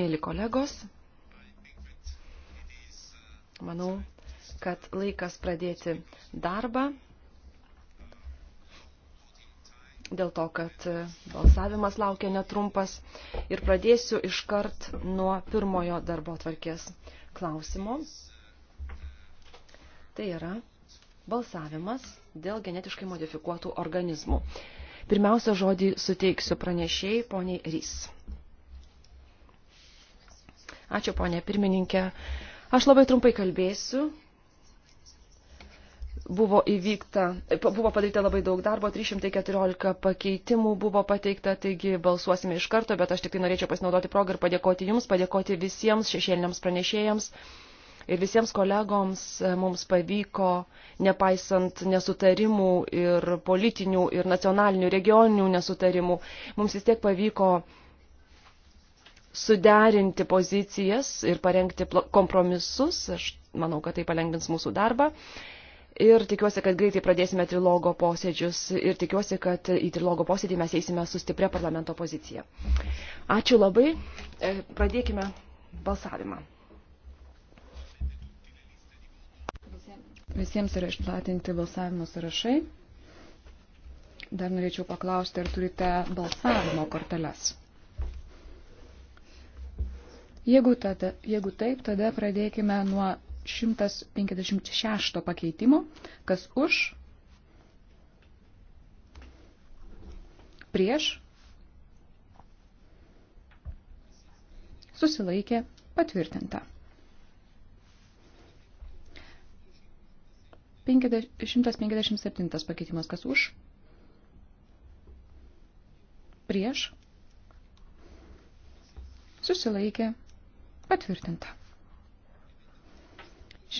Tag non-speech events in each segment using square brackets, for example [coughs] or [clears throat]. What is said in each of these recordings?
Mėly kolegos, manau, kad laikas pradėti darbą dėl to, kad balsavimas laukia netrumpas ir pradėsiu iškart nuo pirmojo darbo tvarkės klausimo. Tai yra balsavimas dėl genetiškai modifikuotų organizmų. Pirmiausia, žodį suteiksiu pranešėjai poniai Rys. Ačiū, ponė pirmininkė. Aš labai trumpai kalbėsiu. Buvo įvykta, buvo padaryta labai daug darbo, 314 pakeitimų buvo pateikta, taigi balsuosime iš karto, bet aš tik tai norėčiau pasinaudoti progą ir padėkoti Jums, padėkoti visiems šešėliniams pranešėjams Ir visiems kolegoms e, mums pavyko, nepaisant nesutarimų ir politinių, ir nacionalinių, regioninių nesutarimų, mums vis tiek pavyko suderinti pozicijas ir parengti kompromisus. Aš manau, kad tai palengvins mūsų darbą. Ir tikiuosi, kad greitai pradėsime trilogo posėdžius ir tikiuosi, kad į trilogo posėdį mes eisime su stipria parlamento pozicija. Ačiū labai. E, pradėkime balsavimą. Visiems yra išplatinti balsavimo sąrašai. Dar norėčiau paklausti, ar turite balsavimo korteles. Jeigu, tada, jeigu taip, tada pradėkime nuo 156 pakeitimo. Kas už? Prieš? Susilaikė patvirtinta. 157 pakeitimas kas už, prieš, susilaikė, patvirtinta.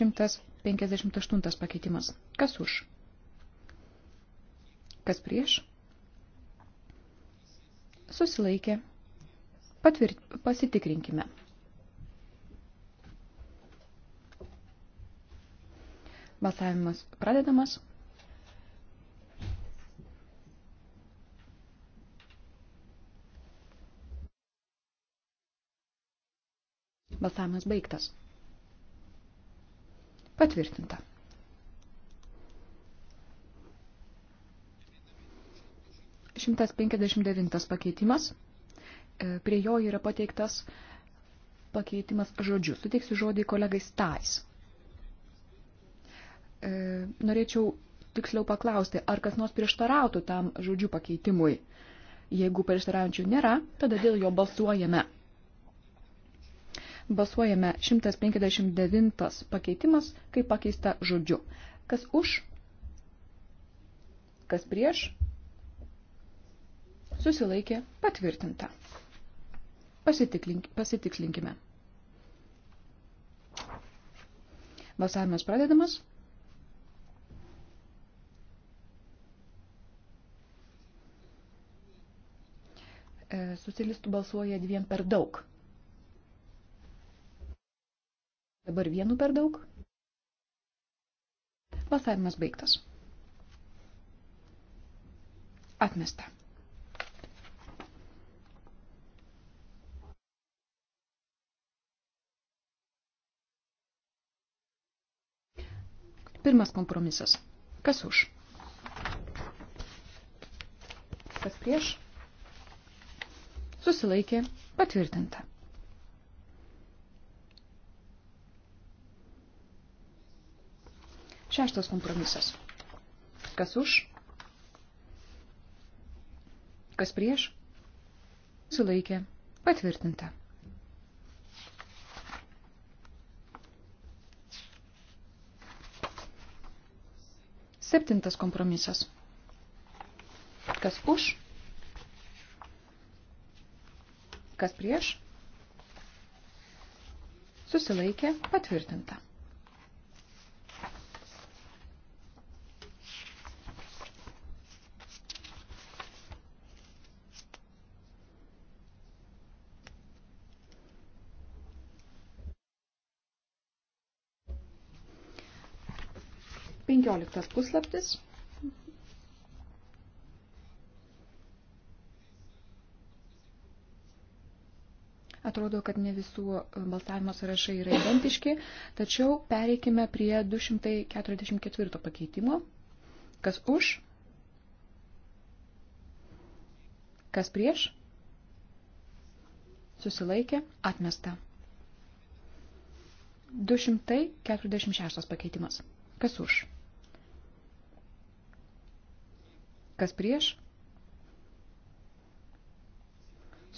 158 pakeitimas kas už, kas prieš, susilaikė, patvirt, pasitikrinkime. Balsavimas pradedamas. Balsavimas baigtas. Patvirtinta. Šimtas penkiasdešimt devintas pakeitimas. E, prie jo yra pateiktas pakeitimas žodžiu. Suteiksiu žodį kolegai Stais. E, norėčiau tiksliau paklausti, ar kas nors prieštarautų tam žodžių pakeitimui. Jeigu prieštaraujančių nėra, tada dėl jo balsuojame. Balsuojame 159 pakeitimas, kaip pakeista žodžiu. Kas už, kas prieš, susilaikė patvirtinta. Pasitikslink, pasitikslinkime. Balsavimas pradedamas. E, socialistų balsuoja dviem per daug. Dabar vienu per daug. Balsavimas baigtas. Atmesta. Pirmas kompromisas. Kas už? Kas prieš? susilaikė patvirtinta. Šeštas kompromisas. Kas už? Kas prieš? Sulaikė. Patvirtinta. Septintas kompromisas. Kas už? Kas prieš? Susilaikė patvirtinta. Penkioliktas puslaptis. atrodo, kad ne visų e, balsavimo sąrašai yra identiški, tačiau pereikime prie 244 pakeitimo. Kas už? Kas prieš? Susilaikė, atmesta. 246 pakeitimas. Kas už? Kas prieš?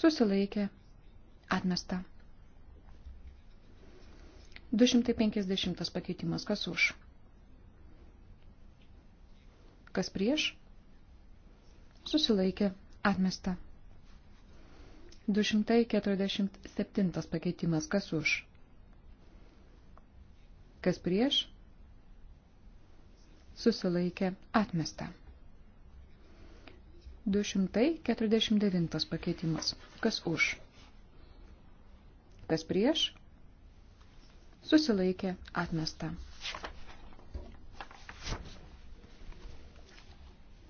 Susilaikė, Atmesta. 250 pakeitimas. Kas už? Kas prieš? Susilaikė. Atmesta. 247 pakeitimas. Kas už? Kas prieš? Susilaikė. Atmesta. 249 pakeitimas. Kas už? kas prieš, susilaikė atmesta.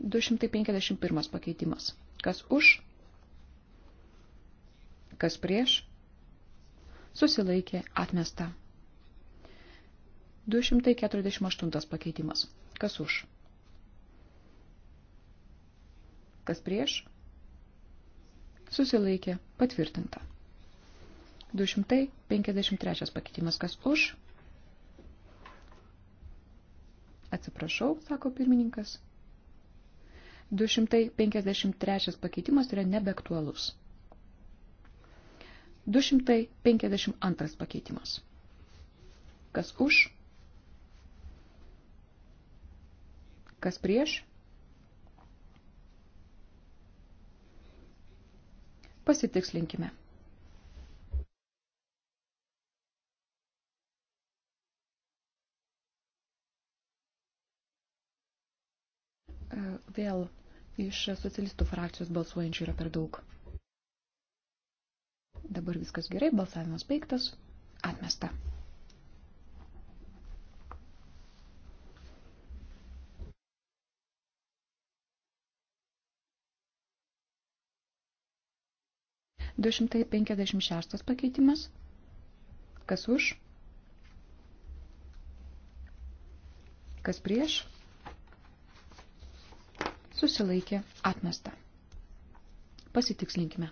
251 pakeitimas. Kas už, kas prieš, susilaikė atmesta. 248 pakeitimas. Kas už? Kas prieš? Susilaikė patvirtinta. 253 pakeitimas kas už. Atsiprašau, sako pirmininkas. 253 pakeitimas yra nebeaktualus. 252 pakeitimas. Kas už? Kas prieš? Pasitikslinkime. Vėl iš socialistų frakcijos balsuojančių yra per daug. Dabar viskas gerai, balsavimas baigtas, atmesta. Du šimtai penkiasdešimt šeštas pakeitimas. Kas už? Kas prieš? Kas prieš? susilaikė atmesta. Pasitikslinkime.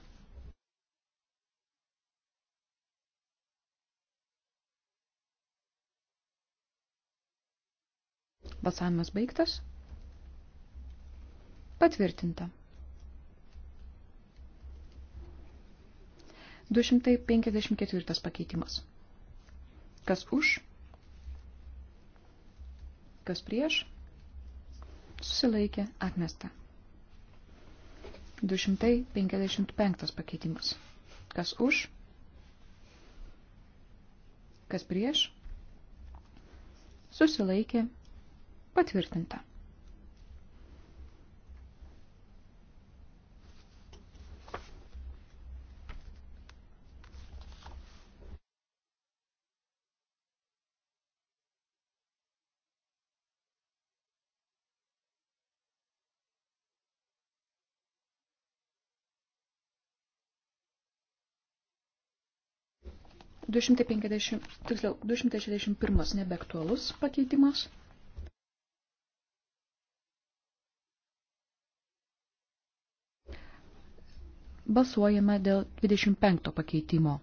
Balsavimas baigtas. Patvirtinta. 254 pakeitimas. Kas už? Kas prieš? susilaikė atmesta. 255 pakeitimas. Kas už? Kas prieš? Susilaikė patvirtinta. 250, tiksliau, 261 nebeaktualus pakeitimas. Balsuojame dėl 25 pakeitimo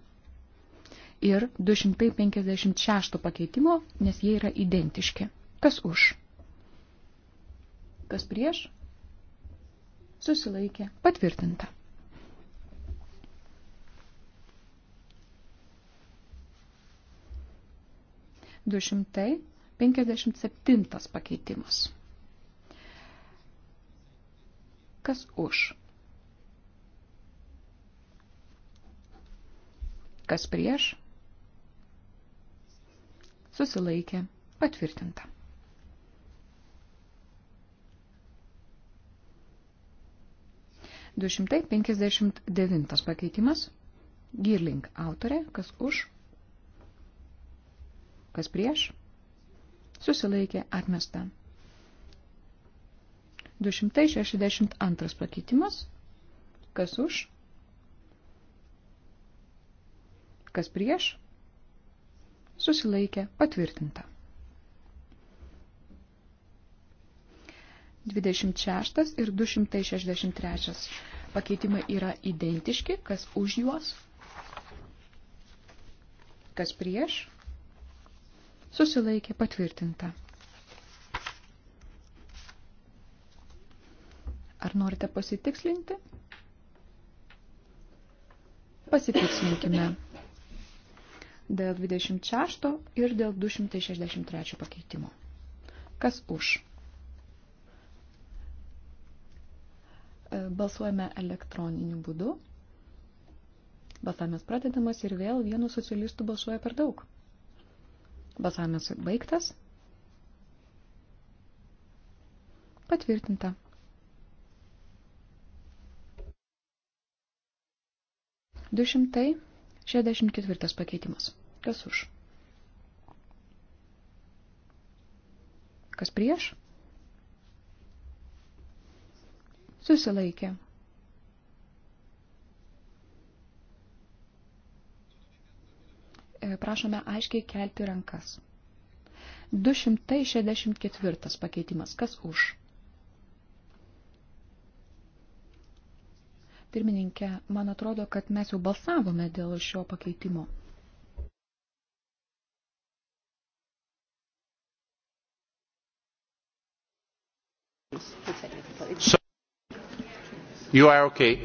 ir 256 pakeitimo, nes jie yra identiški. Kas už? Kas prieš? Susilaikė. Patvirtinta. 257 pakeitimas. Kas už? Kas prieš? Susilaikė. Patvirtinta. Du šimtai penkisdešimt devintas pakeitimas. Girling autorė, kas už, kas prieš, susilaikė atmesta. 262 pakeitimas, kas už, kas prieš, susilaikė patvirtinta. 26 ir 263 pakeitimai yra identiški, kas už juos, kas prieš, susilaikė patvirtinta. Ar norite pasitikslinti? Pasitikslinkime dėl 26 ir dėl 263 pakeitimo. Kas už? E, balsuojame elektroniniu būdu. Balsavimas pradedamas ir vėl vienu socialistu balsuoja per daug. Balsavimas baigtas. Patvirtinta. Du šimtai šešdešimt ketvirtas pakeitimas. Kas už? Kas prieš? Susilaikė. E, prašome aiškiai kelti rankas. 264 pakeitimas. Kas už? Pirmininkė, man atrodo, kad mes jau balsavome dėl šio pakeitimo. So, you are okay.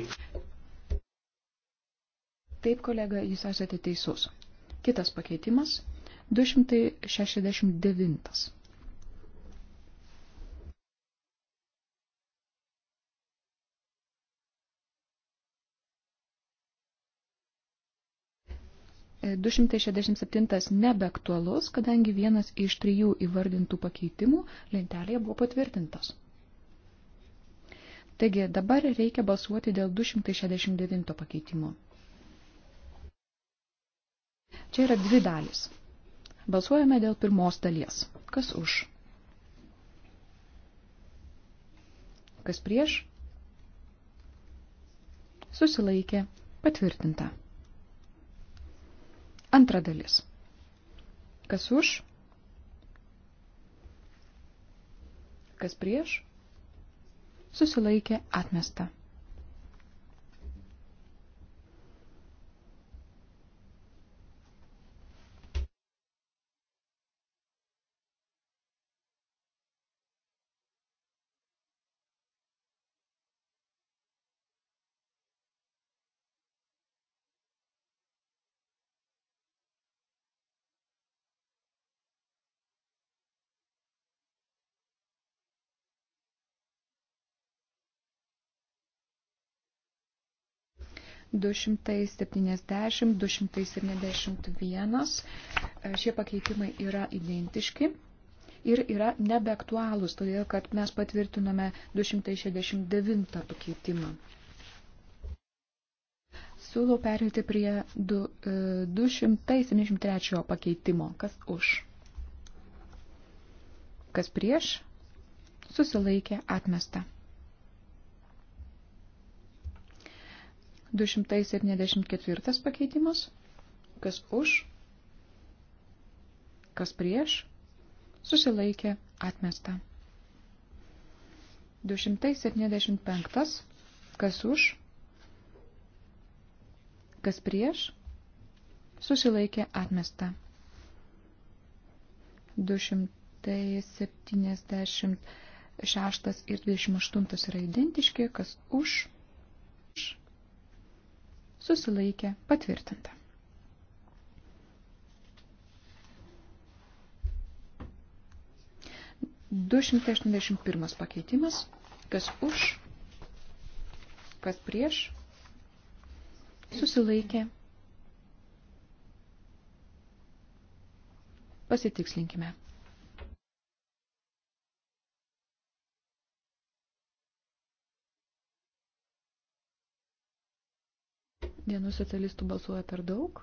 Taip, kolega, jūs esate teisus. Kitas pakeitimas 269. E, 267 nebeaktualus, kadangi vienas iš trijų įvardintų pakeitimų lentelėje buvo patvirtintas. Taigi dabar reikia balsuoti dėl 269 pakeitimo. Čia yra dvi dalys. Balsuojame dėl pirmos dalies. Kas už? Kas prieš? Susilaikė. Patvirtinta. Antra dalis. Kas už? Kas prieš? Susilaikė atmesta. 270, 271. Šie pakeitimai yra identiški ir yra nebeaktualūs, todėl kad mes patvirtinome 269 pakeitimą. Siūlau perėti prie 273 e, pakeitimo. Kas už? Kas prieš? Susilaikė atmesta. 274 pakeitimas. Kas už? Kas prieš? Susilaikė atmesta. 275. Kas už? Kas prieš? Susilaikė atmesta. 276 ir 28 yra identiški. Kas už? susilaikė patvirtinta. Du šimtai aštuoniasdešimt pirmas pakeitimas, kas už, kas prieš, susilaikė. Pasitikslinkime. Vienu socialistų balsuoja per daug.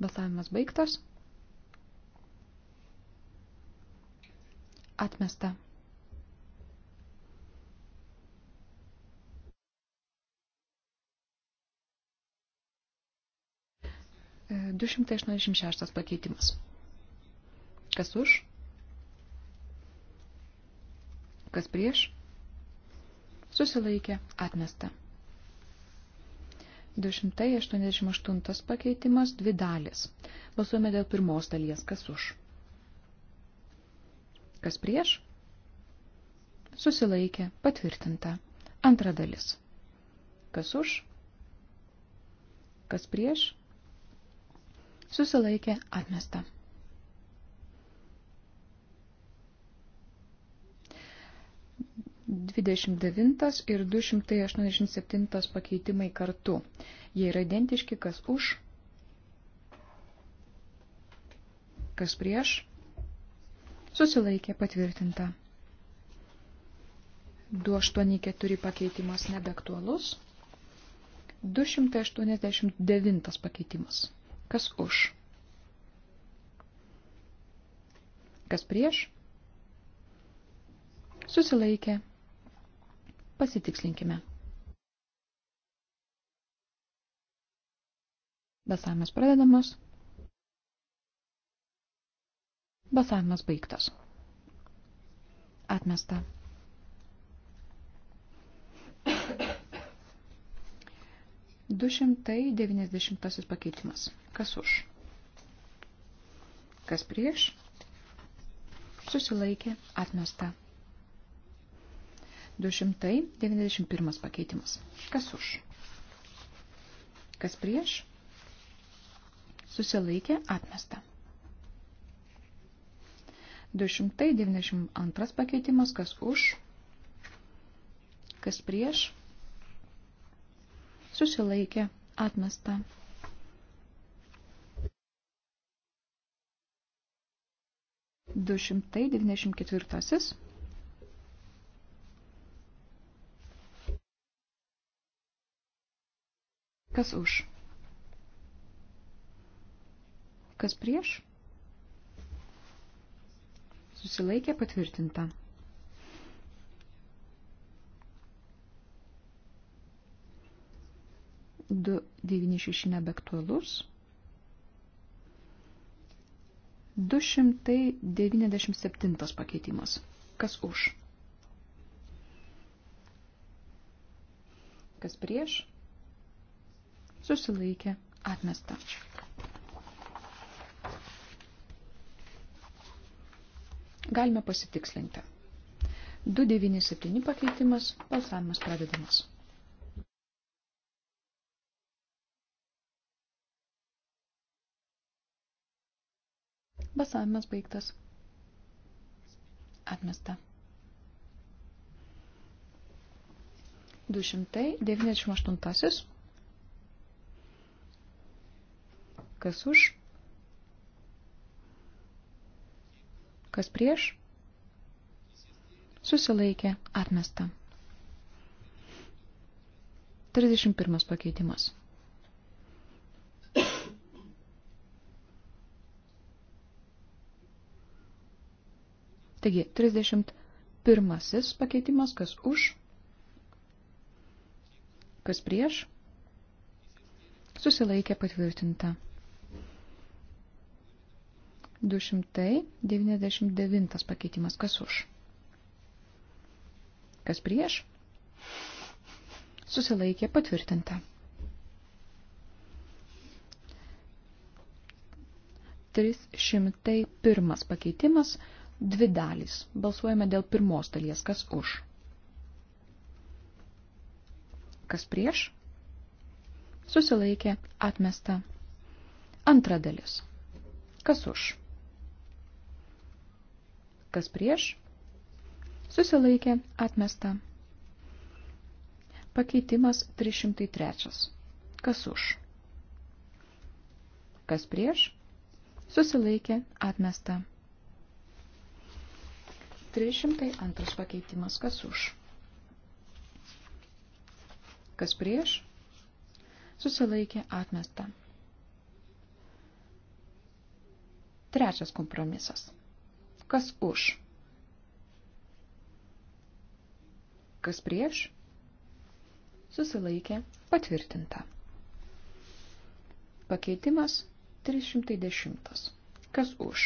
Balsavimas baigtas. Atmesta. E, du šimtai aštuoniasdešimt šeštas pakeitimas. Kas už? Kas prieš? susilaikė atmesta. 288 pakeitimas dvi dalis. Balsuojame dėl pirmos dalies, kas už. Kas prieš? Susilaikė, patvirtinta. Antra dalis. Kas už? Kas prieš? Susilaikė, atmesta. 29 ir 287 pakeitimai kartu. Jie yra identiški, kas už, kas prieš. Susilaikė patvirtinta. 284 pakeitimas nebeaktualus. 289 pakeitimas. Kas už? Kas prieš? Susilaikė Pasitikslinkime. Basavimas pradedamas. Basavimas baigtas. Atmesta. Du šimtai devyniasdešimtasis pakeitimas. Kas už? Kas prieš? Susilaikė atmesta. 291 pakeitimas. Kas už? Kas prieš? Susilaikė atmesta. 292 pakeitimas. Kas už? Kas prieš? Susilaikė atmesta. Du šimtai devyniasdešimt ketvirtasis. Kas už? Kas prieš? Susilaikė patvirtinta. Du devyni šeši nebeaktualus. 297 pakeitimas. Kas už? Kas prieš? susilaikė atmesta. Galime pasitikslinti. 297 pakeitimas, balsavimas pradedamas. Balsavimas baigtas. Atmesta. 298. Kas už? Kas prieš? Susilaikė atmesta. 31 pakeitimas. Taigi, 31 pakeitimas, kas už, kas prieš, susilaikė patvirtinta. 299 pakeitimas. Kas už? Kas prieš? Susilaikė patvirtinta. Tris šimtai pirmas pakeitimas, dvi dalys. Balsuojame dėl pirmos dalies, kas už. Kas prieš? Susilaikė atmesta. Antra dalis. Kas už? Kas prieš? Susilaikė atmesta. Pakeitimas 303. Kas už? Kas prieš? Susilaikė atmesta. 302 pakeitimas. Kas už? Kas prieš? Susilaikė atmesta. Trečias kompromisas. Kas už? Kas prieš? Susilaikė patvirtinta. Pakeitimas 310. Kas už?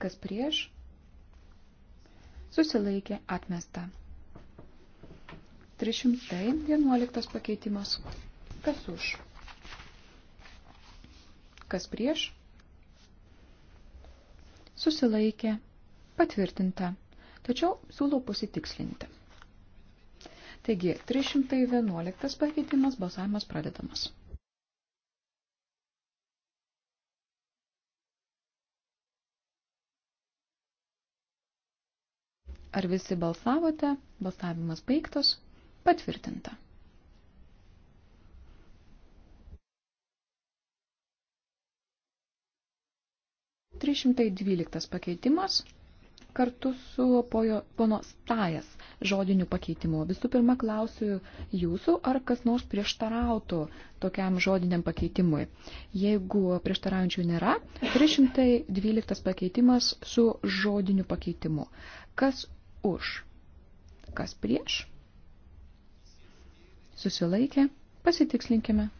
Kas prieš? Susilaikė atmesta. 311 pakeitimas. Kas už? Kas prieš? susilaikė, patvirtinta, tačiau siūlau pasitikslinti. Taigi, 311 pakeitimas balsavimas pradedamas. Ar visi balsavote? Balsavimas baigtas. Patvirtinta. 312 pakeitimas kartu su pojo, pono Stajas žodiniu pakeitimu. Visų pirma, klausiu jūsų, ar kas nors prieštarautų tokiam žodiniam pakeitimui. Jeigu prieštaraujančių nėra, 312 pakeitimas su žodiniu pakeitimu. Kas už? Kas prieš? Susilaikė? Pasitikslinkime.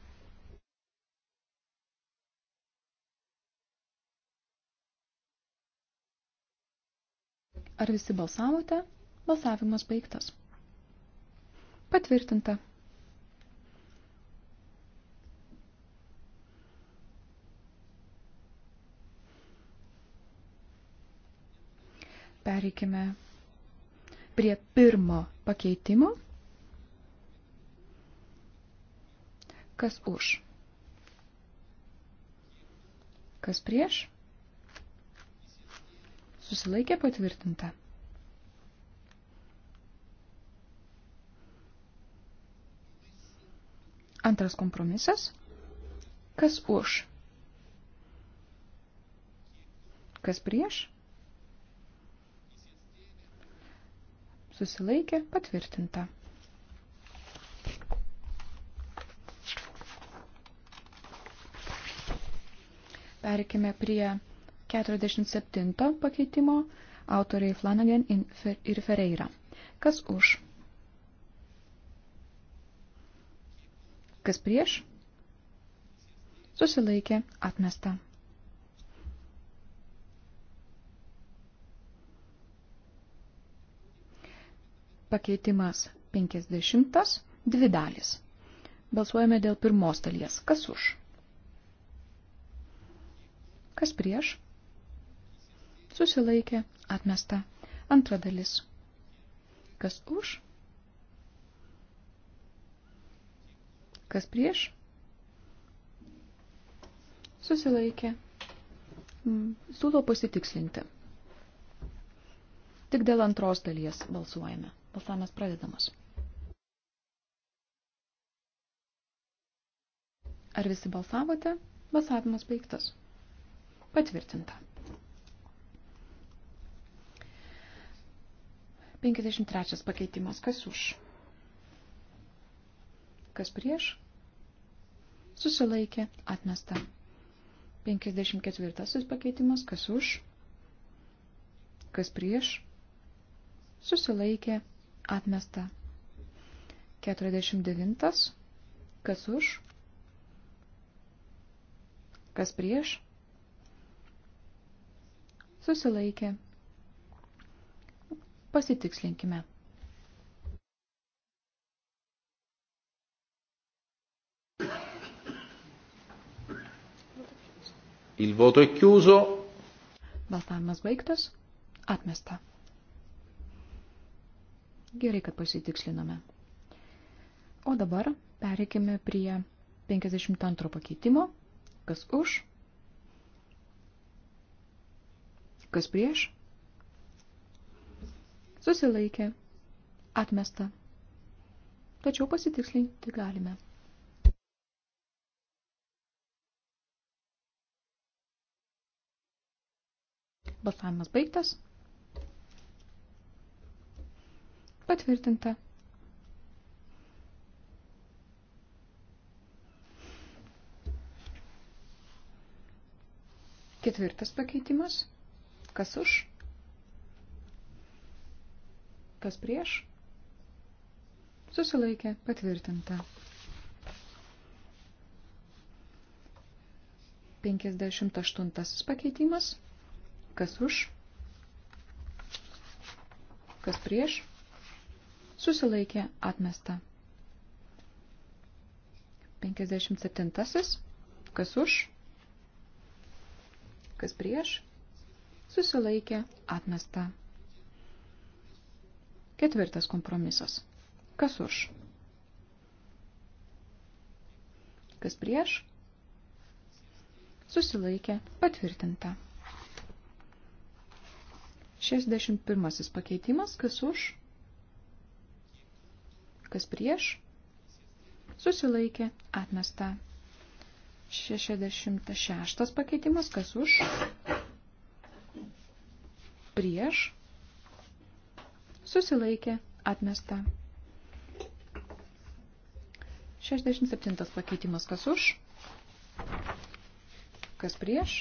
Ar visi balsavote? Balsavimas baigtas. Patvirtinta. Pereikime prie pirmo pakeitimo. Kas už? Kas prieš? Susilaikė patvirtinta. Antras kompromisas. Kas už? Kas prieš? Susilaikė patvirtinta. Perkime prie 47 pakeitimo autoriai Flanagan ir Ferreira. Kas už? Kas prieš? Susilaikė atmesta. Pakeitimas 50. Dvi dalis. Balsuojame dėl pirmos dalies. Kas už? Kas prieš? susilaikė, atmesta. Antra dalis. Kas už? Kas prieš? Susilaikė. Mm, siūlau pasitikslinti. Tik dėl antros dalies balsuojame. Balsavimas pradedamas. Ar visi balsavote? Balsavimas baigtas. Patvirtinta. 53 pakeitimas. Kas už? Kas prieš? Susilaikė. Atmesta. 54 pakeitimas. Kas už? Kas prieš? Susilaikė. Atmesta. 49. Kas už? Kas prieš? Susilaikė. Pasitikslinkime. Il voto è chiuso. Balsavimas baigtas. Atmesta. Gerai, kad pasitikslinome. O dabar pereikime prie 52 pakeitimo. Kas už? Kas prieš? susilaikė, atmesta. Tačiau pasitikslinti galime. Balsavimas baigtas. Patvirtinta. Ketvirtas pakeitimas. Kas už? Kas prieš? Susilaikė patvirtinta. 58 pakeitimas. Kas už? Kas prieš? Susilaikė atmesta. 57. Kas už? Kas prieš? Susilaikė atmesta. Ketvirtas kompromisas. Kas už? Kas prieš? Susilaikė patvirtinta. 61 pakeitimas. Kas už? Kas prieš? Susilaikė atmesta. 66 pakeitimas. Kas už? Prieš? susilaikė, atmesta. 67 pakeitimas kas už, kas prieš,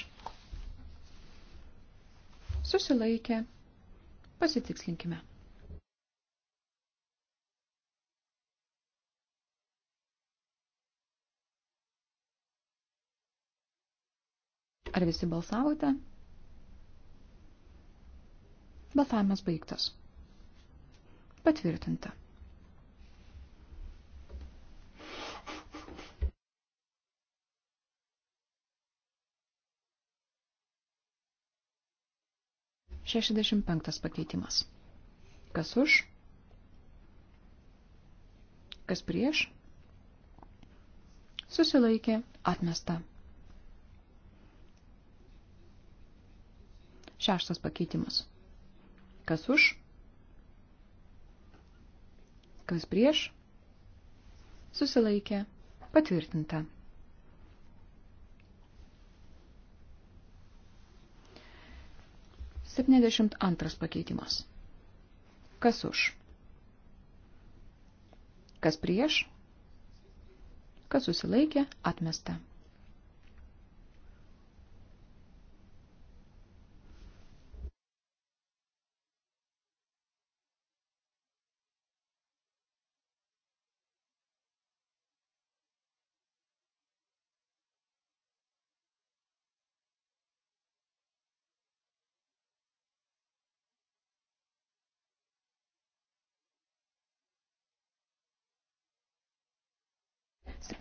susilaikė, pasitikslinkime. Ar visi balsavote? Balsavimas baigtas. Patvirtinta. Šešiasdešimt penktas pakeitimas. Kas už? Kas prieš? Susilaikė atmesta. Šeštas pakeitimas. Kas už? Kas prieš? Susilaikė. Patvirtinta. Septyniasdešimt antras pakeitimas. Kas už? Kas prieš? Kas susilaikė? Atmesta.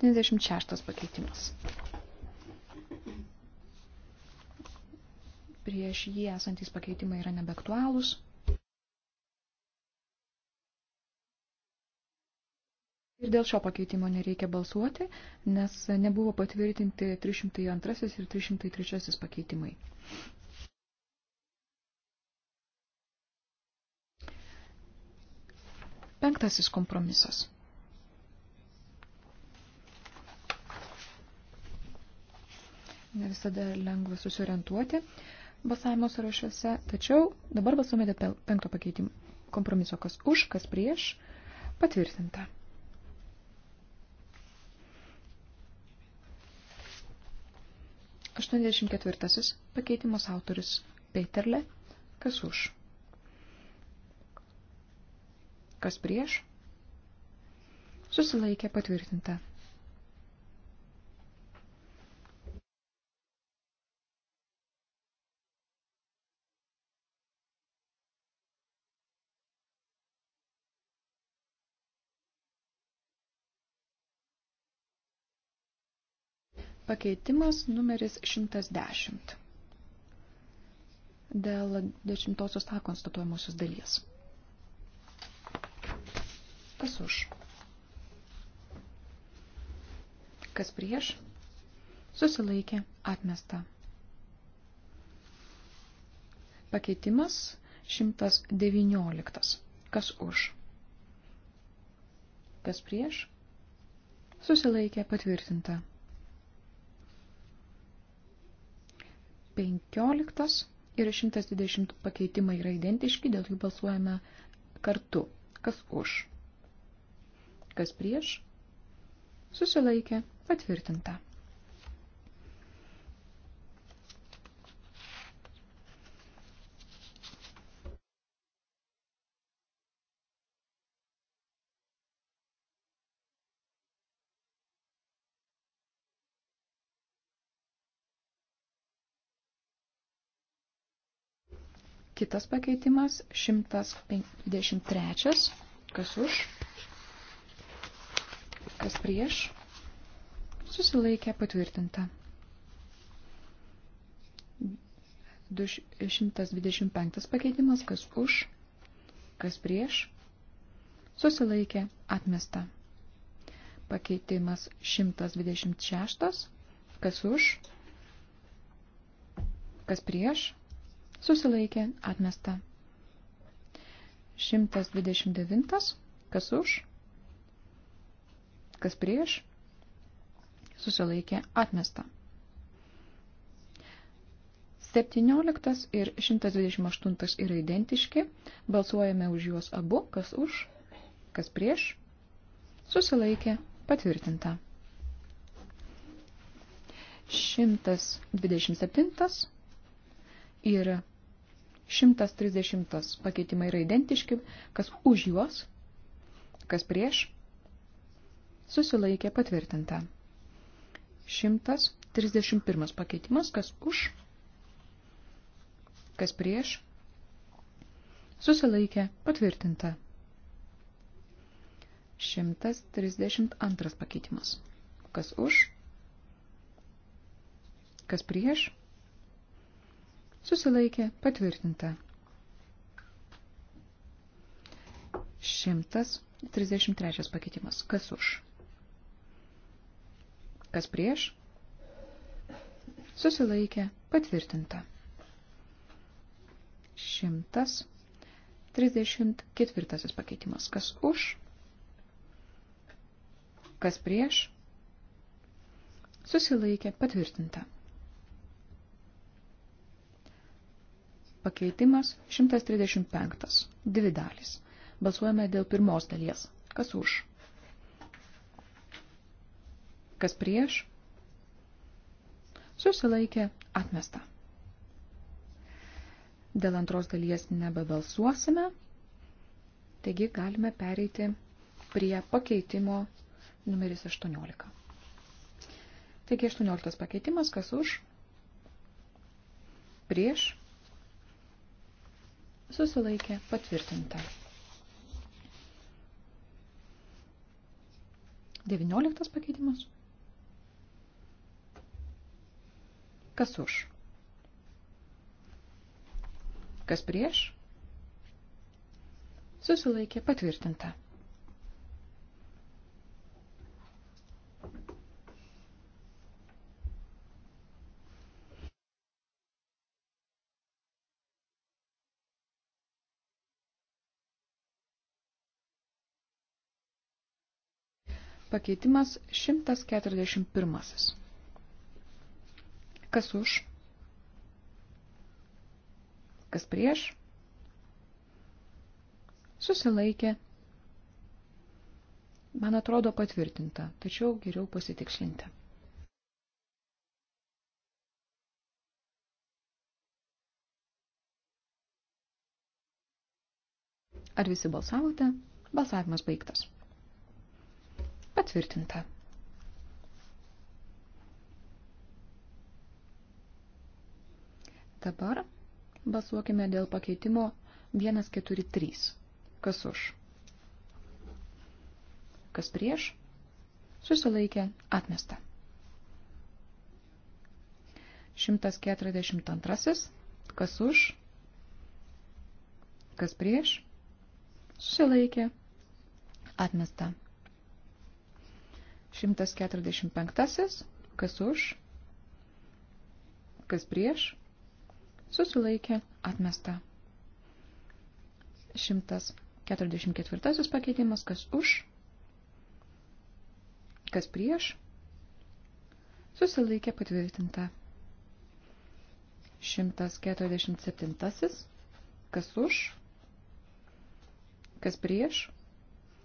76 pakeitimas. Prieš jį esantys pakeitimai yra nebeaktualūs. Ir dėl šio pakeitimo nereikia balsuoti, nes nebuvo patvirtinti 302 ir 303 pakeitimai. Penktasis kompromisas. ne visada lengva susiorientuoti balsavimo sąrašuose, tačiau dabar balsuojame dėl penkto pakeitimo kompromiso, kas už, kas prieš, patvirtinta. Aštuoniasdešimt ketvirtasis pakeitimas autorius Peterle, kas už, kas prieš, susilaikė patvirtinta. Pakeitimas numeris 110 dėl dešimtosios A konstatuojamosios dalies. Kas už? Kas prieš? Susilaikė atmesta. Pakeitimas 119. Kas už? Kas prieš? Susilaikė patvirtinta. 15 ir 120 pakeitimai yra identiški, dėl jų balsuojame kartu. Kas už? Kas prieš? Susilaikė. Patvirtinta. Kitas pakeitimas 153. Kas už? Kas prieš? Susilaikė patvirtinta. 125 pakeitimas. Kas už? Kas prieš? Susilaikė atmesta. Pakeitimas 126. Kas už? Kas prieš? susilaikė atmesta. 129. Kas už? Kas prieš? Susilaikė atmesta. 17 ir 128 yra identiški. Balsuojame už juos abu. Kas už? Kas prieš? Susilaikė patvirtinta. 127 ir 130 pakeitimai yra identiški, kas už juos, kas prieš, susilaikė patvirtinta. 131 pakeitimas, kas už, kas prieš, susilaikė patvirtinta. 132 pakeitimas, kas už, kas prieš, susilaikė patvirtinta. 133 pakeitimas. Kas už? Kas prieš? Susilaikė patvirtinta. 134 pakeitimas. Kas už? Kas prieš? Susilaikė patvirtinta. Pakeitimas 135. Dvi dalys. Balsuojame dėl pirmos dalies. Kas už? Kas prieš? Susilaikė atmesta. Dėl antros dalies nebebalsuosime, taigi galime pereiti prie pakeitimo numeris 18. Taigi 18 pakeitimas, kas už, prieš, susilaikė patvirtinta. 19 pakeitimas. Kas už? Kas prieš? Susilaikė patvirtinta. Pakeitimas 141. Kas už? Kas prieš? Susilaikė. Man atrodo patvirtinta, tačiau geriau pasitikslinti. Ar visi balsavote? Balsavimas baigtas. Patvirtinta. Dabar balsuokime dėl pakeitimo 143. Kas už? Kas prieš? Susilaikė atmesta. 142. Kas už? Kas prieš? Susilaikė atmesta. 145. Kas už? Kas prieš? Susilaikė atmesta. 144 pakeitimas. Kas už? Kas prieš? Susilaikė patvirtinta. 147. Kas už? Kas prieš?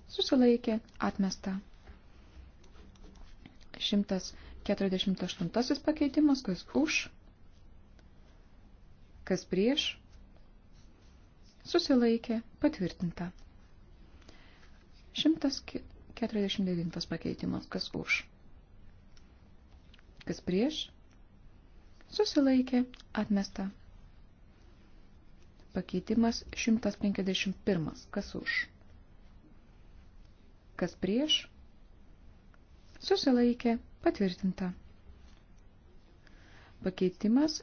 Susilaikė atmesta. 148 pakeitimas, kas už, kas prieš, susilaikė, patvirtinta. 149 pakeitimas, kas už, kas prieš, susilaikė, atmesta. Pakeitimas 151, kas už, kas prieš, susilaikė patvirtinta. Pakeitimas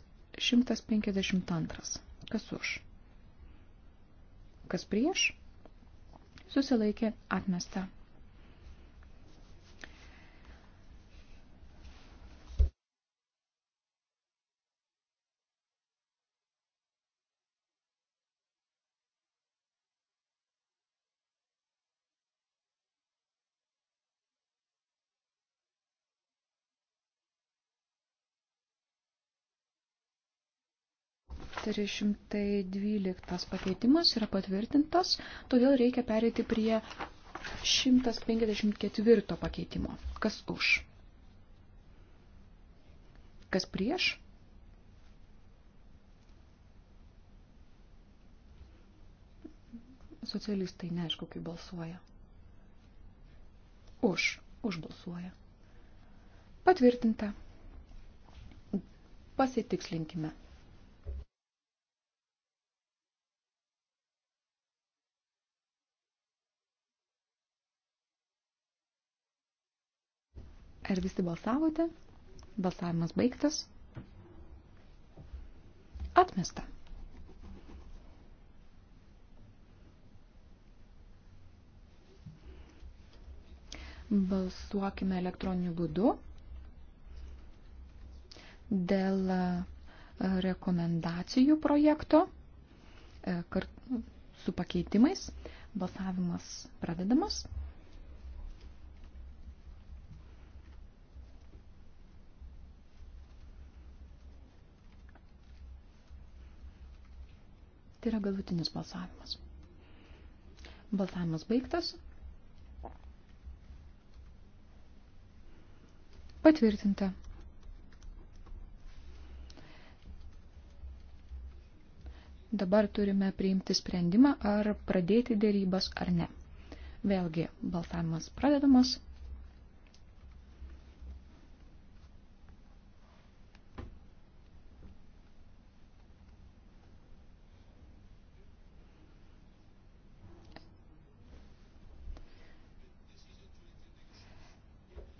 152. Kas už? Kas prieš? Susilaikė atmesta. 412 pakeitimas yra patvirtintas, todėl reikia pereiti prie 154 pakeitimo. Kas už? Kas prieš? Socialistai neaišku, kaip balsuoja. Už. Užbalsuoja. Patvirtinta. Pasitikslinkime. Ar visi balsavote? Balsavimas baigtas. Atmesta. Balsuokime elektroniniu būdu dėl e, rekomendacijų projekto e, su pakeitimais. Balsavimas pradedamas. Tai yra galutinis balsavimas. Balsavimas baigtas. Patvirtinta. Dabar turime priimti sprendimą, ar pradėti dėrybas ar ne. Vėlgi, balsavimas pradedamas.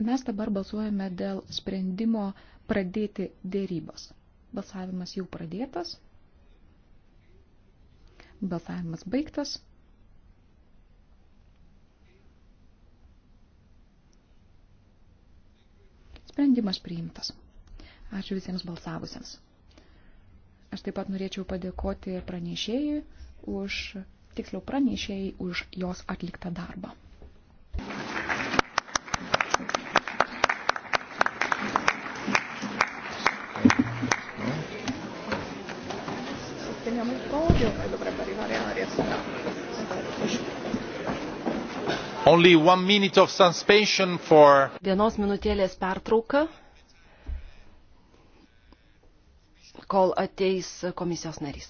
Mes dabar balsuojame dėl sprendimo pradėti dėrybos. Balsavimas jau pradėtas. Balsavimas baigtas. Sprendimas priimtas. Ačiū visiems balsavusiems. Aš taip pat norėčiau padėkoti pranešėjui už, tiksliau pranešėjai už jos atliktą darbą. podio e dovrebbe arrivare Arias da Only one minute of suspension for... Vienos minutėlės pertrauka, kol ateis komisijos narys.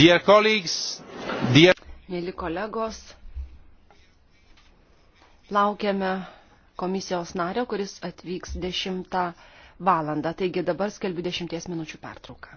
Dear colleagues, dear... Mėly kolegos, laukiame komisijos nario, kuris atvyks 10 valandą. Taigi dabar skelbiu 10 minučių pertrauką.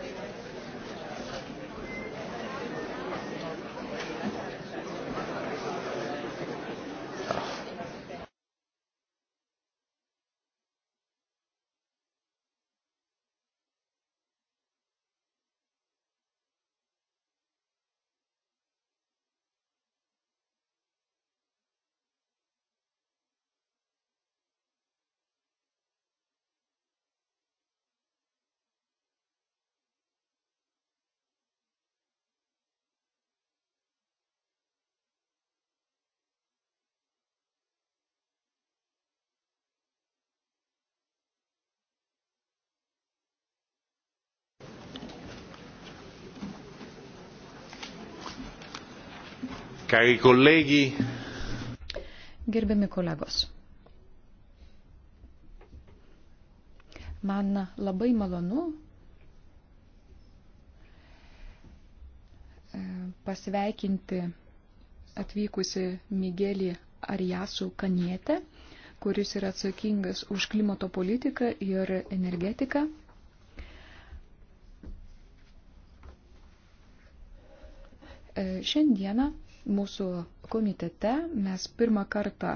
Cari colleghi. Gerbiami kolegos. Man labai malonu e, pasveikinti atvykusi Migelį Arijasų Kanietę, kuris yra atsakingas už klimato politiką ir energetiką. E, šiandieną Mūsų komitete mes pirmą kartą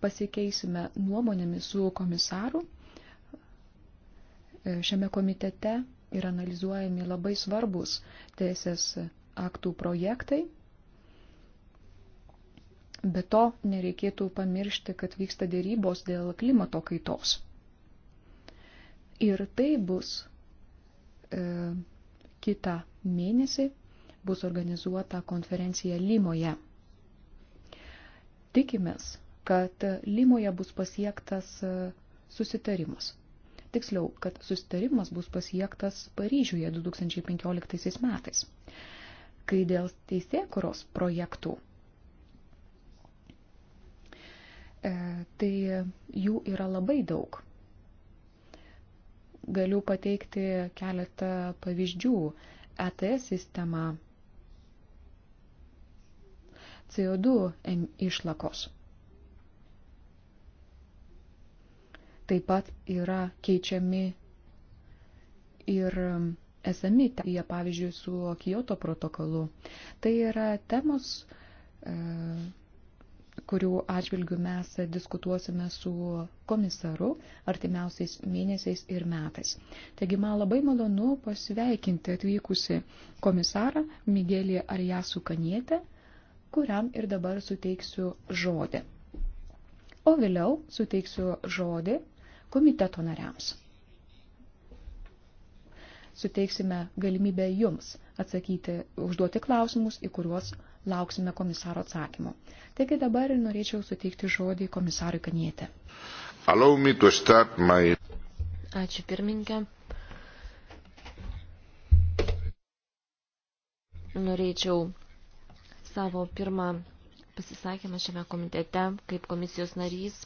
pasikeisime nuomonėmis su komisaru. E, šiame komitete yra analizuojami labai svarbus teisės aktų projektai. Be to nereikėtų pamiršti, kad vyksta dėrybos dėl klimato kaitos. Ir tai bus e, kitą mėnesį bus organizuota konferencija Limoje. Tikimės, kad Limoje bus pasiektas e, susitarimas. Tiksliau, kad susitarimas bus pasiektas Paryžiuje 2015 metais, kai dėl teisėkuros projektų e, tai jų yra labai daug. Galiu pateikti keletą pavyzdžių. ETS sistema CO2 išlakos. Taip pat yra keičiami ir esami, jie pavyzdžiui, su Kyoto protokolu. Tai yra temos, e, kurių atžvilgių mes diskutuosime su komisaru artimiausiais mėnesiais ir metais. Taigi man labai malonu pasveikinti atvykusi komisarą Migelį Arjasų Kanietę kuriam ir dabar suteiksiu žodį. O vėliau suteiksiu žodį komiteto nariams. Suteiksime galimybę jums atsakyti, užduoti klausimus, į kuriuos lauksime komisaro atsakymo. Taigi dabar ir norėčiau suteikti žodį komisarui Kanietė. My... Ačiū pirmininkė. Norėčiau savo pirmą pasisakymą šiame komitete kaip komisijos narys,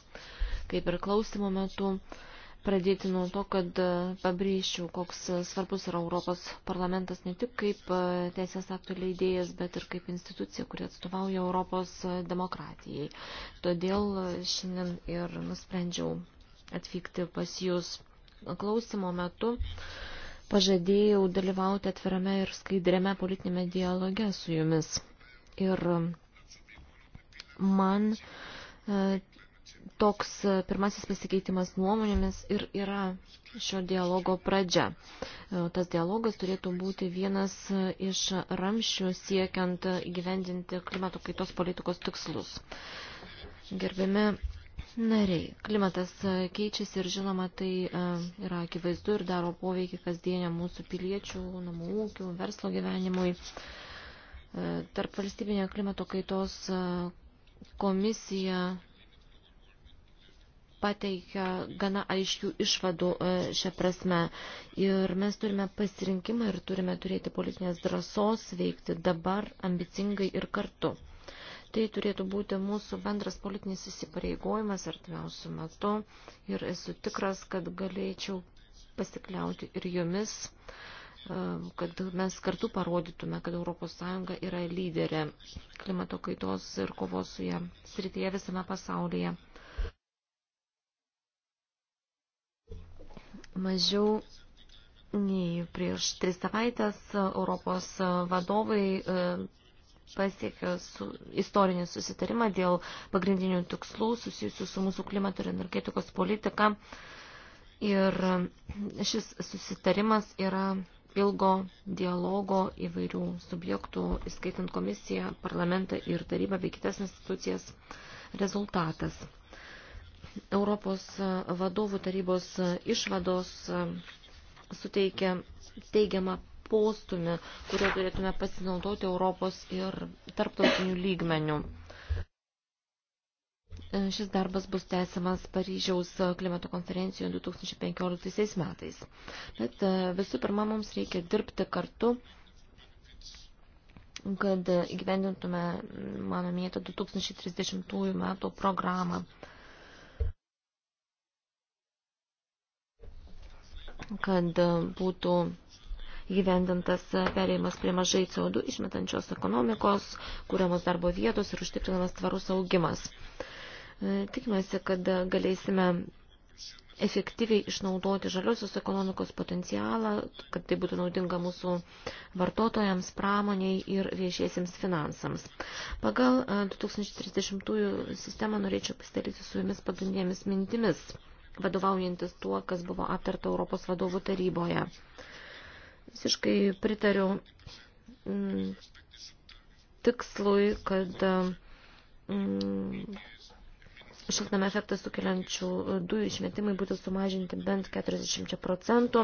kaip ir klausimo metu. Pradėti nuo to, kad e, pabrėžčiau, koks svarbus yra Europos parlamentas ne tik kaip e, teisės aktų leidėjas, bet ir kaip institucija, kuri atstovauja Europos demokratijai. Todėl šiandien ir nusprendžiau atvykti pas jūs klausimo metu pažadėjau dalyvauti atvirame ir skaidriame politinėme dialoge su jumis. Ir man e, toks pirmasis pasikeitimas nuomonėmis ir yra šio dialogo pradžia. E, tas dialogas turėtų būti vienas iš ramščių siekiant gyvendinti klimato kaitos politikos tikslus. Gerbiami nariai, klimatas keičiasi ir žinoma tai e, yra akivaizdu ir daro poveikį kasdienę mūsų piliečių, namų ūkių, verslo gyvenimui. Tarp valstybinė klimato kaitos e, komisija pateikia gana aiškių išvadų e, šią prasme. Ir mes turime pasirinkimą ir turime turėti politinės drąsos veikti dabar ambicingai ir kartu. Tai turėtų būti mūsų bendras politinis įsipareigojimas artimiausių metų ir esu tikras, kad galėčiau pasikliauti ir jumis. Uh, Um, kad mes kartu parodytume, kad ES yra lyderė klimato kaitos ir kovos su ją srityje visame pasaulyje. Mažiau nei prieš tris savaitės Europos vadovai um, pasiekė su, istorinį susitarimą dėl pagrindinių tikslų susijusių su mūsų klimato ir energetikos politika. Ir šis susitarimas yra ilgo dialogo įvairių subjektų, įskaitant komisiją, parlamentą ir tarybą bei kitas institucijas rezultatas. Europos vadovų tarybos išvados suteikia teigiamą postumį, kurio turėtume pasinaudoti Europos ir tarptautinių lygmenių. E, šis darbas bus tęsiamas Paryžiaus klimato konferencijoje 2015 metais. Bet e, visų pirma, mums reikia dirbti kartu, kad įgyvendintume mano mėtą 2030 metų programą. kad e, būtų įgyvendintas perėjimas prie mažai CO2 išmetančios ekonomikos, kūriamos darbo vietos ir užtikrinamas tvarus augimas. Tikimasi, kad galėsime efektyviai išnaudoti žaliosios ekonomikos potencialą, kad tai būtų naudinga mūsų vartotojams, pramoniai ir viešiesiems finansams. Pagal 2030 e, sistemą norėčiau pasidaryti su jumis pagrindinėmis mintimis, vadovaujantis tuo, kas buvo aptarta Europos vadovų taryboje. Visiškai pritariu mm, tikslui, kad mm, šiltnamio efektą sukeliančių e, dujų išmetimai būtų sumažinti bent 40 procentų.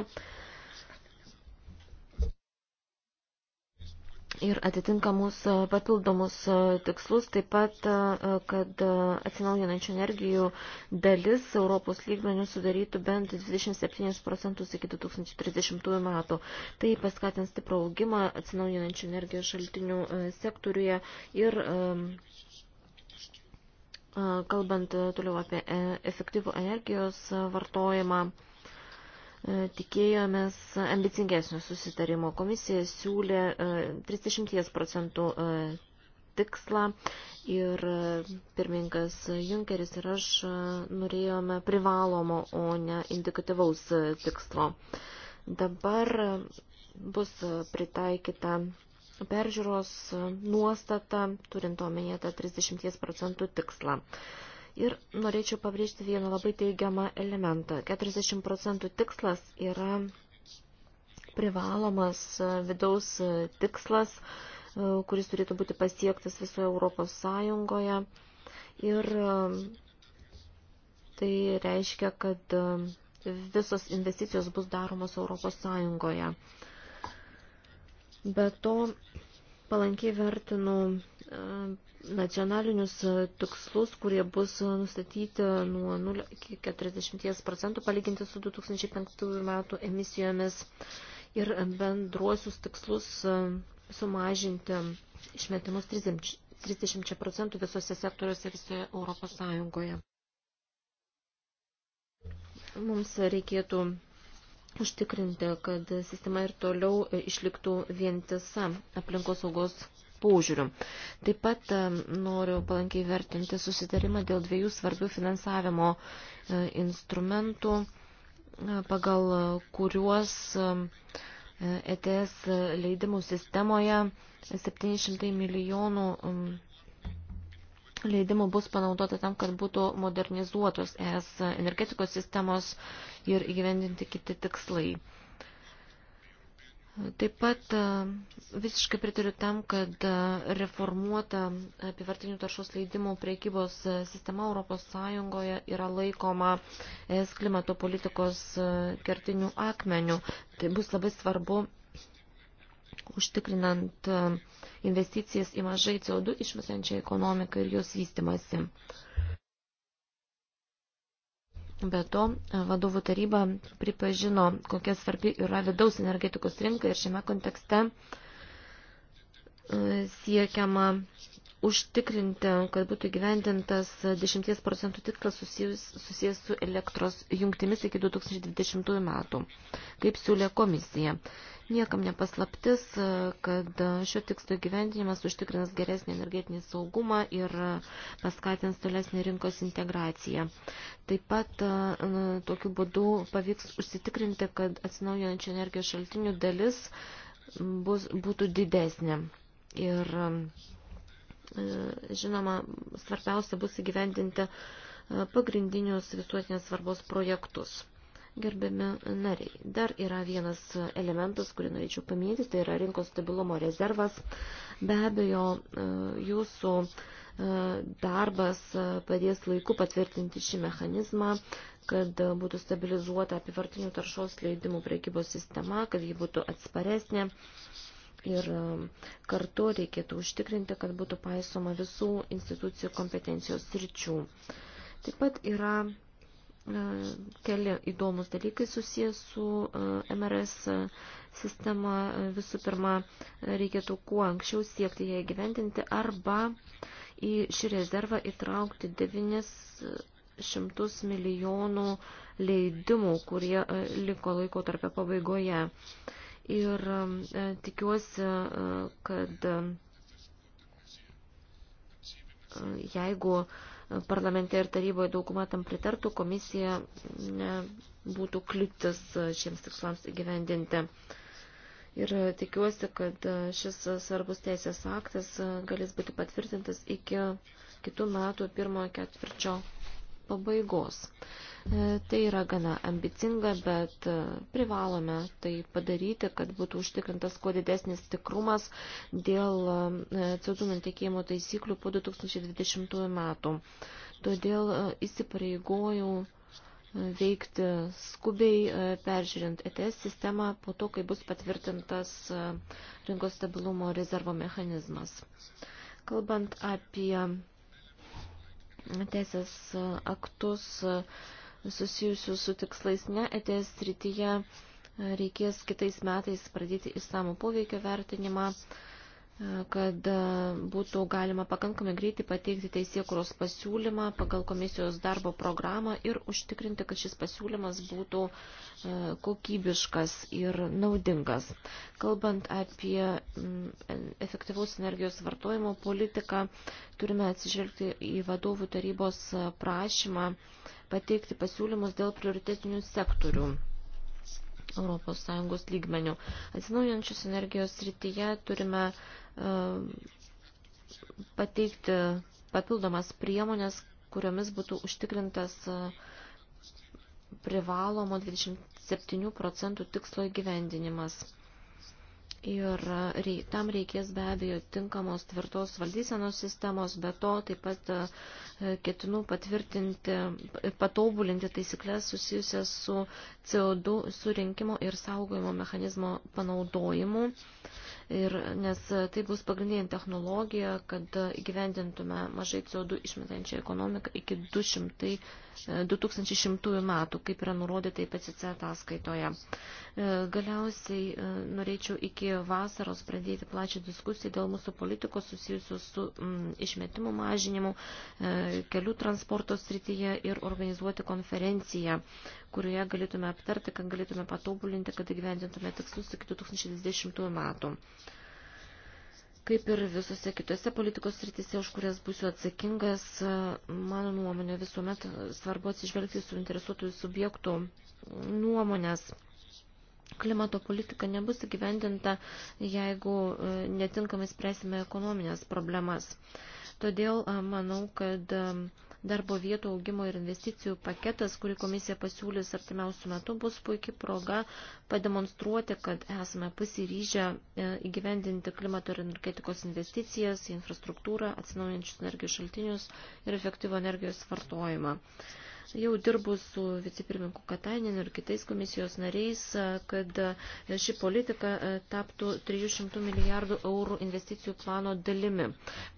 Ir atitinkamus e, papildomus e, tikslus, taip pat, kad atsinaujinančių energijų dalis Europos lygmenių sudarytų bent 27 procentus iki 2030 metų. Tai paskatins stiprą augimą atsinaujinančių energijos šaltinių sektoriuje ir Kalbant e, toliau apie e, efektyvų energijos vartojimą, e, tikėjomės ambicingesnio susitarimo. Komisija siūlė 30 procentų tikslą ir pirmininkas Junkeris ir aš norėjome privalomo, o ne indikatyvaus tikslo. Dabar bus pritaikyta peržiūros nuostatą, turint omenyje tą 30 procentų tikslą. Ir norėčiau pabrėžti vieną labai teigiamą elementą. 40 procentų tikslas yra privalomas vidaus tikslas, kuris turėtų būti pasiektas visoje Europos Sąjungoje. Ir tai reiškia, kad visos investicijos bus daromos Europos Sąjungoje. Be to, palankiai vertinu e, nacionalinius e, tikslus, kurie bus e, nustatyti nuo 0 iki 40 procentų palyginti su 2005 metų emisijomis ir bendruosius tikslus sumažinti išmetimus 30 procentų visose sektoriuose visoje Europos Sąjungoje. Mums reikėtų užtikrinti, kad sistema ir toliau e, išliktų vientisa aplinkos saugos požiūriu. Taip pat e, noriu palankiai vertinti susitarimą dėl dviejų svarbių finansavimo e, instrumentų, pagal kuriuos ETS leidimų sistemoje 700 milijonų leidimų bus panaudota tam, kad būtų modernizuotos ES energetikos sistemos ir įgyvendinti kiti tikslai. Taip pat e, visiškai pritariu tam, kad e, reformuota apivartinių taršos leidimų priekybos e, sistema Europos Sąjungoje yra laikoma ES klimato politikos kertinių akmenių. Tai bus labai svarbu užtikrinant uh, investicijas į mažai CO2 išmesančią ekonomiką ir jos vystimasi. Be to, vadovų taryba pripažino, kokia svarbi yra vidaus energetikos rinka ir šiame kontekste e, siekiama užtikrinti, kad būtų gyvendintas 10 procentų tikslas susijęs, susijęs su elektros jungtimis iki 2020 metų, kaip siūlė komisija. Niekam nepaslaptis, kad šio tikslo gyvendinimas užtikrins geresnį energetinį saugumą ir paskatins tolesnį rinkos integraciją. Taip pat tokiu būdu pavyks užsitikrinti, kad atsinaujančių energijos šaltinių dalis bus, būtų didesnė. Ir E, žinoma, svarbiausia bus įgyvendinti e, pagrindinius visuotinės svarbos projektus. Gerbiami nariai, dar yra vienas elementas, kurį norėčiau paminėti, tai yra rinkos stabilumo rezervas. Be abejo, e, jūsų darbas padės laiku patvirtinti šį mechanizmą, kad būtų stabilizuota apivartinių taršos leidimų prekybos sistema, kad ji būtų atsparesnė ir um, kartu reikėtų užtikrinti, kad būtų paisoma visų institucijų kompetencijos sričių. Taip pat yra e, keli įdomus dalykai susijęs su e, MRS e, sistema. Visų pirma, reikėtų kuo anksčiau siekti ją įgyvendinti arba į šį rezervą įtraukti 900 milijonų leidimų, kurie liko laiko tarp pabaigoje ir um, e, tikiuosi, e, kad e, jeigu parlamente ir taryboje dauguma tam pritartų, komisija nebūtų kliūtis šiems tikslams įgyvendinti. Ir tikiuosi, kad šis svarbus teisės aktas galės būti patvirtintas iki kitų metų pirmojo ketvirčio pabaigos. E, tai yra gana ambicinga, bet e, privalome tai padaryti, kad būtų užtikrintas kuo didesnis tikrumas dėl e, CO2 nutekėjimo taisyklių po 2020 metų. Todėl įsipareigojau veikti skubiai, peržiūrint ETS sistemą po to, kai bus patvirtintas rinkos stabilumo rezervo mechanizmas. Kalbant apie teisės aktus susijusius su tikslais ne ETS srityje reikės kitais metais pradėti įsamų poveikio vertinimą kad e, būtų galima pakankamai greitai pateikti teisėkuros pasiūlymą pagal komisijos darbo programą ir užtikrinti, kad šis pasiūlymas būtų e, kokybiškas ir naudingas. Kalbant apie mm, efektyvaus energijos vartojimo politiką, turime atsižvelgti į vadovų tarybos prašymą pateikti pasiūlymus dėl prioritetinių sektorių. ES lygmenių. Atsinaujančios energijos srityje turime e, pateikti papildomas priemonės, kuriomis būtų užtikrintas e, privalomo 27 procentų tikslo įgyvendinimas. Ir tam reikės be abejo tinkamos tvirtos valdysenos sistemos, be to taip pat e, ketinu patvirtinti, e, patobulinti taisyklės susijusias su CO2 surinkimo ir saugojimo mechanizmo panaudojimu. Ir, nes tai bus pagrindinė technologija, kad gyvendintume mažai CO2 išmetančią ekonomiką iki 200 2100 metų, kaip yra nurodyta IPCC ataskaitoje. E, galiausiai e, norėčiau iki vasaros pradėti plačią diskusiją dėl mūsų politikos susijusios su išmetimų mažinimu e, kelių transporto srityje ir organizuoti konferenciją, kurioje galėtume aptarti, kad galėtume patobulinti, kad įgyvendintume tikslus iki 2020 metų. Kaip ir visose kitose politikos sritise, už kurias būsiu atsakingas, mano nuomonė visuomet svarbu atsižvelgti suinteresuotųjų subjektų nuomonės. Klimato politika nebus įgyvendinta, jeigu e, netinkamai spręsime ekonominės problemas. Todėl e, manau, kad e, Darbo vietų augimo ir investicijų paketas, kurį komisija pasiūlys artimiausių metų, bus puikiai proga pademonstruoti, kad esame pasiryžę e, įgyvendinti klimato ir energetikos investicijas, infrastruktūrą, atsinaujančius energijos šaltinius ir efektyvų energijos vartojimą. Jau dirbu su vicepirmininku Katainin ir kitais komisijos nariais, kad ši politika e, taptų 300 milijardų eurų investicijų plano dalimi.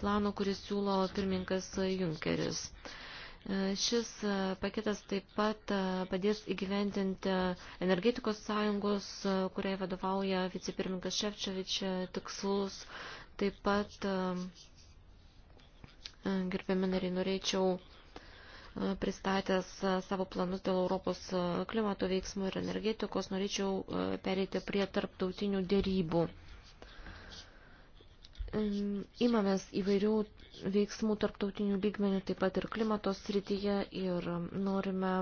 Plano, kuris siūlo pirmininkas Junkeris. E, šis e, paketas taip pat padės įgyvendinti energetikos sąjungos, kuriai vadovauja vicepirmininkas Ševčevič tikslus. Taip pat, gerbiami nariai, norėčiau pristatęs e, savo planus dėl Europos e, klimato veiksmų ir energetikos, norėčiau e, pereiti prie tarptautinių dėrybų. Įmamės įvairių veiksmų tarptautinių lygmenių, taip pat ir klimato srityje ir norime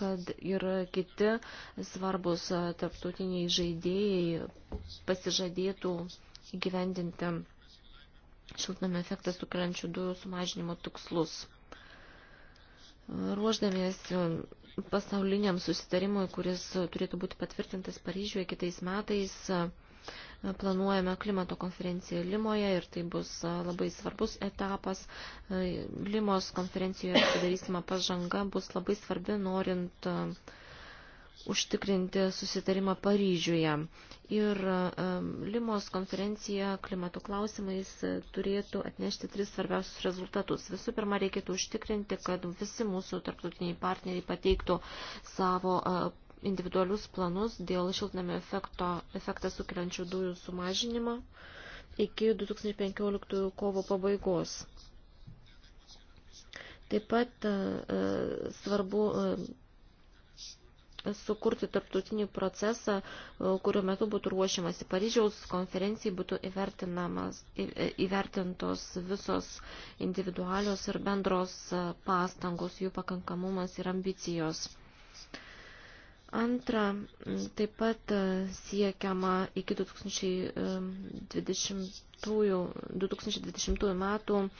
kad ir kiti svarbus tarptautiniai žaidėjai pasižadėtų įgyvendinti šiltnamio efektą sukeliančių dujų sumažinimo tikslus. Ruoždamiesi pasauliniam susitarimui, kuris turėtų būti patvirtintas Paryžiuje kitais metais, planuojame klimato konferenciją Limoje ir tai bus labai svarbus etapas. Limos konferencijoje padarysima pažanga bus labai svarbi norint uh, užtikrinti susitarimą Paryžiuje. Ir Limos konferencija klimato klausimais e, turėtų atnešti tris svarbiausius rezultatus. Visų pirma, reikėtų užtikrinti, kad visi mūsų tarptautiniai partneriai pateiktų savo e, individualius planus dėl šiltnamio efekto, efektą sukeliančių dujų sumažinimo iki 2015 kovo pabaigos. Taip pat e, svarbu sukurti tarptautinį procesą, e, kurio metu būtų ruošiamasi Paryžiaus konferencijai, būtų e, įvertintos visos individualios ir bendros e, pastangos, jų pakankamumas ir ambicijos. Antra, taip pat siekiama iki 2020, 2020 metų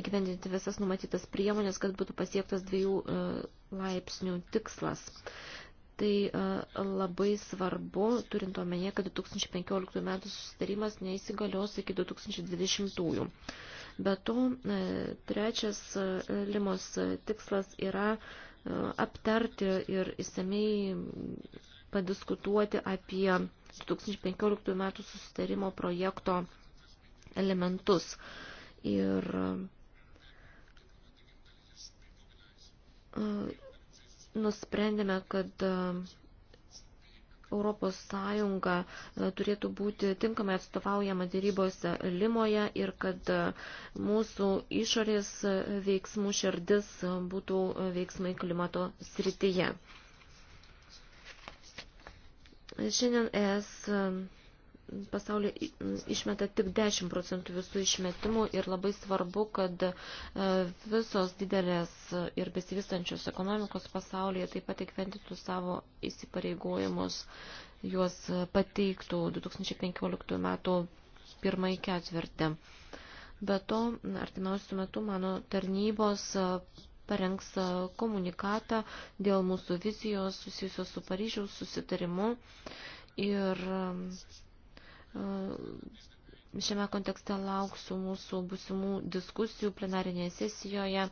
įgyvendinti visas numatytas priemonės, kad būtų pasiektas dviejų laipsnių tikslas. Tai e, labai svarbu, turint omenyje, kad 2015 metų susitarimas neįsigalios iki 2020. -ųjų. Be to, e, trečias e, Limos tikslas yra aptarti ir įsamei padiskutuoti apie 2015 metų susitarimo projekto elementus. Ir nusprendėme, kad e, Europos Sąjunga e, turėtų būti tinkamai atstovaujama dėrybose Limoje ir kad e, mūsų išorės veiksmų šerdis būtų veiksmai klimato srityje. Šiandien es pasaulyje išmeta tik 10 procentų visų išmetimų ir labai svarbu, kad e, visos didelės ir besivystančios ekonomikos pasaulyje taip pat įkventytų savo įsipareigojimus, juos pateiktų 2015 metų pirmąjį ketvirtį. Be to, artimiausių metų mano tarnybos e, parengs e, komunikatą dėl mūsų vizijos susijusios su Paryžiaus susitarimu ir E, šiame kontekste lauksiu mūsų busimų diskusijų plenarinėje sesijoje e,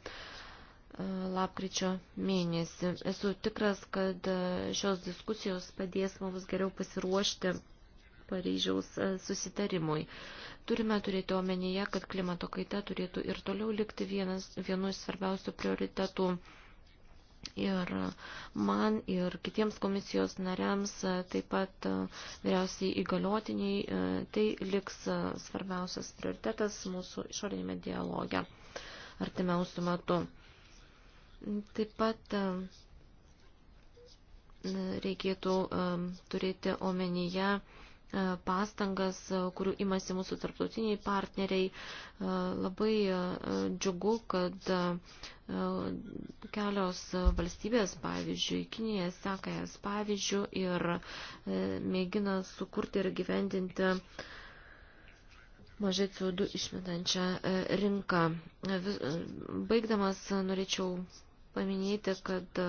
lapkričio mėnesį. Esu tikras, kad e, šios diskusijos padės mums geriau pasiruošti Paryžiaus susitarimui. Turime turėti omenyje, kad klimato kaita turėtų ir toliau likti vienas, vienu iš svarbiausių prioritetų Ir man ir kitiems komisijos nariams, taip pat e, vyriausiai įgaliotiniai, e, tai liks e, svarbiausias prioritetas mūsų išorinėme dialoge artimiausių metų. Taip pat reikėtų turėti omenyje, E, pastangas, e, kurių imasi mūsų tarptautiniai partneriai. E, labai džiugu, kad kelios valstybės, pavyzdžiui, Kinija seka jas pavyzdžių ir mėgina sukurti ir gyvendinti mažai CO2 išmetančią rinką. Baigdamas norėčiau paminėti, kad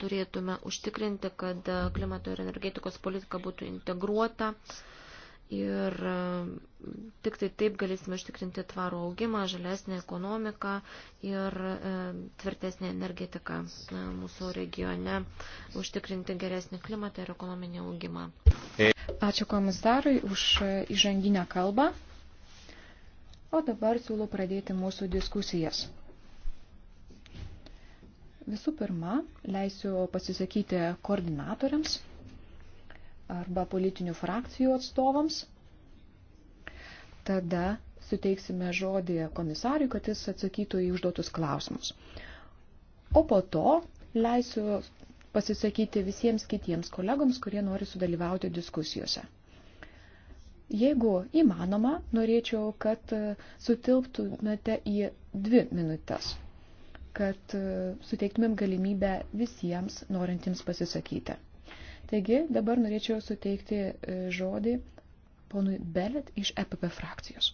turėtume užtikrinti, kad e, klimato ir energetikos politika būtų integruota ir e, tik tai taip galėsime užtikrinti tvarų augimą, žalesnę ekonomiką ir e, tvirtesnę energetiką mūsų regione, užtikrinti geresnį klimatą ir ekonominį augimą. Ačiū komisarui už įžanginę kalbą. O dabar siūlau pradėti mūsų diskusijas. Visų pirma, leisiu pasisakyti koordinatoriams arba politinių frakcijų atstovams. Tada suteiksime žodį komisariui, kad jis atsakytų į užduotus klausimus. O po to leisiu pasisakyti visiems kitiems kolegoms, kurie nori sudalyvauti diskusijose. Jeigu įmanoma, norėčiau, kad sutilptumėte į dvi minutės kad e, suteiktumėm galimybę visiems norintiems pasisakyti. Taigi dabar norėčiau suteikti e, žodį ponui Belet iš EPP frakcijos.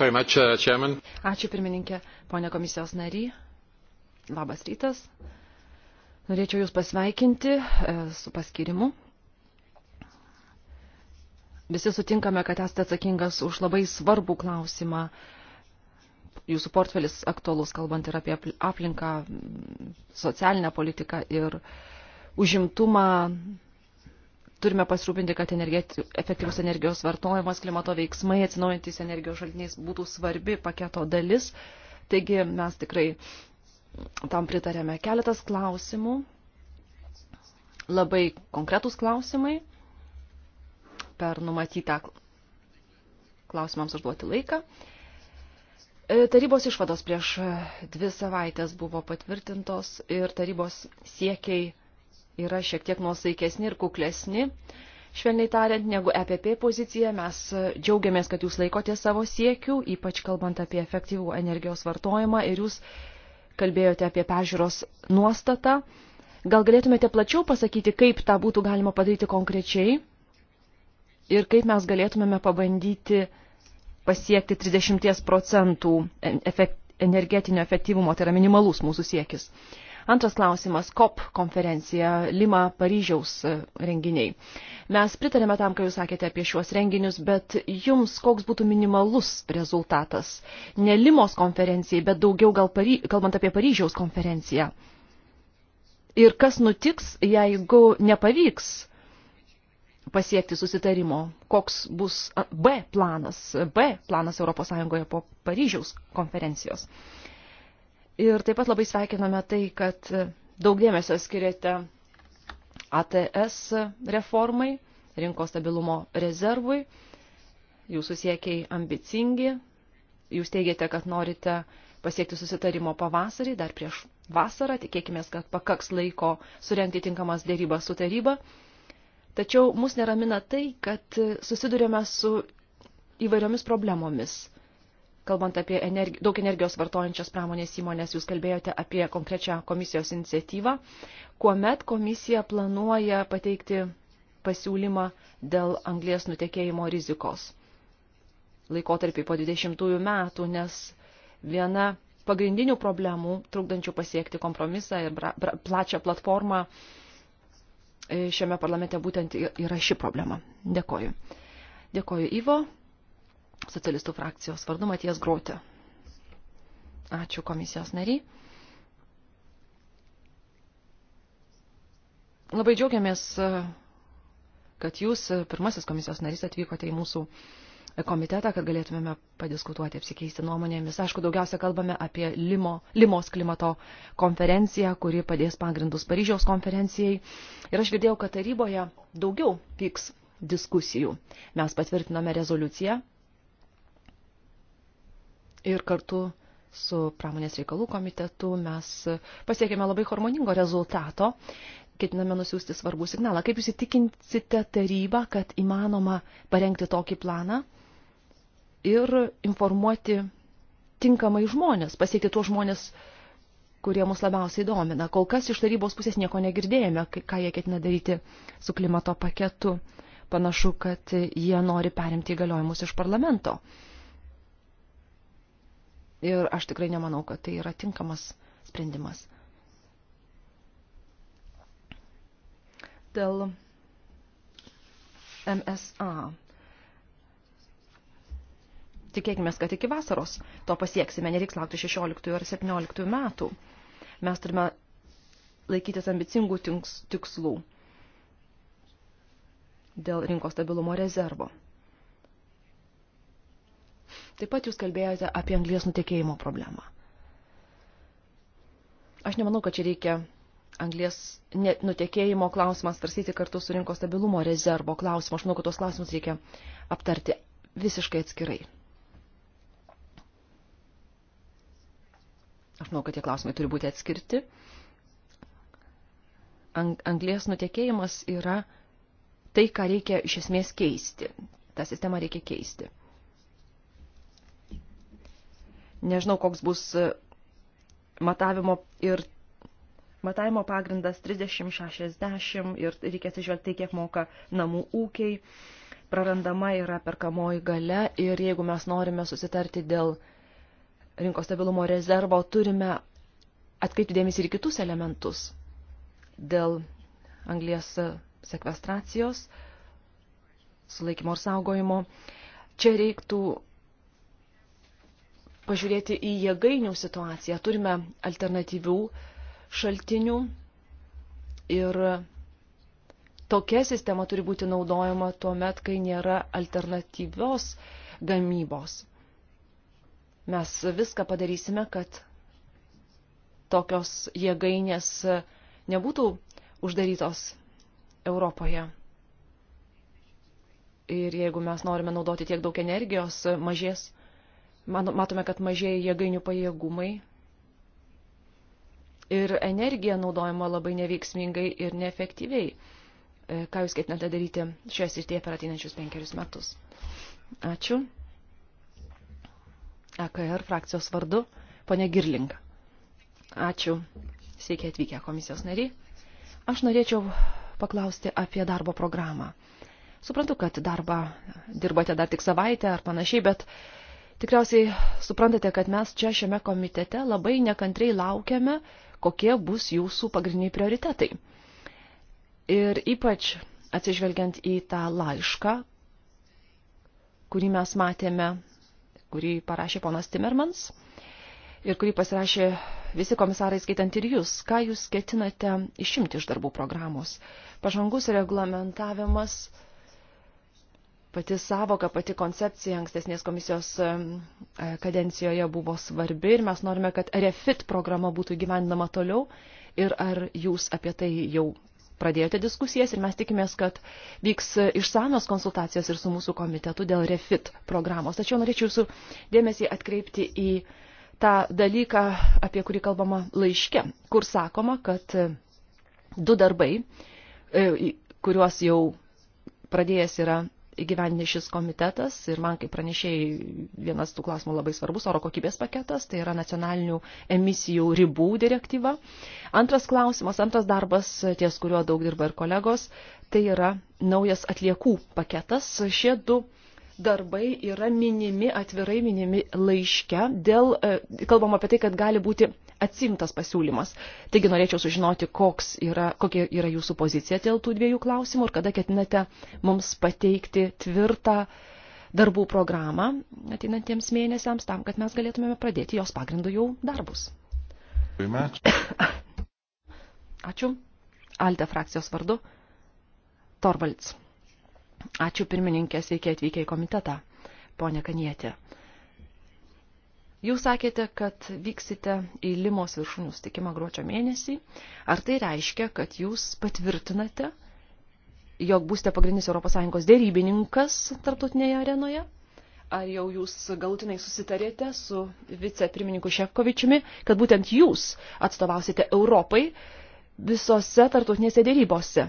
Much, uh, Ačiū pirmininkė, ponė komisijos nary. Labas rytas. Norėčiau Jūs pasveikinti e, su paskirimu. Visi sutinkame, kad esate atsakingas už labai svarbų klausimą jūsų portfelis aktualus, kalbant ir apie aplinką, socialinę politiką ir užimtumą. Turime pasirūpinti, kad energeti, efektyvus energijos vartojimas, klimato veiksmai, atsinaujantis energijos šaltiniais būtų svarbi paketo dalis. Taigi mes tikrai tam pritarėme. Keletas klausimų, labai konkretūs klausimai per numatytą klausimams užduoti laiką. Uh, E, tarybos išvados prieš e, dvi savaitės buvo patvirtintos ir tarybos siekiai yra šiek tiek nuosaikesni ir kuklesni. Švelniai tariant, negu EPP pozicija, mes e, džiaugiamės, kad jūs laikote savo siekių, ypač kalbant apie efektyvų energijos vartojimą ir jūs kalbėjote apie pežiūros nuostatą. Gal galėtumėte plačiau pasakyti, kaip tą būtų galima padaryti konkrečiai ir kaip mes galėtumėme pabandyti uh, pasiekti 30 procentų energetinio efektyvumo, tai yra minimalus mūsų siekis. Antras klausimas - COP konferencija Lima Paryžiaus e, renginiai. Mes pritarėme tam, ką jūs sakėte apie šiuos renginius, bet jums koks būtų minimalus rezultatas? Ne Limos konferencijai, bet daugiau gal Pary... kalbant apie Paryžiaus konferenciją. Ir kas nutiks, jeigu nepavyks pasiekti susitarimo, koks bus B planas, B planas ES po Paryžiaus konferencijos. Ir taip pat labai sveikiname tai, kad daug dėmesio skiriate ATS reformai, rinkos stabilumo rezervui, jūsų siekiai ambicingi, jūs teigiate, kad norite pasiekti susitarimo pavasarį, dar prieš vasarą, tikėkime, kad pakaks laiko surenkti tinkamas dėrybas su taryba. Su Tačiau mus neramina tai, kad susidurėme su įvairiomis problemomis. Kalbant apie energi daug energijos vartojančias pramonės įmonės, jūs kalbėjote apie konkrečią komisijos iniciatyvą, kuomet komisija planuoja pateikti pasiūlymą dėl anglės nutekėjimo rizikos laikotarpį po 20 metų, nes viena pagrindinių problemų, trukdančių pasiekti kompromisą ir plačią platformą, uh, E, šiame parlamente būtent yra ši problema. Dėkoju. Dėkoju Ivo, socialistų frakcijos vardu Matijas Grotė. Ačiū komisijos nariai. Labai džiaugiamės, kad jūs, pirmasis komisijos narys, atvykote į mūsų komitetą, kad galėtumėme padiskutuoti, apsikeisti nuomonėmis. Aišku, daugiausia kalbame apie Limo, Limos klimato konferenciją, kuri padės pagrindus Paryžiaus konferencijai. Ir aš girdėjau, kad taryboje daugiau vyks diskusijų. Mes patvirtinome rezoliuciją ir kartu su pramonės reikalų komitetu mes pasiekėme labai harmoningo rezultato ketiname nusiųsti svarbų signalą. Kaip jūs įtikinsite tarybą, kad įmanoma parengti tokį planą, ir informuoti tinkamai žmonės, pasiekti tuos žmonės, kurie mus labiausiai domina. Kol kas iš tarybos pusės nieko negirdėjome, ką jie ketina daryti su klimato paketu. Panašu, kad jie nori perimti įgaliojimus iš parlamento. Ir aš tikrai nemanau, kad tai yra tinkamas sprendimas. Dėl MSA tikėkime, kad iki vasaros to pasieksime, nereiks laukti 16 ar 17 metų. Mes turime laikytis ambicingų tikslų dėl rinkos stabilumo rezervo. Taip pat jūs kalbėjote apie anglės nutekėjimo problemą. Aš nemanau, kad čia reikia anglės nutekėjimo klausimas svarstyti kartu su rinkos stabilumo rezervo klausimu. Aš manau, kad tos klausimus reikia aptarti visiškai atskirai. Aš manau, kad tie klausimai turi būti atskirti. Anglės nutekėjimas yra tai, ką reikia iš esmės keisti. Ta sistema reikia keisti. Nežinau, koks bus e, matavimo ir matavimo pagrindas 30-60 ir reikia atsižvelgti, tai, kiek moka namų ūkiai. Prarandama yra perkamoji gale ir jeigu mes norime susitarti dėl rinkos stabilumo rezervo turime atkreipti dėmesį ir kitus elementus dėl anglies sekvestracijos, sulaikymo ir saugojimo. Čia reiktų pažiūrėti į jėgainių situaciją. Turime alternatyvių šaltinių ir tokia sistema turi būti naudojama tuo met, kai nėra alternatyvios gamybos. Mes viską padarysime, kad tokios jėgainės nebūtų uždarytos Europoje. Ir jeigu mes norime naudoti tiek daug energijos, mažės, matome, kad mažėja jėgainių pajėgumai. Ir energija naudojama labai neveiksmingai ir neefektyviai. E, ką jūs ketinate daryti šioje srityje per ateinančius penkerius metus? Ačiū. EKR frakcijos vardu, ponė Girlinga. Ačiū, sveiki atvykę komisijos nariai. Aš norėčiau paklausti apie darbo programą. Suprantu, kad darbą dirbate dar tik savaitę ar panašiai, bet tikriausiai suprantate, kad mes čia šiame komitete labai nekantriai laukiame, kokie bus jūsų pagrindiniai prioritetai. Ir ypač atsižvelgiant į tą laišką, kurį mes matėme kurį parašė ponas Timmermans ir kurį pasirašė visi komisarai, skaitant ir jūs. Ką jūs ketinate išimti iš darbų programos? Pažangus reglamentavimas, pati savoka, pati koncepcija ankstesnės komisijos e, kadencijoje buvo svarbi ir mes norime, kad refit programa būtų gyvendama toliau. Ir ar jūs apie tai jau pradėjote diskusijas ir mes tikimės, kad vyks išsamios konsultacijos ir su mūsų komitetu dėl refit programos. Tačiau norėčiau jūsų dėmesį atkreipti į tą dalyką, apie kurį kalbama laiške, kur sakoma, kad du darbai, e, kuriuos jau pradėjęs yra įgyvendinė šis komitetas ir man kaip pranešėjai vienas tų klausimų labai svarbus oro kokybės paketas, tai yra nacionalinių emisijų ribų direktyva. Antras klausimas, antras darbas, ties kuriuo daug dirba ir kolegos, tai yra naujas atliekų paketas. Šie du darbai yra minimi, atvirai minimi laiške, dėl, e, kalbam apie tai, kad gali būti atsimtas pasiūlymas. Taigi norėčiau sužinoti, koks yra, kokia yra jūsų pozicija dėl tų dviejų klausimų ir kada ketinate mums pateikti tvirtą darbų programą ateinantiems mėnesiams tam, kad mes galėtumėme pradėti jos pagrindų jau darbus. [coughs] Ačiū. Alde frakcijos vardu. Torvalds. Ačiū pirmininkė, sveiki atvykę į komitetą. Pone Kanietė. Jūs sakėte, kad vyksite į Limos viršūnių stikimą gruodžio mėnesį. Ar tai reiškia, kad jūs patvirtinate, jog būsite pagrindinis ES dėrybininkas tarptautinėje arenoje? Ar jau jūs galutinai susitarėte su vicepirmininku Šefkovičiumi, kad būtent jūs atstovausite Europai visose tarptautinėse dėrybose?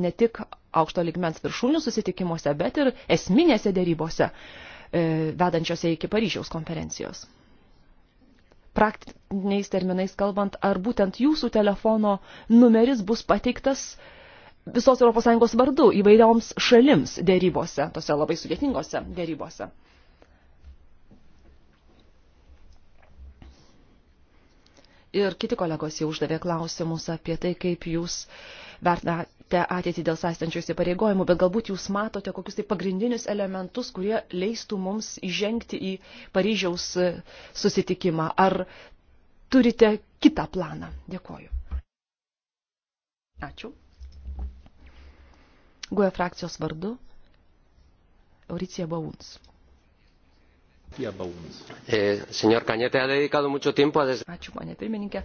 Ne tik aukšto ligmens viršūnių susitikimuose, bet ir esminėse dėrybose, e, vedančiose iki Paryžiaus konferencijos praktiniais terminais kalbant, ar būtent jūsų telefono numeris bus pateiktas visos ES vardu įvairioms šalims dėrybose, tose labai sudėtingose dėrybose. Ir kiti kolegos jau uždavė klausimus apie tai, kaip jūs uh, vertinate ateitį dėl sąstančių įsipareigojimų, bet galbūt jūs matote kokius tai pagrindinius elementus, kurie leistų mums įžengti į Paryžiaus e, susitikimą. Ar turite kitą planą? Dėkoju. Ačiū. Guoja e frakcijos vardu Auricija Bauns. Eh, señor Cañete ha dedicado mucho tiempo a... Ačiū, ponė pirmininkė.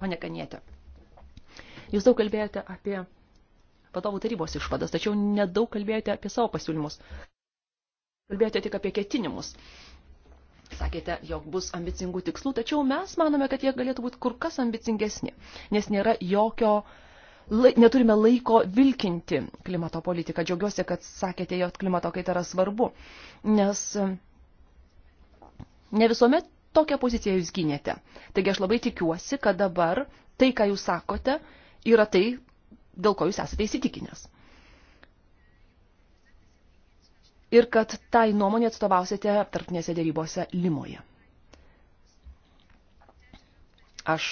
Ponė Cañete. Jūs daug kalbėjote apie vadovų tarybos išvadas, tačiau nedaug kalbėjote apie savo pasiūlymus. Kalbėjote tik apie ketinimus. Sakėte, jog bus ambicingų tikslų, tačiau mes manome, kad jie galėtų būti kur kas ambicingesni, nes nėra jokio, lai, neturime laiko vilkinti klimato politiką. Džiaugiuosi, kad sakėte, jog klimato kaita yra svarbu, nes mm, ne visuomet tokią poziciją jūs gynėte. Taigi aš labai tikiuosi, kad dabar tai, ką jūs sakote, yra tai, dėl ko jūs esate įsitikinęs. Ir kad tai nuomonė atstovausite tarptinėse dėrybose Limoje. Aš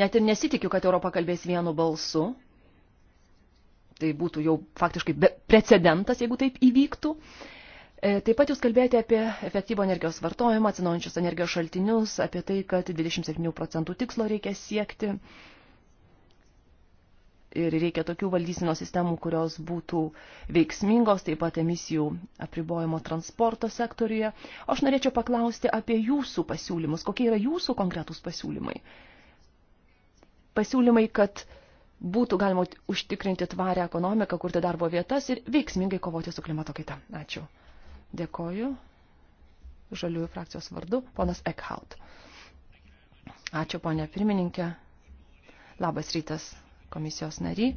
net ir nesitikiu, kad Europa kalbės vienu balsu. Tai būtų jau faktiškai precedentas, jeigu taip įvyktų. E, taip pat jūs kalbėjote apie efektyvų energijos vartojimą, atsinaujančius energijos šaltinius, apie tai, kad 27 procentų tikslo reikia siekti ir reikia tokių valdysinos sistemų, kurios būtų veiksmingos, taip pat emisijų apribojimo transporto sektoriuje. Aš norėčiau paklausti apie jūsų pasiūlymus, kokie yra jūsų konkretūs pasiūlymai. Pasiūlymai, kad būtų galima užtikrinti tvarę ekonomiką, kurti darbo vietas ir veiksmingai kovoti su klimato kaita. Ačiū. Dėkoju. Žaliųjų frakcijos vardu, ponas Eckhout. Ačiū, ponė pirmininkė. Labas rytas komisijos nary.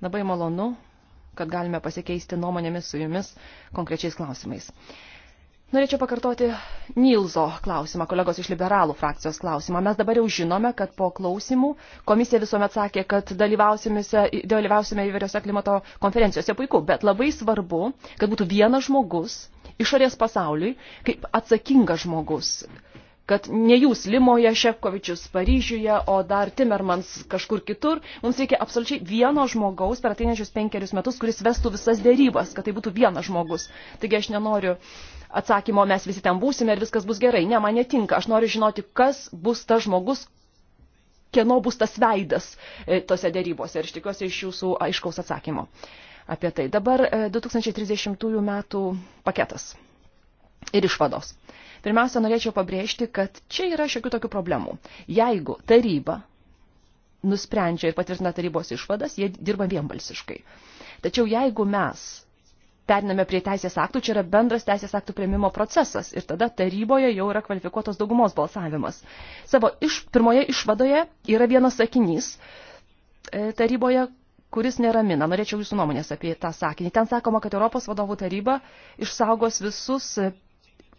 Labai malonu, kad galime pasikeisti nuomonėmis su jumis konkrečiais klausimais. Norėčiau pakartoti Nilzo klausimą, kolegos iš liberalų frakcijos klausimą. Mes dabar jau žinome, kad po klausimų komisija visuomet sakė, kad dalyvausime, dalyvausime įvairiose klimato konferencijose. Puiku, bet labai svarbu, kad būtų vienas žmogus išorės pasauliui, kaip atsakingas žmogus, kad ne jūs Limoje, Šefkovičius Paryžiuje, o dar Timmermans kažkur kitur. Mums reikia absoliučiai vieno žmogaus per ateinančius penkerius metus, kuris vestų visas dėrybas, kad tai būtų vienas žmogus. Taigi aš nenoriu atsakymo, mes visi ten būsime ir viskas bus gerai. Ne, man netinka. Aš noriu žinoti, kas bus tas žmogus, kieno bus tas veidas e, tose dėrybose. Ir aš tikiuosi iš jūsų aiškaus atsakymo apie tai. Dabar 2030 e, metų paketas ir išvados. Pirmiausia, norėčiau pabrėžti, kad čia yra šiokių tokių problemų. Jeigu taryba nusprendžia ir patvirtina tarybos išvadas, jie dirba vienbalsiškai. Tačiau jeigu mes periname prie teisės aktų, čia yra bendras teisės aktų prieimimo procesas ir tada taryboje jau yra kvalifikuotos daugumos balsavimas. Savo iš, pirmoje išvadoje yra vienas sakinys e, taryboje, kuris neramina. Norėčiau jūsų nuomonės apie tą sakinį. Ten sakoma, kad Europos vadovų taryba išsaugos visus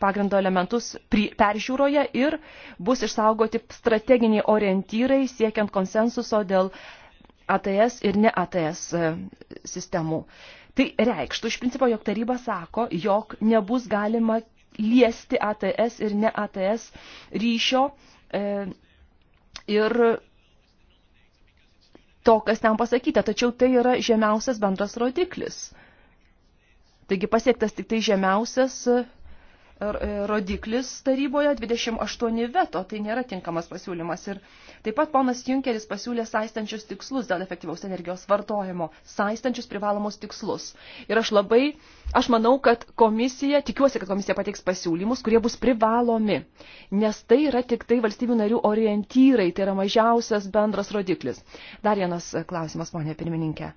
pagrindo elementus peržiūroje ir bus išsaugoti strateginiai orientyrai siekiant konsensuso dėl ATS ir ne ATS e, sistemų. Tai reikštų iš principo, jog taryba sako, jog nebus galima liesti ATS ir ne ATS ryšio e, ir to, kas ten pasakyta, tačiau tai yra žemiausias bendras rodiklis. Taigi pasiektas tik tai žemiausias E, rodiklis taryboje 28 veto, tai nėra tinkamas pasiūlymas. Ir taip pat ponas Junkeris pasiūlė saistančius tikslus dėl efektyvaus energijos vartojimo, saistančius privalomus tikslus. Ir aš labai, aš manau, kad komisija, tikiuosi, kad komisija pateiks pasiūlymus, kurie bus privalomi, nes tai yra tik tai valstybių narių orientyrai, tai yra mažiausias bendras rodiklis. Dar vienas e, klausimas, ponė pirmininkė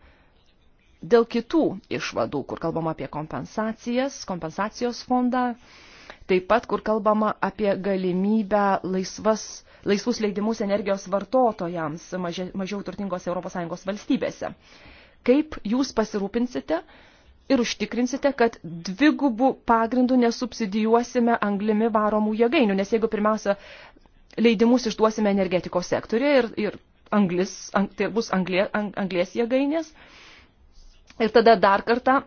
dėl kitų išvadų, kur kalbama apie kompensacijas, kompensacijos fondą, taip pat, kur kalbama apie galimybę laisvas, laisvus leidimus energijos vartotojams mažia, mažiau turtingos ES valstybėse. Kaip jūs pasirūpinsite ir užtikrinsite, kad dvigubų pagrindų nesubsidijuosime anglimi varomų jėgainių, nes jeigu pirmiausia leidimus išduosime energetikos sektoriuje ir, ir anglis, ang, tai bus anglė, ang, anglės jėgainės, ir tada dar kartą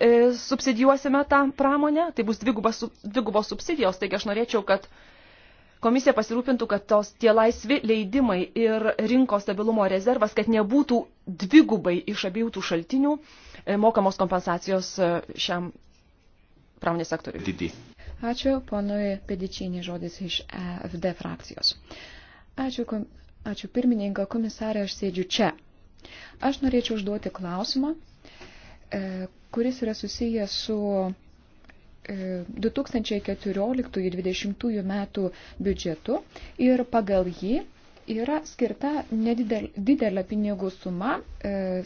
E, subsidijuosime tą pramonę, tai bus dvigubos, dvigubos subsidijos, taigi aš norėčiau, kad komisija pasirūpintų, kad tos tie laisvi leidimai ir rinkos stabilumo rezervas, kad nebūtų dvigubai iš abiejų tų šaltinių e, mokamos kompensacijos e, šiam pramonės sektoriui. Didi. Ačiū ponui Pedičinį žodis iš FD frakcijos. Ačiū, ačiū pirmininką, komisarė, aš sėdžiu čia. Aš norėčiau užduoti klausimą E, kuris yra susijęs su 2014-2020 e, metų biudžetu ir pagal jį yra skirta nedidelė pinigų suma e,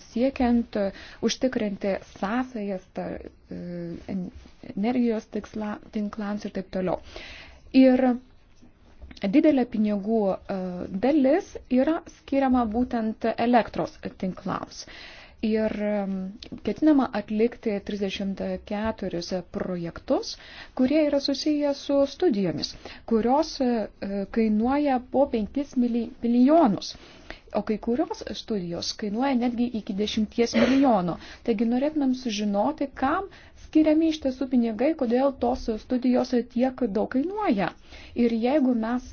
siekiant užtikrinti sąsajas energijos tiksla, tinklams ir taip toliau. Ir didelė pinigų dalis yra skiriama būtent elektros tinklams ir ketinama atlikti 34 projektus, kurie yra susiję su studijomis, kurios e, kainuoja po 5 milijonus. O kai kurios studijos kainuoja netgi iki 10 milijonų. Taigi norėtumėm sužinoti, kam skiriami iš tiesų pinigai, kodėl tos studijos tiek daug kainuoja. Ir jeigu mes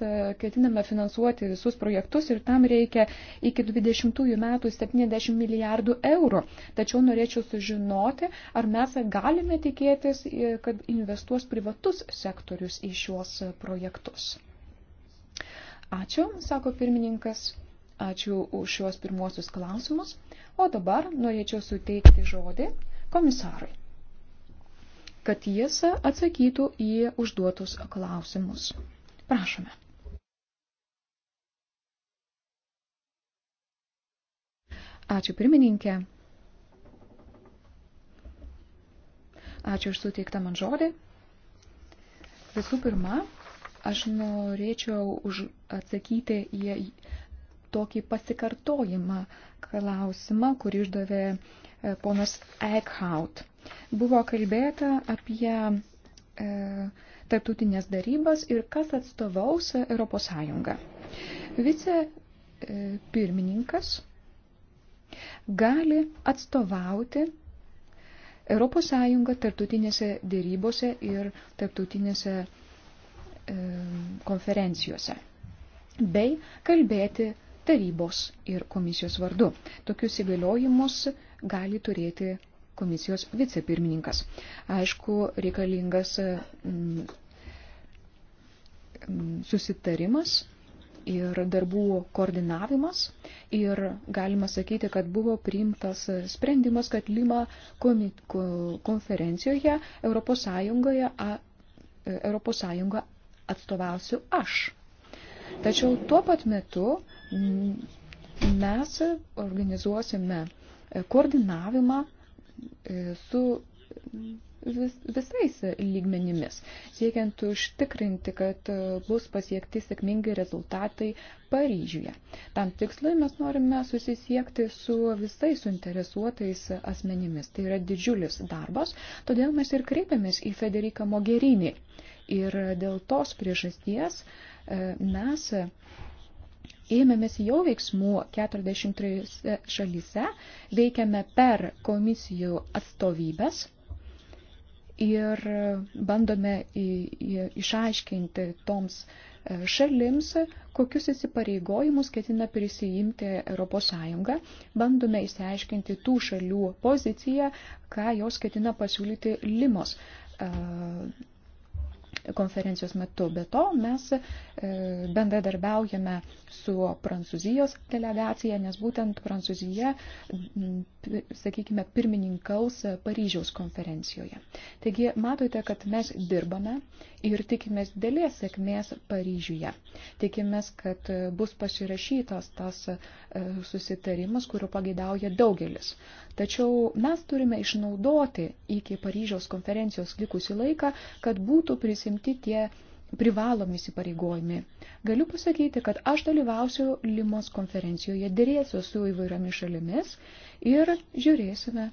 ketiname finansuoti visus projektus ir tam reikia iki 20 metų 70 milijardų eurų, tačiau norėčiau sužinoti, ar mes galime tikėtis, kad investuos privatus sektorius į šiuos projektus. Ačiū, sako pirmininkas. Ačiū už šiuos pirmuosius klausimus. O dabar norėčiau suteikti žodį komisarui kad jis atsakytų į užduotus klausimus. Prašome. Ačiū pirmininkė. Ačiū už suteiktą man žodį. Visų pirma, aš norėčiau už atsakyti į tokį pasikartojimą klausimą, kurį išdavė e, ponas Eckhout. Buvo kalbėta apie e, tarptautinės darybas ir kas atstovaus Europos Sąjungą. Vice e, pirmininkas gali atstovauti Europos Sąjungą tarptautinėse dėrybose ir tarptautinėse e, konferencijose, bei kalbėti tarybos ir komisijos vardu. Tokius įgaliojimus gali turėti komisijos vicepirmininkas. Aišku, reikalingas mm, mm, susitarimas ir darbų koordinavimas ir galima sakyti, kad buvo priimtas sprendimas, kad Lima konferencijoje Europos Sąjungoje, Europos Sąjunga atstovausiu aš. Tačiau tuo pat metu mm, mes organizuosime koordinavimą E, su vis, visais lygmenimis, siekiant užtikrinti, kad e, bus pasiekti sėkmingi rezultatai Paryžiuje. Tam tikslai mes norime susisiekti su visais suinteresuotais asmenimis. Tai yra didžiulis darbas, todėl mes ir kreipiamės į Federiką Mogerinį. Ir dėl tos priežasties e, mes ėmėmės jau veiksmų 43 šalyse, veikiame per komisijų atstovybės ir bandome išaiškinti toms e, šalims, kokius įsipareigojimus ketina prisijimti ES, bandome įsiaiškinti tų šalių poziciją, ką jos ketina pasiūlyti Limos e, konferencijos metu. Be to mes e, bendradarbiaujame su Prancūzijos delegacija, nes būtent Prancūzija, sakykime, pirmininkaus Paryžiaus konferencijoje. Taigi matote, kad mes dirbame ir tikimės dėlės sėkmės Paryžiuje. Tikimės, kad bus pasirašytas tas e, susitarimas, kurio pageidauja daugelis. Tačiau mes turime išnaudoti iki Paryžiaus konferencijos likusį laiką, kad būtų prisimti prisimti tie privalomi įsipareigojimai. Galiu pasakyti, kad aš dalyvausiu Limos konferencijoje, dėrėsiu su įvairiomis šalimis ir žiūrėsime,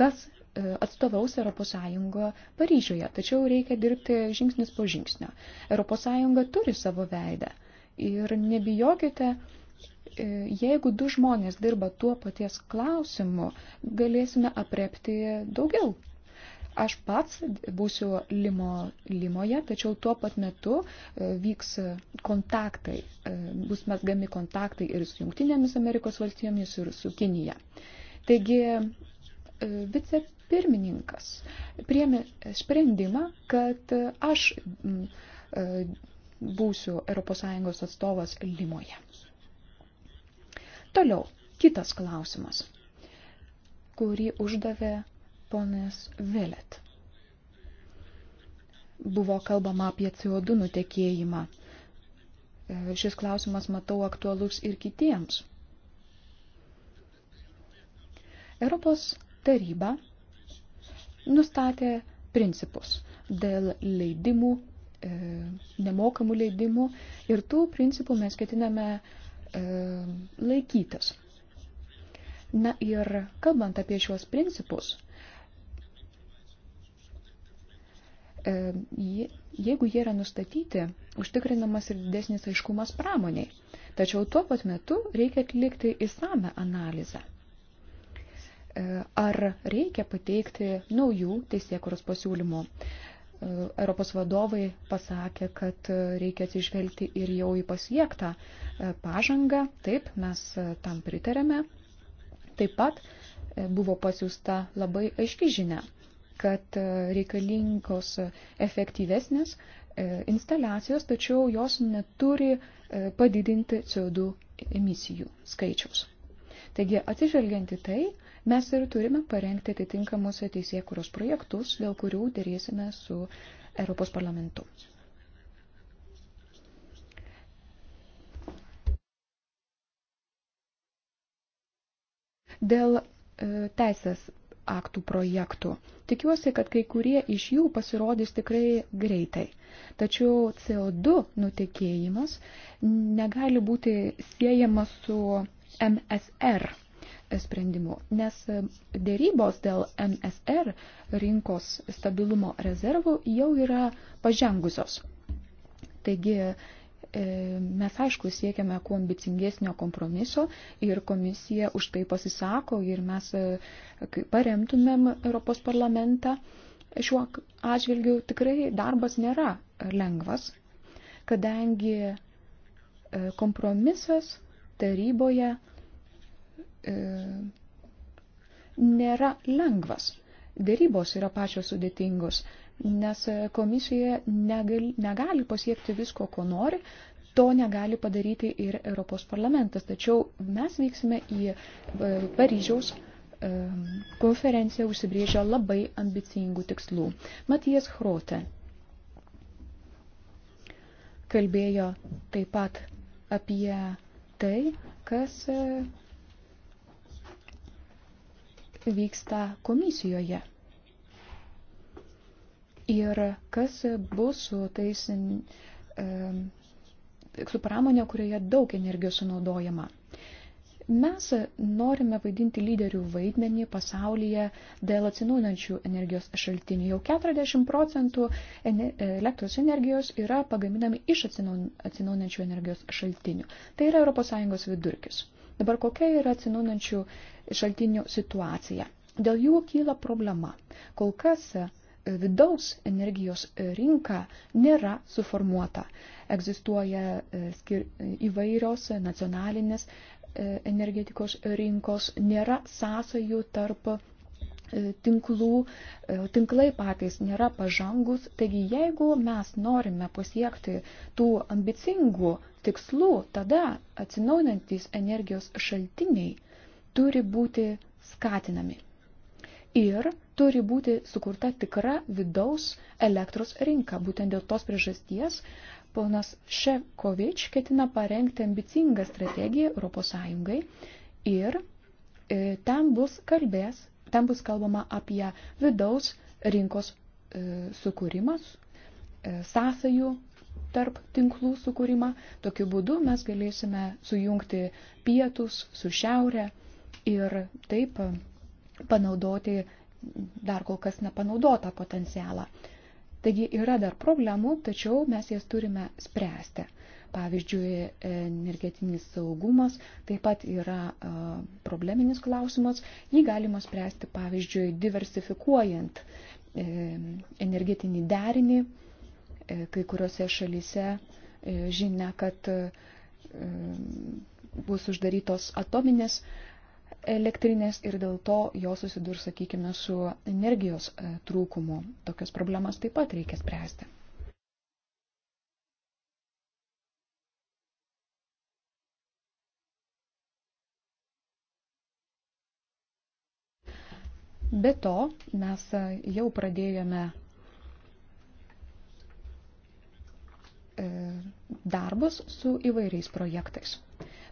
kas e, atstovaus ES Paryžiuje. Tačiau reikia dirbti žingsnis po žingsnio. ES turi savo veidą. Ir nebijokite, e, jeigu du žmonės dirba tuo paties klausimu, galėsime aprepti daugiau Aš pats būsiu limo, Limoje, tačiau tuo pat metu e, vyks kontaktai, e, bus mesgami kontaktai ir su Junktinėmis Amerikos valstybėmis, ir su Kinija. Taigi e, vicepirmininkas priemė sprendimą, kad aš būsiu ES atstovas Limoje. Toliau, kitas klausimas, kurį uždavė ponas Vilet. Buvo kalbama apie CO2 nutekėjimą. E, šis klausimas matau aktualus ir kitiems. Europos taryba nustatė principus dėl leidimų, e, nemokamų leidimų ir tų principų mes ketiname e, laikytis. Na ir kalbant apie šiuos principus, E, jeigu jie yra nustatyti, užtikrinamas ir didesnis aiškumas pramoniai. Tačiau tuo pat metu reikia atlikti įsame analizę. E, ar reikia pateikti naujų teisėkuros pasiūlymų? E, Europos vadovai pasakė, kad reikia atsižvelgti ir jau į pasiektą pažangą. Taip, mes tam pritarėme. Taip pat buvo pasiūsta labai aiški žinia kad e, reikalingos efektyvesnės e, instaliacijos, tačiau jos neturi e, padidinti CO2 emisijų skaičiaus. Taigi, atsižvelgiant į tai, mes ir turime parengti atitinkamus teisėkuros projektus, dėl kurių dėrėsime su Europos parlamentu. Dėl teisės aktų projektų. Tikiuosi, kad kai kurie iš jų pasirodys tikrai greitai. Tačiau CO2 nutekėjimas negali būti siejamas su MSR sprendimu, nes dėrybos dėl MSR rinkos stabilumo rezervų jau yra pažengusios. Taigi E, mes aišku siekiame kuo ambicingesnio kompromiso ir komisija už tai pasisako ir mes e, paremtumėm Europos parlamentą. Šiuo atžvilgiu tikrai darbas nėra lengvas, kadangi e, kompromisas taryboje nėra lengvas. Dėrybos yra pačios sudėtingos nes komisija negali, negali pasiekti visko, ko nori, to negali padaryti ir Europos parlamentas. Tačiau mes vyksime į e, Paryžiaus e, konferencija užsibrėžia labai ambicingų tikslų. Matijas Hrote kalbėjo taip pat apie tai, kas e, vyksta komisijoje. Ir kas bus su tais, su pramonė, kurioje daug energijos sunaudojama. Mes norime vaidinti lyderių vaidmenį pasaulyje dėl atsinaujinančių energijos šaltinių. Jau 40 procentų elektros energijos yra pagaminami iš atsinaujinančių energijos šaltinių. Tai yra ES vidurkis. Dabar kokia yra atsinaujinančių šaltinių situacija? Dėl jų kyla problema. Kol kas vidaus energijos rinka nėra suformuota. Egzistuoja e, skir... įvairios nacionalinės e, energetikos rinkos, nėra sąsajų tarp e, tinklų, tinklai patys nėra pažangus, taigi jeigu mes norime pasiekti tų ambicingų tikslų, tada atsinaujinantis energijos šaltiniai turi būti skatinami ir turi būti sukurta tikra vidaus elektros rinka. Būtent dėl tos priežasties ponas Šekovič ketina parengti ambicingą strategiją ES ir e, ten, bus kalbės, ten bus kalbama apie vidaus rinkos e, sukūrimas, e, sąsajų tarp tinklų sukūrimą. Tokiu būdu mes galėsime sujungti pietus su šiaurė ir taip panaudoti dar kol kas nepanaudotą potencialą. Taigi yra dar problemų, tačiau mes jas turime spręsti. Pavyzdžiui, energetinis saugumas taip pat yra e, probleminis klausimas. Jį galima spręsti, pavyzdžiui, diversifikuojant e, energetinį derinį. E, kai kuriuose šalyse žinia, kad bus uždarytos atominės elektrinės ir dėl to jos susidurs, sakykime, su energijos e, trūkumu. Tokias problemas taip pat reikia spręsti. Be to, mes e, jau pradėjome e, darbus su įvairiais projektais.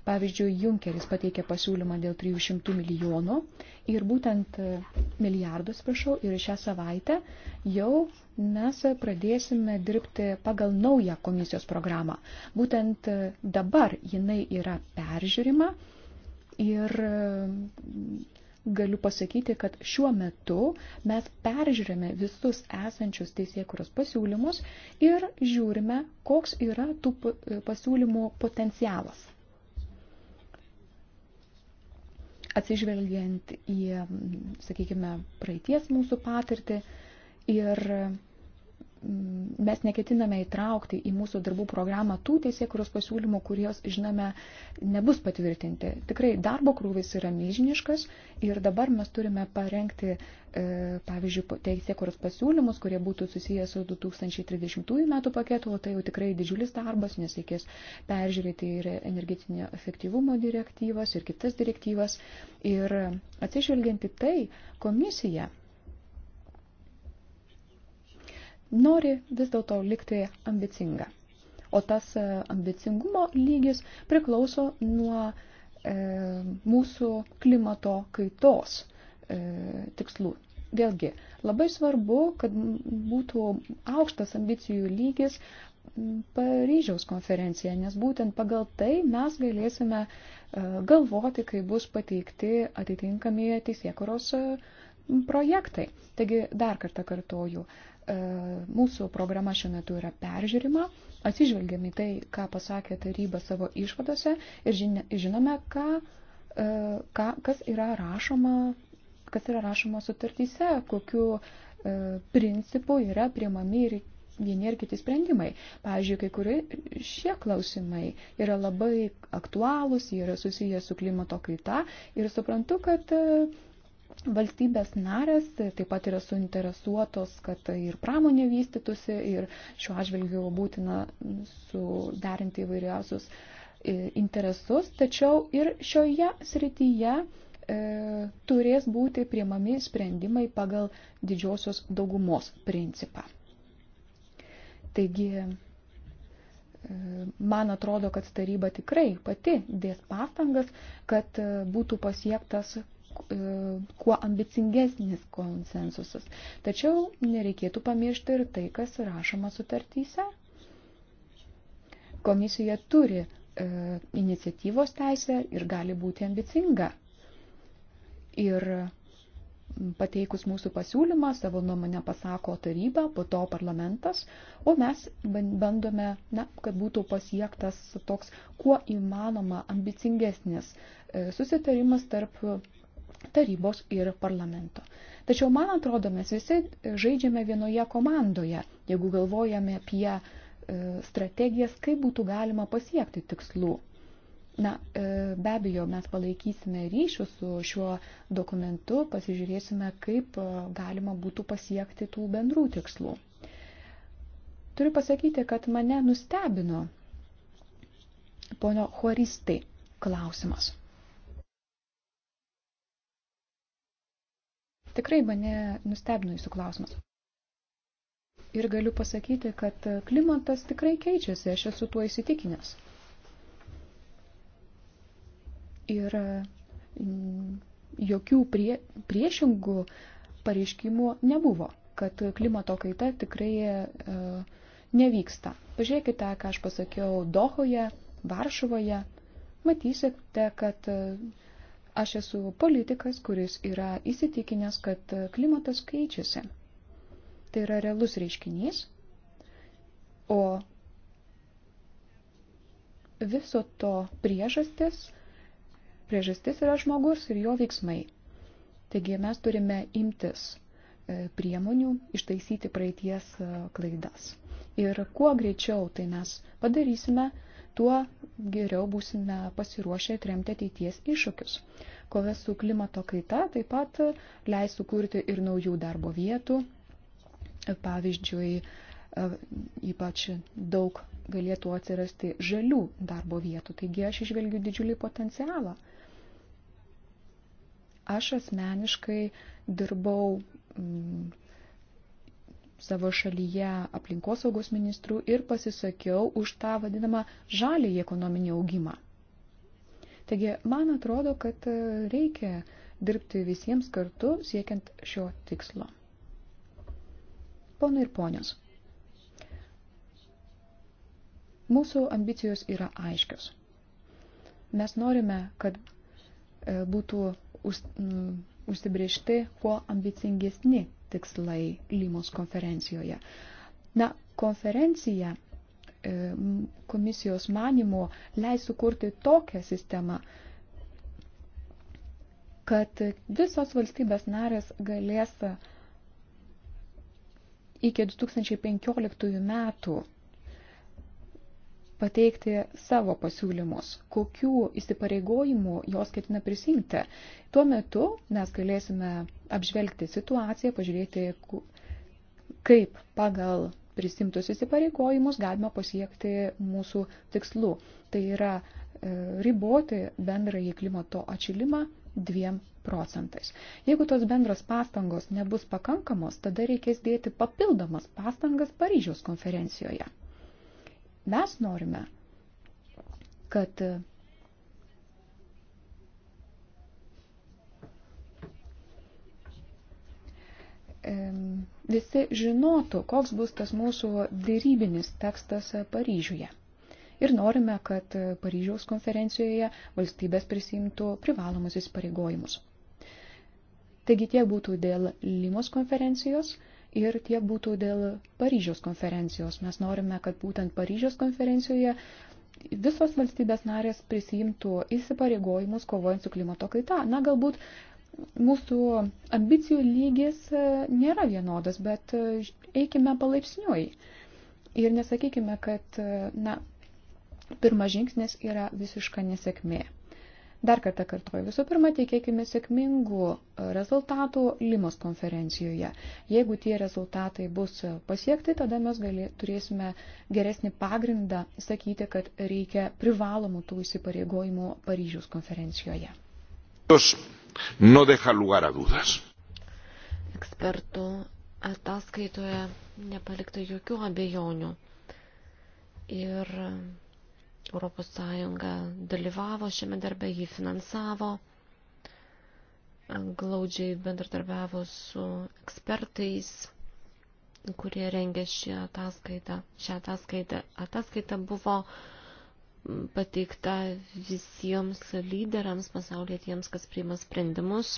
Pavyzdžiui, Junkeris pateikė pasiūlymą dėl 300 milijonų ir būtent e, milijardus, prašau, ir šią savaitę jau mes pradėsime dirbti pagal naują komisijos programą. Būtent e, dabar jinai yra peržiūrima ir e, galiu pasakyti, kad šiuo metu mes peržiūrime visus esančius teisėkuros pasiūlymus ir žiūrime, koks yra tų pasiūlymų potencialas. atsižvelgiant į, sakykime, praeities mūsų patirtį ir Mm, mes neketiname įtraukti į mūsų darbų programą tų teisėkuros pasiūlymų, kurios, žinome, nebus patvirtinti. Tikrai darbo krūvis yra milžiniškas ir dabar mes turime parengti, e, pavyzdžiui, teisėkuros pasiūlymus, kurie būtų susijęs su 2030 metų paketu, o tai jau tikrai didžiulis darbas, nes reikės peržiūrėti ir energetinio efektyvumo direktyvas ir kitas direktyvas. Ir atsižvelgianti tai, komisija nori vis dėlto likti ambicinga. O tas e, ambicingumo lygis priklauso nuo e, mūsų klimato kaitos e, tikslų. Vėlgi, labai svarbu, kad būtų aukštas ambicijų lygis Paryžiaus konferencija, nes būtent pagal tai mes galėsime e, galvoti, kai bus pateikti atitinkami teisėkuros e, projektai. Taigi, dar kartą kartoju, E, mūsų programa šiuo metu yra peržiūrima, atsižvelgiami tai, ką pasakė taryba savo išvadose ir žinome, ką, e, ką, kas yra rašoma kas yra rašoma sutartyse, kokiu e, principu yra priemami ir vieni ar kiti sprendimai. Pavyzdžiui, kai kurie šie klausimai yra labai aktualūs, jie yra susiję su klimato kaita ir suprantu, kad Valstybės narės taip pat yra suinteresuotos, kad ir pramonė vystytųsi ir šiuo atžvilgiu būtina suderinti įvairiausius e, interesus, tačiau ir šioje srityje e, turės būti priemami sprendimai pagal didžiosios daugumos principą. Taigi, e, man atrodo, kad taryba tikrai pati dės pastangas, kad e, būtų pasiektas E, kuo ambicingesnis konsensusas. Tačiau nereikėtų pamiršti ir tai, kas rašoma sutartyse. Komisija turi e, iniciatyvos teisę ir gali būti ambicinga. Ir pateikus mūsų pasiūlymą, savo nuomonę pasako taryba, po to parlamentas, o mes bandome, na, kad būtų pasiektas toks kuo įmanoma ambicingesnis e, susitarimas tarp tarybos ir parlamento. Tačiau, man atrodo, mes visi žaidžiame vienoje komandoje, jeigu galvojame apie e, strategijas, kaip būtų galima pasiekti tikslų. Na, e, be abejo, mes palaikysime ryšių su šiuo dokumentu, pasižiūrėsime, kaip e, galima būtų pasiekti tų bendrų tikslų. Turiu pasakyti, kad mane nustebino pono Horistai klausimas. Tikrai mane nustebino jūsų klausimas. Ir galiu pasakyti, kad klimatas tikrai keičiasi, aš esu tuo įsitikinęs. Ir mm, jokių prie, priešingų pareiškimų nebuvo, kad klimato kaita tikrai e, nevyksta. Pažiūrėkite, ką aš pasakiau Dohoje, Varšuvoje, matysite, kad e, Aš esu politikas, kuris yra įsitikinęs, kad klimatas keičiasi. Tai yra realus reiškinys, o viso to priežastis, priežastis yra žmogus ir jo veiksmai. Taigi mes turime imtis e, priemonių ištaisyti praeities e, klaidas. Ir kuo greičiau tai mes padarysime, tuo geriau būsime pasiruošę atremti ateities iššūkius. Kova su klimato kaita taip pat leis sukurti ir naujų darbo vietų. Pavyzdžiui, e, ypač daug galėtų atsirasti žalių darbo vietų. Taigi aš išvelgiu didžiulį potencialą. Aš asmeniškai dirbau savo šalyje aplinkosaugos ministrų ir pasisakiau už tą vadinamą žalį ekonominį augimą. Taigi, man atrodo, kad e, reikia dirbti visiems kartu siekiant šio tikslo. Ponai ir ponios, mūsų ambicijos yra aiškios. Mes norime, kad e, būtų užsibriežti kuo ambicingesni tikslai Lymos konferencijoje. Na, konferencija e, komisijos manimo leis sukurti tokią sistemą, kad visos valstybės narės galės iki 2015 metų pateikti savo pasiūlymus, kokių įsipareigojimų jos ketina prisimti. Tuo metu mes galėsime apžvelgti situaciją, pažiūrėti, kaip pagal prisimtus įsipareigojimus galima pasiekti mūsų tikslų. Tai yra e, riboti bendrąjį klimato atšilimą dviem procentais. Jeigu tos bendros pastangos nebus pakankamos, tada reikės dėti papildomas pastangas Paryžiaus konferencijoje. Mes norime, kad visi žinotų, koks bus tas mūsų dėrybinis tekstas Paryžiuje. Ir norime, kad Paryžiaus konferencijoje valstybės prisimtų privalomus įsipareigojimus. Taigi tiek būtų dėl Limos konferencijos. Ir tiek būtų dėl Paryžiaus konferencijos. Mes norime, kad būtent Paryžiaus konferencijoje visos valstybės narės prisijimtų įsipareigojimus kovojant su klimato kaita. Na, galbūt mūsų ambicijų lygis e, nėra vienodas, bet e, eikime palaipsniui. Ir nesakykime, kad, e, na, pirmas žingsnis yra visiška nesėkmė. Dar kartą kartuoju, visų pirma, tikėkime sėkmingų e, rezultatų Limos konferencijoje. Jeigu tie rezultatai bus pasiekti, tada mes galė, turėsime geresnį pagrindą sakyti, kad reikia privalomų tų įsipareigojimų Paryžiaus konferencijoje. No deja lugar a dudas. Ekspertų ataskaitoje nepalikta jokių abejonių. Ir Europos Sąjunga dalyvavo šiame darbe, jį finansavo, glaudžiai bendradarbiavo su ekspertais, kurie rengė šį ataskaitą. Šią ataskaitą. Ataskaita buvo pateikta visiems lyderiams pasaulyje tiems, kas priima sprendimus.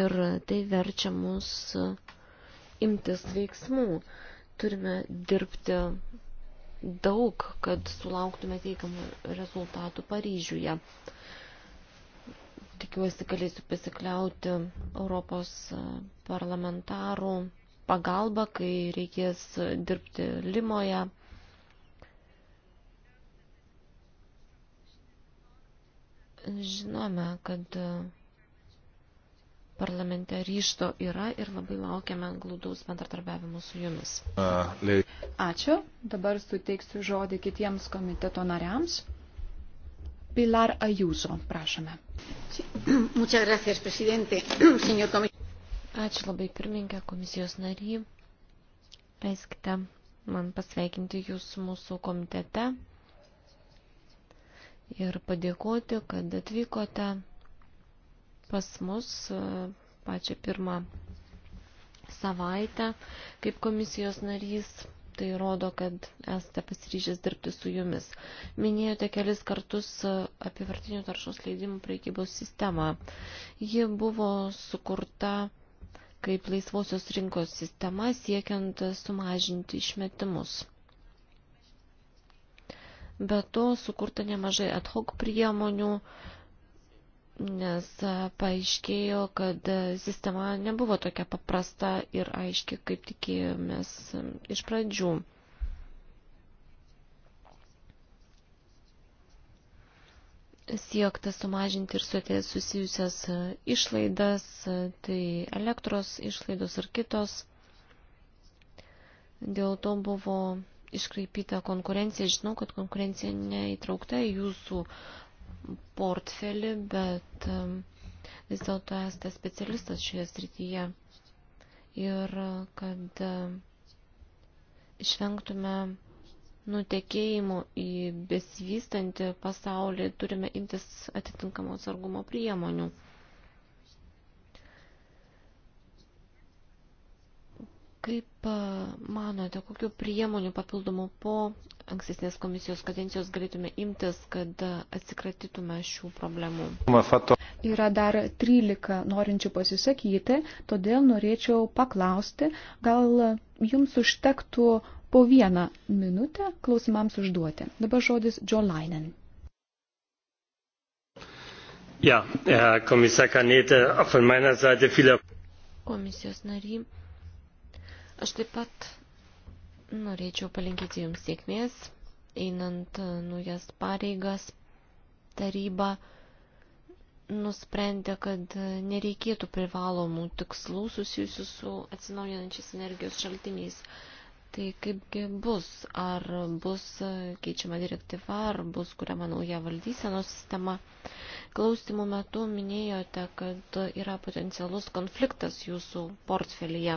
Ir tai verčia mus imtis veiksmų. Turime dirbti daug, kad sulauktume teigiamų rezultatų Paryžiuje. Tikiuosi, galėsiu pasikliauti Europos e, parlamentarų pagalba, kai reikės dirbti Limoje. Žinome, kad e, parlamente ryšto yra ir labai laukiame glūdaus bendradarbiavimo su jumis. Ačiū. Dabar suteiksiu žodį kitiems komiteto nariams. Pilar Ajuso, prašome. [clears throat] [clears throat] Ačiū labai pirmininkė komisijos nary. Leiskite man pasveikinti jūs mūsų komitete ir padėkoti, kad atvykote pas mus e, pačią pirmą savaitę kaip komisijos narys. Tai rodo, kad esate pasiryžęs dirbti su jumis. Minėjote kelis kartus e, apivartinių taršos leidimų prekybos sistemą. Ji buvo sukurta kaip laisvosios rinkos sistema siekiant sumažinti išmetimus. Be to sukurta nemažai ad hoc priemonių, nes e, paaiškėjo, kad e, sistema nebuvo tokia paprasta ir aiški, kaip tikėjomės iš pradžių. Siekta sumažinti ir su susijusias e, išlaidas, tai elektros išlaidos ir kitos. Dėl to buvo iškreipyta konkurencija. Žinau, kad konkurencija neįtraukta į jūsų portfelį, bet um, vis dėlto esate specialistas šioje srityje. Ir kad um, išvengtume nutekėjimų į besivystantį pasaulį, turime imtis atitinkamo atsargumo priemonių. Kaip uh, manote, kokiu priemonių papildomų po ankstesnės komisijos kadencijos galėtume imtis, kad atsikratytume šių problemų. Yra dar 13 norinčių pasisakyti, todėl norėčiau paklausti, gal jums užtektų po vieną minutę klausimams užduoti. Dabar žodis Jolainen. Ja, Herr Kommissar Kanete, von meiner Seite viele. Komisijos nary, aš taip pat Norėčiau palinkėti Jums sėkmės, einant e, naujas pareigas. Taryba nusprendė, kad e, nereikėtų privalomų tikslų susijusių su atsinaujinančiais energijos šaltiniais. Tai kaipgi bus, ar bus keičiama direktyva, ar bus kuriama nauja valdysenos sistema. Klausimų metu minėjote, kad yra potencialus konfliktas jūsų portfelyje.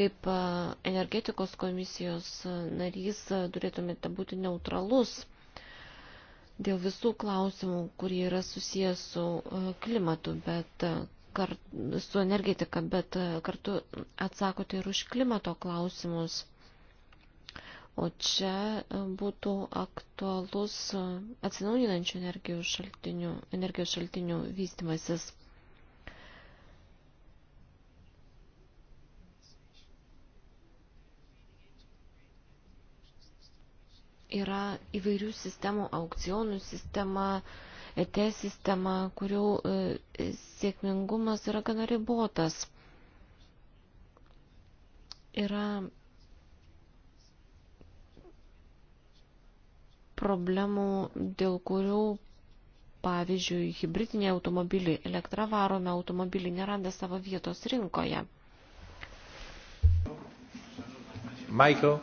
Kaip e, energetikos komisijos narys turėtumėte būti neutralus dėl visų klausimų, kurie yra susijęs su e, klimatu, bet e, kart, su energetika, bet kartu atsakote ir už klimato klausimus O čia e, būtų aktualus e, atsinaujinančių energijos šaltinių, energijos šaltinių vystimasis. Yra įvairių sistemų, aukcionų sistema, ET sistema, kurių e, sėkmingumas yra gana ribotas. Yra problemų, dėl kurių, pavyzdžiui, hybridiniai automobiliai, elektra varome automobiliai neranda savo vietos rinkoje. Michael.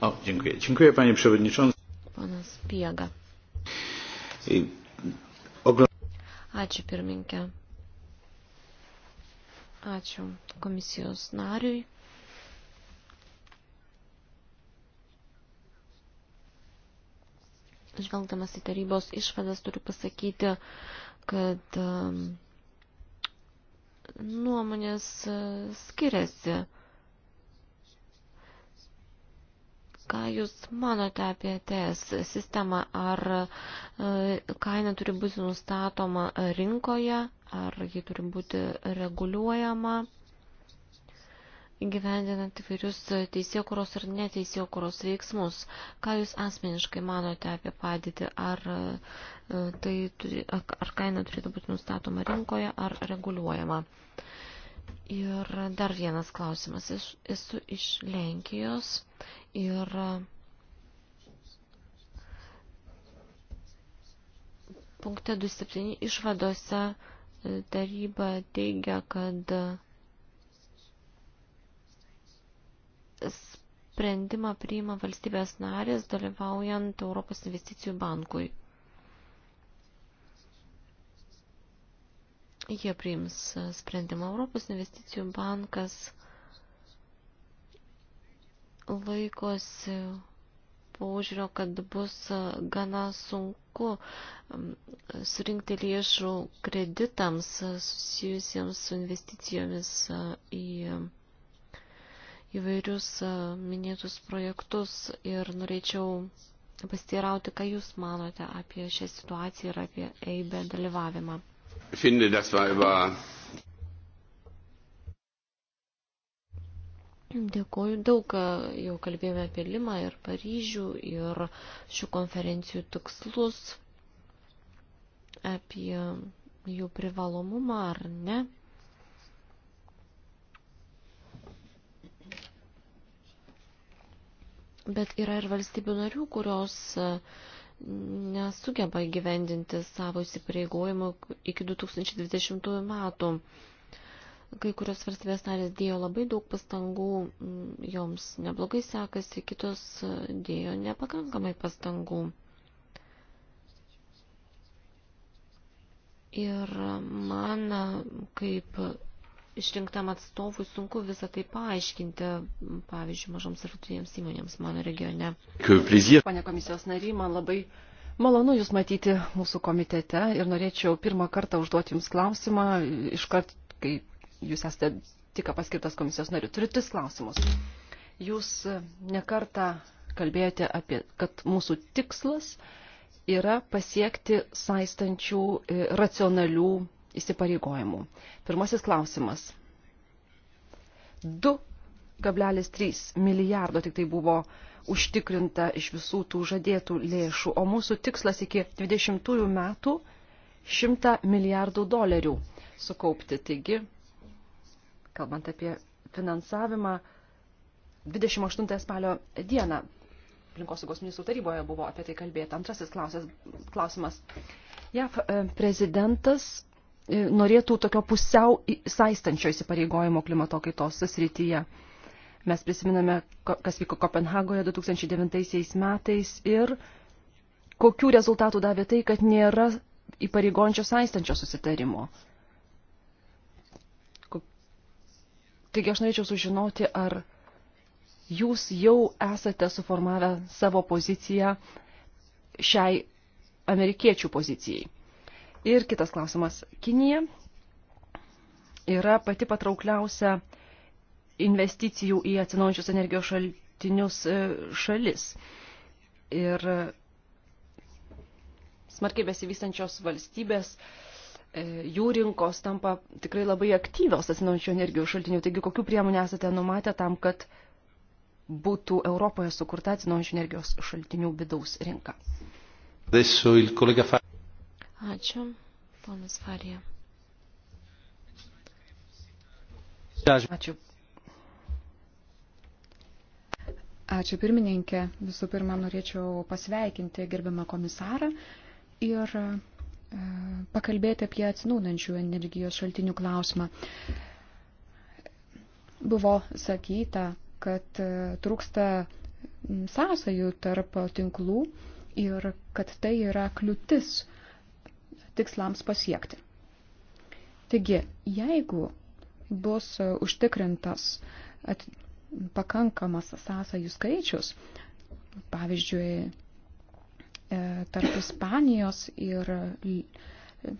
O, dziękuję. Dziękuję panie przewodniczący. Panas Piega. Ačiū pirminkė. Ačiū komisijos nariui. Žvelgdamas į tarybos išvadas turiu pasakyti, kad um, nuomonės e, skiriasi. Ką Jūs manote apie TS sistemą? Ar e, kaina turi būti nustatoma rinkoje, ar ji turi būti reguliuojama? įgyvendinant įvairius e, teisėkuros ir neteisėkuros veiksmus. Ką Jūs asmeniškai manote apie padėtį? Ar, e, e, tai, ar kaina turėtų būti nustatoma rinkoje ar reguliuojama? Ir dar vienas klausimas. Aš esu iš Lenkijos ir punkte 27 išvadose taryba teigia, kad sprendimą priima valstybės narės, dalyvaujant Europos investicijų bankui. Jie priims sprendimą. Europos investicijų bankas laikosi požiūrio, kad bus gana sunku um, surinkti lėšų kreditams susijusiems su investicijomis uh, į įvairius minėtus projektus ir norėčiau pasiteirauti, ką Jūs manote apie šią situaciją ir apie EIB dalyvavimą. Finde, das war über Dėkuoju, daug jau kalbėjome apie Limą ir Paryžių ir šių konferencijų tikslus, apie jų privalomumą ar ne. Bet yra ir valstybių narių, kurios e, nesugeba įgyvendinti savo įsipareigojimų iki 2020 metų. Kai kurios valstybės narės dėjo labai daug pastangų, mm, joms neblogai sekasi, kitos e, dėjo nepakankamai pastangų. Ir man, kaip išrinktam atstovui sunku visą tai paaiškinti, pavyzdžiui, mažoms ir vidutinėms įmonėms mano regione. Pane komisijos nary, man labai malonu Jūs matyti mūsų komitete ir norėčiau pirmą kartą užduoti Jums klausimą, iškart, kai Jūs esate tik paskirtas komisijos nariu. Turiu tris klausimus. Jūs nekartą kalbėjote apie, kad mūsų tikslas yra pasiekti saistančių e, racionalių įsipareigojimų. Pirmasis klausimas. 2,3 milijardo tik tai buvo užtikrinta iš visų tų žadėtų lėšų, o mūsų tikslas iki 20 metų 100 milijardų dolerių sukaupti. Taigi, kalbant apie finansavimą, 28 spalio dieną aplinkosaugos ministrų taryboje buvo apie tai kalbėta. Antrasis klausės, klausimas. JAV e, prezidentas E, norėtų tokio pusiau saistančio įsipareigojimo klimato kaitos srityje. Mes prisiminame, kas vyko Kopenhagoje 2009 metais ir kokių rezultatų davė tai, kad nėra įpareigojančio saistančio susitarimo. Taigi aš norėčiau sužinoti, ar jūs jau esate suformavę savo poziciją šiai amerikiečių pozicijai. Ir kitas klausimas. Kinija yra pati patraukliausia investicijų į atsinaujančius energijos šaltinius e, šalis. Ir smarkiai besivystančios valstybės e, jų rinkos tampa tikrai labai aktyvios atsinaujančių energijos šaltinių. Taigi, kokiu priemonių esate numatę tam, kad būtų Europoje sukurta atsinaujančių energijos šaltinių vidaus rinka? Adesso il collega Fa... Ačiū, ponas Farija. Ačiū. Ačiū pirmininkė. Visų pirma, norėčiau pasveikinti gerbiamą komisarą ir e, pakalbėti apie atsinaunančių energijos šaltinių klausimą. Buvo sakyta, kad e, trūksta sąsajų tarp tinklų ir kad tai yra kliūtis e, tikslams pasiekti. Taigi, jeigu bus e, užtikrintas at, pakankamas sąsajų skaičius, pavyzdžiui, e, tarp Ispanijos ir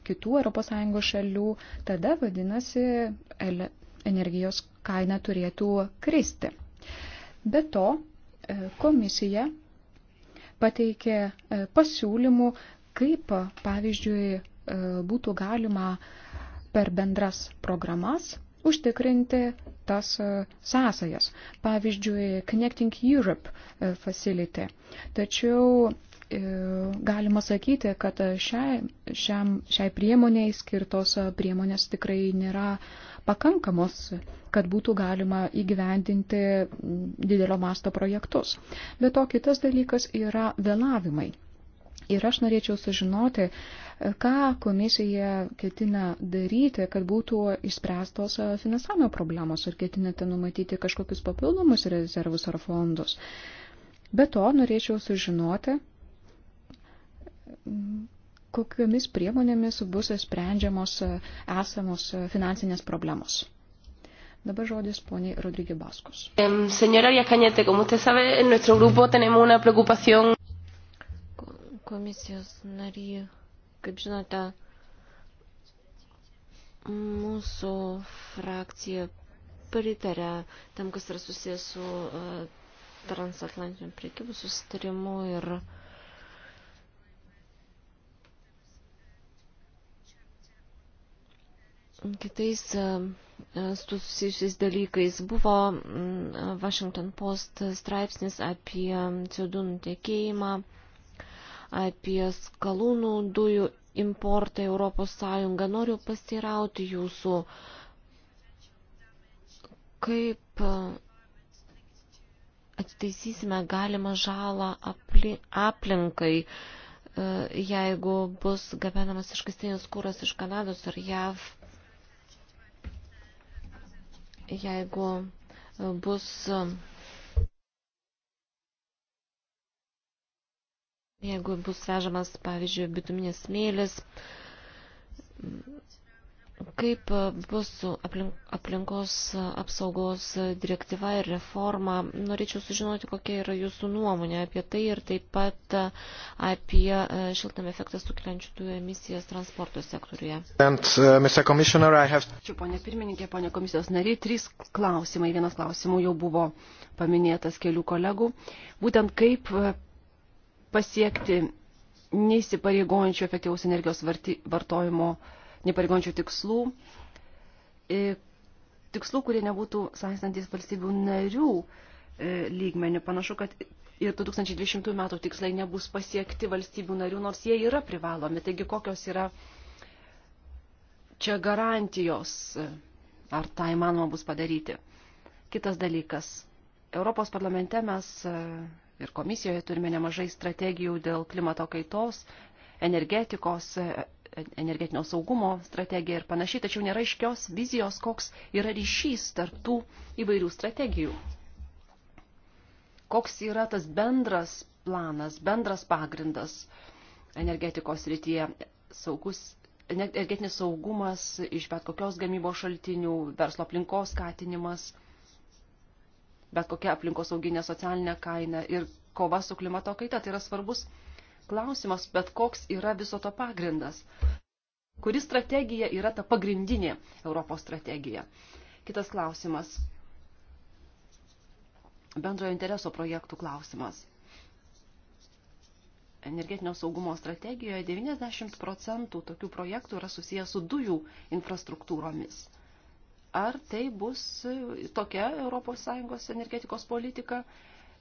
kitų ES šalių, tada vadinasi, energijos kaina turėtų kristi. Be to, e, komisija pateikė pasiūlymų kaip, pavyzdžiui, e, būtų galima per bendras programas užtikrinti tas e, sąsajas. Pavyzdžiui, Connecting Europe e, facility. Tačiau galima sakyti, kad šiai, šiam, šiai priemoniai skirtos priemonės tikrai nėra pakankamos, kad būtų galima įgyvendinti didelio masto projektus. Bet to kitas dalykas yra vėlavimai. Ir aš norėčiau sužinoti, e, ką komisija ketina daryti, kad būtų išspręstos e, finansavimo problemos, ar ketinate numatyti kažkokius papildomus rezervus ar fondus. Be to, norėčiau sužinoti, kokiamis priemonėmis bus sprendžiamos e, esamos finansinės problemos. Dabar žodis poniai Rodrigė Baskos. Senora Jacañete, como usted sabe, en nuestro grupo tenemos una preocupación. Komisijos nary, kaip žinote, mūsų frakcija pritarė tam, kas yra susijęs su e, transatlantiniu priekybu susitarimu ir kitais e, e, susijusiais dalykais buvo Washington Post straipsnis apie CO2 nutiekėjimą apie skalūnų dujų importą Europos Sąjungą. Noriu pasirauti jūsų, kaip e, atitaisysime galimą žalą aplinkai, e, jeigu bus gabenamas iškastinis kūras iš Kanados ar JAV, jeigu e, bus Jeigu bus vežamas, pavyzdžiui, bituminis smėlis, kaip bus su aplinkos apsaugos direktyva ir reforma, norėčiau sužinoti, kokia yra jūsų nuomonė apie tai ir taip pat apie e, šiltnamio efektą sukeliančių dujų emisijas transporto sektoriuje. E, Ačiū, ponė pirmininkė, ponė komisijos nariai, trys klausimai. Vienas klausimų jau buvo paminėtas kelių kolegų. Būtent kaip e, pasiekti neįsipareigojančių efektyvaus energijos vartojimo, nepareigojančių tikslų, e, tikslų, kurie nebūtų sąstantis valstybių narių e, lygmenių. Panašu, kad ir 2020 metų tikslai nebus pasiekti valstybių narių, nors jie yra privalomi. Taigi kokios yra čia garantijos, e, ar tą tai įmanoma bus padaryti. Kitas dalykas. Europos parlamente mes ir komisijoje turime nemažai strategijų dėl klimato kaitos, energetikos, e, e, energetinio saugumo strategija ir panašiai, tačiau nėra iškios vizijos, koks yra ryšys tarptų įvairių strategijų. Koks yra tas bendras planas, bendras pagrindas energetikos rytyje, saugus, energetinis saugumas iš bet kokios gamybos šaltinių, verslo aplinkos skatinimas – bet kokia aplinkosauginė socialinė kaina ir kova su klimato kaita. Tai yra svarbus klausimas, bet koks yra viso to pagrindas. Kuri strategija yra ta pagrindinė Europos strategija? Kitas klausimas. Bendrojo intereso projektų klausimas. Energetinio saugumo strategijoje 90 procentų tokių projektų yra susijęs su dujų infrastruktūromis ar tai bus tokia ES energetikos politika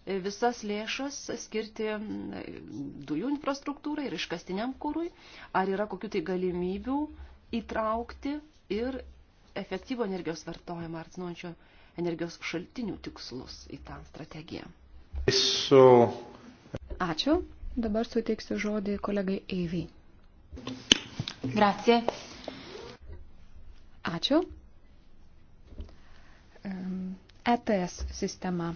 visas lėšas skirti mm, dujų infrastruktūrai ir iškastiniam kūrui, ar yra kokiu tai galimybių įtraukti ir efektyvų energijos vartojimą ar atsinuojančio energijos šaltinių tikslus į tą strategiją. Su... Ačiū. Dabar suteiksiu žodį kolegai Eivy. Grazie. Ačiū. ETS e sistema.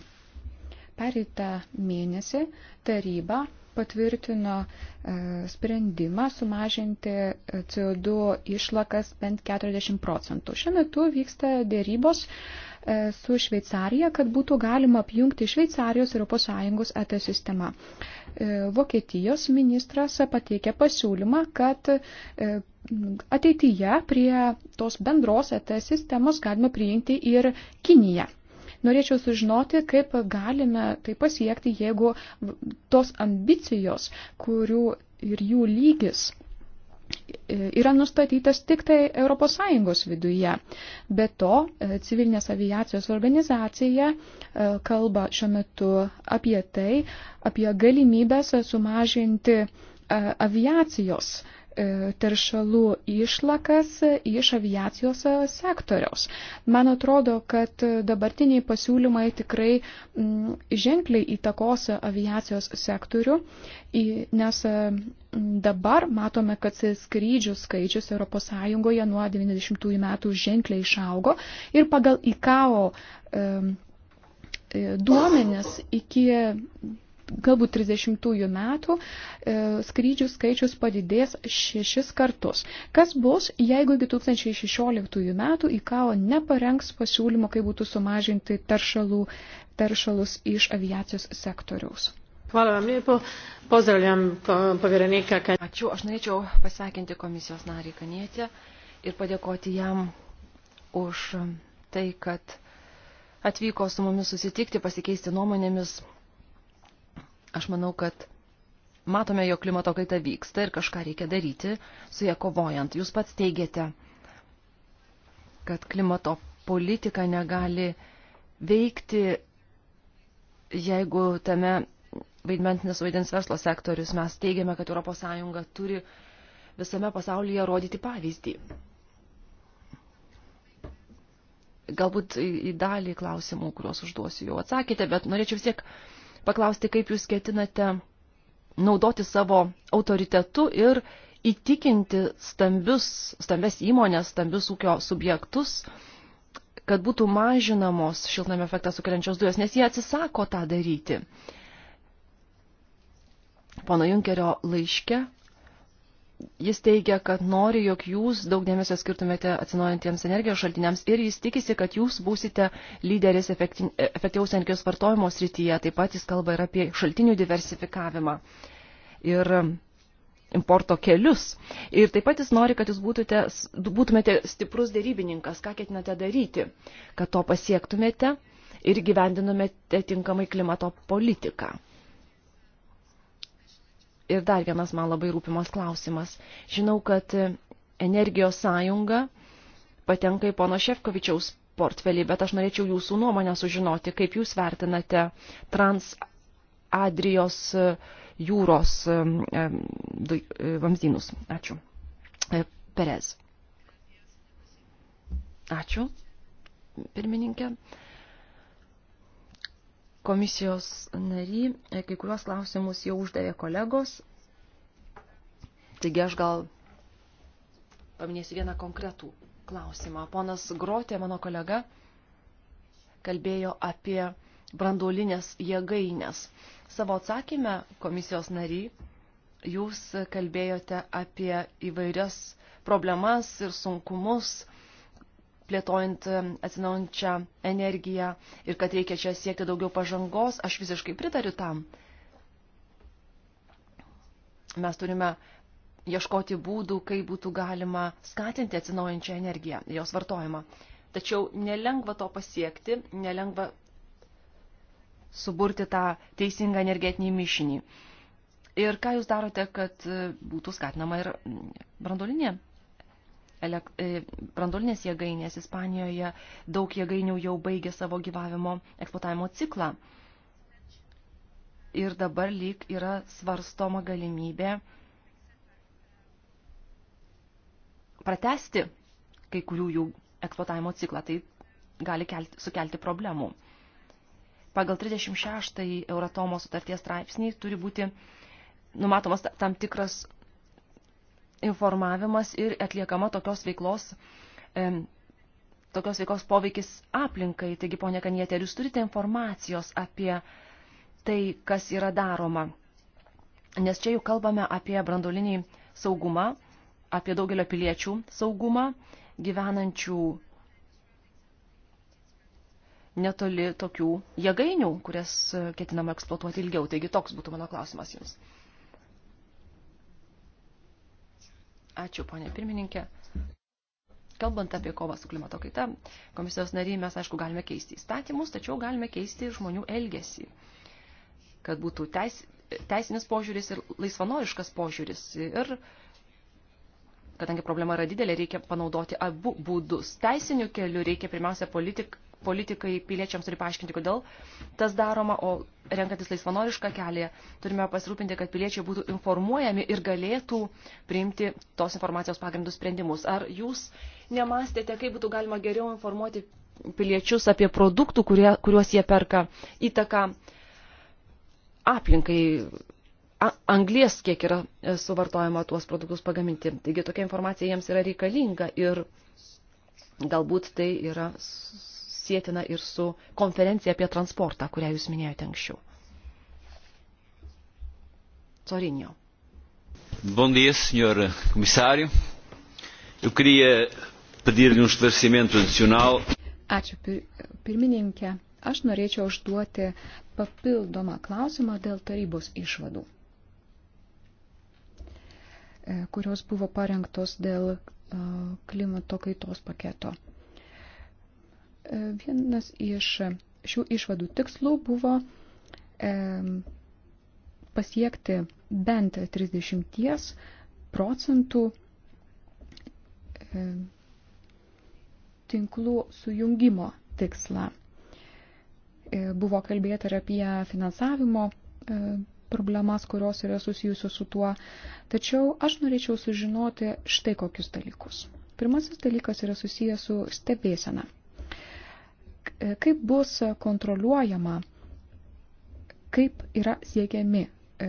Pereitą mėnesį taryba patvirtino e, sprendimą sumažinti e, CO2 išlakas bent 40 procentų. Šiuo metu vyksta dėrybos su Šveicarija, kad būtų galima apjungti Šveicarijos ir ES ETS sistemą. E, Vokietijos ministras pateikė pasiūlymą, kad e, ateityje prie tos bendros ETS sistemos galime priimti ir Kiniją. Norėčiau sužinoti, kaip galime tai pasiekti, jeigu tos ambicijos, kurių ir jų lygis yra nustatytas tik tai ES viduje. Be to, e, civilinės aviacijos organizacija e, kalba šiuo metu apie tai, apie galimybės sumažinti e, aviacijos uh, E, teršalų išlakas iš aviacijos sektoriaus. Man atrodo, kad dabartiniai pasiūlymai tikrai mm, ženkliai įtakos aviacijos sektorių, nes dabar matome, kad skrydžių skaičius ES nuo 90 metų ženkliai išaugo ir pagal ICAO e, duomenis iki galbūt 30 metų e, skrydžių skaičius padidės šešis kartus. Kas bus, jeigu iki 2016 metų ICAO neparengs pasiūlymo, kaip būtų sumažinti teršalų, teršalus iš aviacijos sektoriaus? Hvala vam lijepo. Pozdravljam povjerenika. Ačiū. Aš norėčiau pasveikinti komisijos narį Kanietę ir padėkoti jam už tai, kad atvyko su mumis susitikti, pasikeisti nuomonėmis Aš manau, kad matome, jog klimato kaita vyksta ir kažką reikia daryti su ją kovojant. Jūs pats teigiate, kad klimato politika negali veikti, jeigu tame vaidmens nesuvaidins verslo sektorius. Mes teigiame, kad ES turi visame pasaulyje rodyti pavyzdį. Galbūt į dalį klausimų, kuriuos užduosiu, jau atsakėte, bet norėčiau vis tiek paklausti, kaip jūs ketinate naudoti savo autoritetu ir įtikinti stambius, stambes įmonės, stambius ūkio subjektus, kad būtų mažinamos šiltnamio efektą sukeliančios dujos, nes jie atsisako tą daryti. Pono Junkerio laiške jis teigia, kad nori, jog jūs daug dėmesio skirtumėte atsinaujantiems energijos šaltiniams ir jis tikisi, kad jūs būsite lyderis efektyvaus energijos vartojimo srityje. Taip pat jis kalba ir apie šaltinių diversifikavimą ir importo kelius. Ir taip pat jis nori, kad jūs būtute, būtumėte stiprus dėrybininkas, ką ketinate daryti, kad to pasiektumėte ir gyvendinumėte tinkamai klimato politiką ir dar vienas man labai rūpimas klausimas. Žinau, kad energijos sąjunga patenka į pono Šefkovičiaus portfelį, bet aš norėčiau jūsų nuomonę sužinoti, kaip jūs vertinate transadrijos e, jūros e, e, vamzdynus. Ačiū. Perez. Ačiū, pirmininkė komisijos nary, e, kai kuriuos klausimus jau uždavė kolegos. Taigi aš gal paminėsiu vieną konkretų klausimą. Ponas Grotė, mano kolega, kalbėjo apie branduolinės jėgainės. Savo atsakymę komisijos nary jūs kalbėjote apie įvairias problemas ir sunkumus, plėtojant e, atsinaujančią energiją ir kad reikia čia siekti daugiau pažangos, aš visiškai pritariu tam. Mes turime ieškoti būdų, kaip būtų galima skatinti atsinaujančią energiją, jos vartojimą. Tačiau nelengva to pasiekti, nelengva suburti tą teisingą energetinį mišinį. Ir ką jūs darote, kad e, būtų skatinama ir brandolinė E, brandolinės jėgainės. Ispanijoje daug jėgainių jau baigė savo gyvavimo eksploatavimo ciklą. Ir dabar lyg yra svarstoma galimybė pratesti kai kurių jų eksploatavimo ciklą. Tai gali kelti, sukelti problemų. Pagal 36 Euratomo sutarties straipsnį turi būti numatomas tam tikras informavimas ir atliekama tokios veiklos, e, tokios veiklos poveikis aplinkai. Taigi, ponė Kanietė, ar jūs turite informacijos apie tai, kas yra daroma? Nes čia jau kalbame apie brandolinį saugumą, apie daugelio piliečių saugumą, gyvenančių netoli tokių jėgainių, kurias e, ketinama eksploatuoti ilgiau. Taigi toks būtų mano klausimas jums. Ačiū, ponė pirmininkė. Kalbant apie kovą su klimato kaita, komisijos nariai mes, aišku, galime keisti įstatymus, tačiau galime keisti žmonių elgesį, kad būtų teis, teisinis požiūris ir laisvanoriškas požiūris. Ir kadangi problema yra didelė, reikia panaudoti abu būdus. Teisiniu keliu reikia pirmiausia politik, politikai piliečiams turi paaiškinti, kodėl tas daroma, o renkantis laisvanorišką kelią turime pasirūpinti, kad piliečiai būtų informuojami ir galėtų priimti tos informacijos pagrindų sprendimus. Ar jūs nemastėte, kaip būtų galima geriau informuoti piliečius apie produktų, kurie, kuriuos jie perka įtaką aplinkai? Anglies kiek yra e, suvartojama tuos produktus pagaminti. Taigi tokia informacija jiems yra reikalinga ir galbūt tai yra sėtina ir su konferencija apie transportą, kurią jūs minėjote anksčiau. Sorinio. Bom dia, senhor comissário. Eu queria pedir-lhe um esclarecimento adicional. Ačiū, pirmininkė. Aš norėčiau užduoti papildomą klausimą dėl tarybos išvadų, e, kurios buvo parengtos dėl e, klimato kaitos paketo. Vienas iš šių išvadų tikslų buvo pasiekti bent 30 procentų tinklų sujungimo tikslą. E, buvo kalbėta ir apie finansavimo e, problemas, kurios yra susijusios su tuo, tačiau aš norėčiau sužinoti štai kokius dalykus. Pirmasis dalykas yra susijęs su stebėsena. Kaip bus kontroliuojama, kaip yra siekiami e,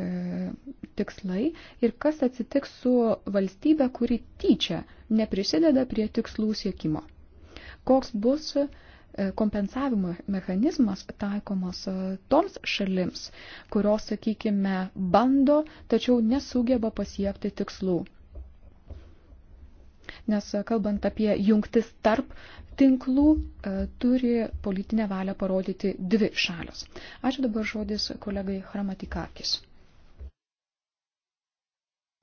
tikslai ir kas atsitiks su valstybė, kuri tyčia neprisideda prie tikslų siekimo. Koks bus e, kompensavimo mechanizmas taikomas e, toms šalims, kurios, sakykime, bando, tačiau nesugeba pasiekti tikslų. Nes kalbant apie jungtis tarp tinklų e, turi politinę valią parodyti dvi šalios. Ačiū dabar žodis kolegai Hramatikakis.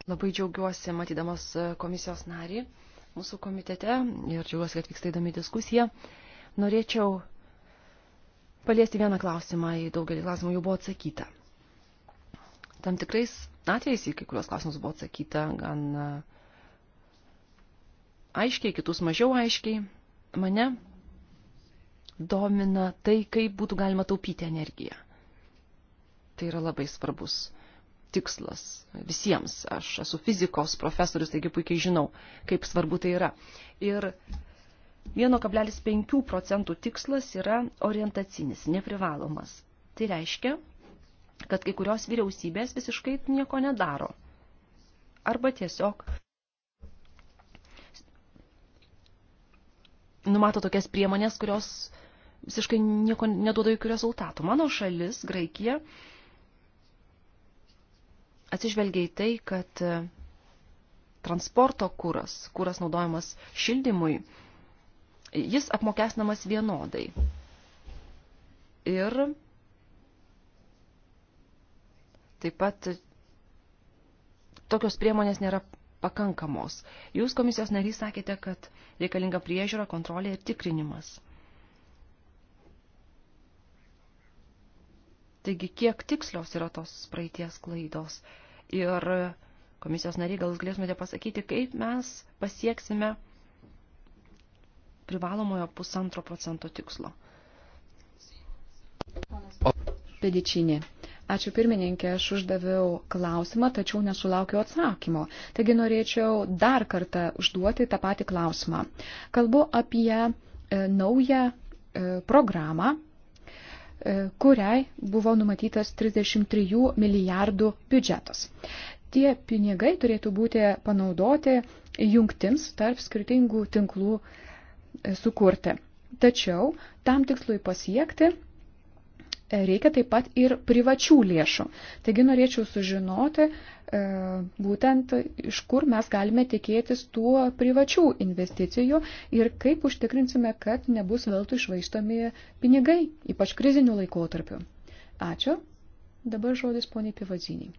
Labai džiaugiuosi matydamas e, komisijos narį mūsų komitete ir džiaugiuosi, kad vyksta įdomi diskusija. Norėčiau paliesti vieną klausimą, į daugelį klausimų jau buvo atsakyta. Tam tikrais atvejais į kai kurios klausimus buvo atsakyta gan e, aiškiai, kitus mažiau aiškiai. Mane domina tai, kaip būtų galima taupyti energiją. Tai yra labai svarbus tikslas visiems. Aš esu fizikos profesorius, taigi puikiai žinau, kaip svarbu tai yra. Ir 1,5 procentų tikslas yra orientacinis, neprivalomas. Tai reiškia, kad kai kurios vyriausybės visiškai nieko nedaro. Arba tiesiog numato tokias priemonės, kurios visiškai nieko neduoda jokių rezultatų. Mano šalis, Graikija, atsižvelgia į tai, kad e, transporto kuras, kuras naudojamas šildymui, jis apmokesnamas vienodai. Ir taip pat tokios priemonės nėra pakankamos. Jūs komisijos narys sakėte, kad reikalinga priežiūra, kontrolė ir tikrinimas. Taigi, kiek tikslios yra tos praeities klaidos? Ir komisijos nariai, gal jūs galėtumėte pasakyti, kaip mes pasieksime privalomojo pusantro procento tikslo? Ponas Pedičinė. Ačiū pirmininkė, aš uždaviau klausimą, tačiau nesulaukiau atsakymo. Taigi norėčiau dar kartą užduoti tą patį klausimą. Kalbu apie e, naują e, programą, e, kuriai buvo numatytas 33 milijardų biudžetas. Tie pinigai turėtų būti panaudoti jungtims tarp skirtingų tinklų e, sukurti. Tačiau tam tikslui pasiekti E, reikia taip pat ir privačių lėšų. Taigi norėčiau sužinoti, e, būtent iš kur mes galime tikėtis tų privačių investicijų ir kaip užtikrinsime, kad nebus veltui išvaistomi pinigai, ypač krizinių laikotarpių. Ačiū. Dabar žodis poniai Pivaziniai.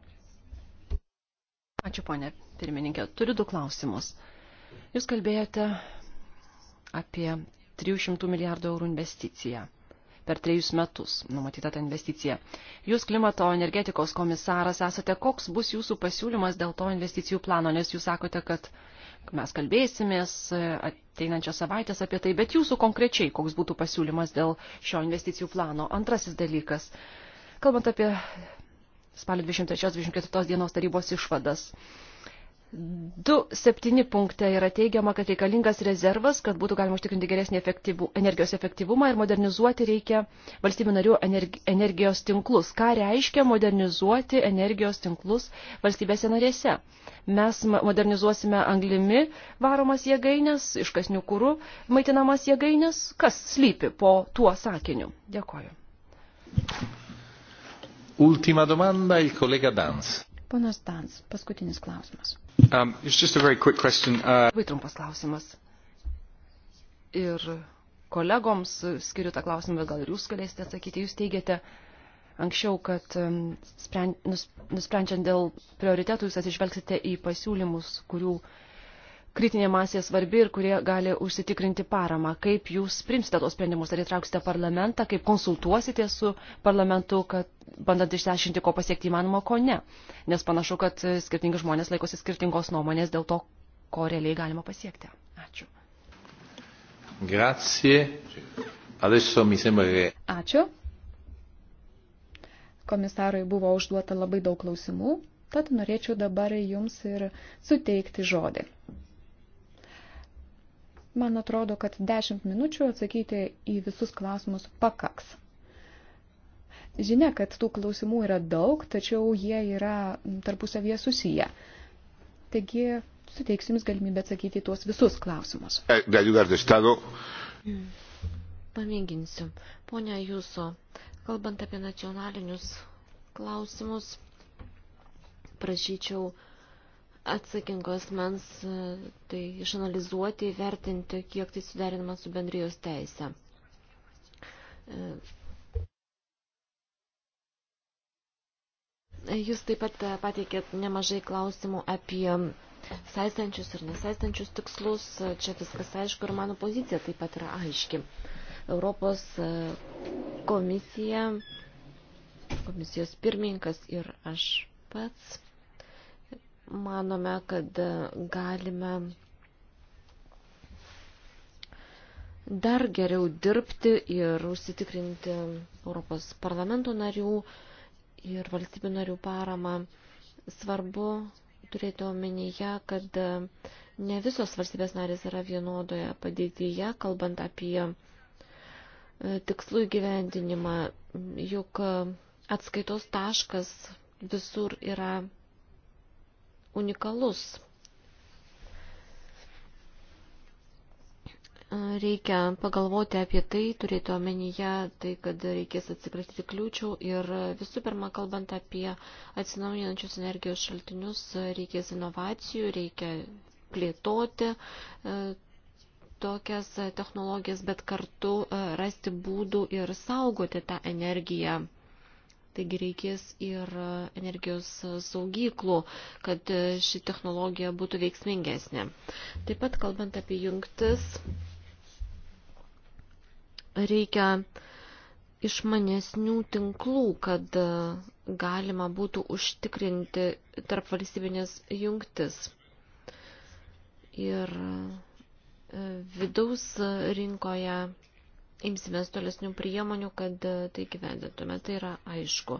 Ačiū, ponė pirmininkė. Turiu du klausimus. Jūs kalbėjote apie 300 milijardų eurų investiciją per trejus metus numatyta ta investicija. Jūs klimato energetikos komisaras esate, koks bus jūsų pasiūlymas dėl to investicijų plano, nes jūs sakote, kad mes kalbėsimės ateinančios savaitės apie tai, bet jūsų konkrečiai, koks būtų pasiūlymas dėl šio investicijų plano. Antrasis dalykas, kalbant apie spalio 23-24 dienos tarybos išvadas. 2.7 punkte yra teigiama, kad reikalingas rezervas, kad būtų galima užtikrinti geresnį efektyvų, energijos efektyvumą ir modernizuoti reikia valstybių narių energijos tinklus. Ką reiškia modernizuoti energijos tinklus valstybėse narėse? Mes modernizuosime anglimi varomas jėgainės, iškasnių kūrų maitinamas jėgainės. Kas slypi po tuo sakiniu? Dėkoju. Ultima domanda, il kolega Dans. Ponas Dans, paskutinis klausimas. Um, question, uh... Labai trumpas klausimas. Ir kolegoms skiriu tą klausimą, bet gal ir jūs galėsite atsakyti. Jūs teigiate anksčiau, kad um, sprend, nusprendžiant dėl prioritetų jūs atsižvelgsite į pasiūlymus, kurių uh, kritinė masė svarbi ir kurie gali užsitikrinti paramą. Kaip jūs primsite tos sprendimus, ar įtrauksite parlamentą, kaip konsultuosite su parlamentu, kad bandant išsiaiškinti, ko pasiekti įmanoma, ko ne. Nes panašu, kad skirtingi žmonės laikosi skirtingos nuomonės dėl to, ko realiai galima pasiekti. Ačiū. Grazie. Adesso mi sembra che... Ačiū. Komisarui buvo užduota labai daug klausimų tad norėčiau dabar jums ir suteikti žodį. Man atrodo, kad 10 minučių atsakyti į visus klausimus pakaks. Žinia, kad tų klausimų yra daug, tačiau jie yra tarpusavie susiję. Taigi suteiksiu Jums galimybę atsakyti į tuos visus klausimus. Pamėginsiu. Pone Jūso, kalbant apie nacionalinius klausimus, prašyčiau atsakingos mens e, tai išanalizuoti, vertinti, kiek tai suderinama su bendrijos teise. E, jūs taip pat e, pateikėt nemažai klausimų apie saistančius ir nesaistančius tikslus. Čia viskas aišku ir mano pozicija taip pat yra aiški. Europos komisija, komisijos pirmininkas ir aš pats manome, kad galime dar geriau dirbti ir užsitikrinti Europos parlamento narių ir valstybių narių paramą. Svarbu turėti omenyje, kad ne visos valstybės narės yra vienodoje padėtyje, kalbant apie e, tikslų įgyvendinimą, juk atskaitos taškas visur yra unikalus. Reikia pagalvoti apie tai, turėti omenyje tai, kad reikės atsikratyti kliūčių ir visų pirma, kalbant apie atsinaujinančius energijos šaltinius, reikės inovacijų, reikia plėtoti e, tokias technologijas, bet kartu e, rasti būdų ir saugoti tą energiją Taigi reikės ir e, energijos e, saugyklų, kad e, ši technologija būtų veiksmingesnė. Taip pat kalbant apie jungtis, reikia išmanesnių tinklų, kad galima būtų užtikrinti tarp valstybinės jungtis. Ir vidaus rinkoje imsimės tolesnių priemonių, kad e, tai gyvendintume. Tai yra aišku.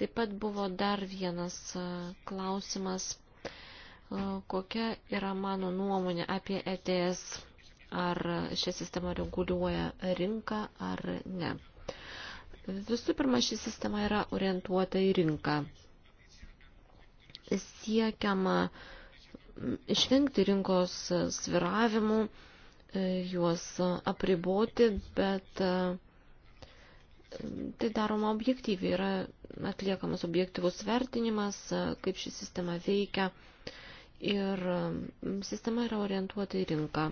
Taip pat buvo dar vienas e, klausimas, e, kokia yra mano nuomonė apie ETS, ar šią sistemą reguliuoja rinka ar ne. Visų pirma, ši sistema yra orientuota į rinką. Siekiama išvengti rinkos sviravimų, juos apriboti, bet e, tai daroma objektyviai, yra atliekamas objektyvus vertinimas, e, kaip ši sistema veikia ir e, sistema yra orientuota į rinką.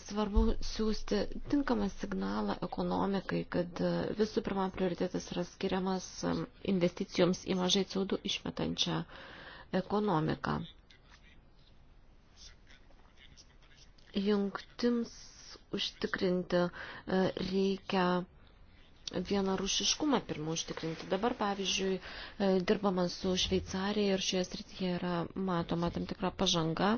Svarbu siūsti tinkamą signalą ekonomikai, kad visų pirma prioritetas yra skiriamas investicijoms į mažai CO2 išmetančią ekonomiką. jungtims užtikrinti e, reikia vieną rušiškumą pirmą užtikrinti. Dabar, pavyzdžiui, e, dirbama su Šveicarija ir šioje srityje yra matoma tam tikra pažanga.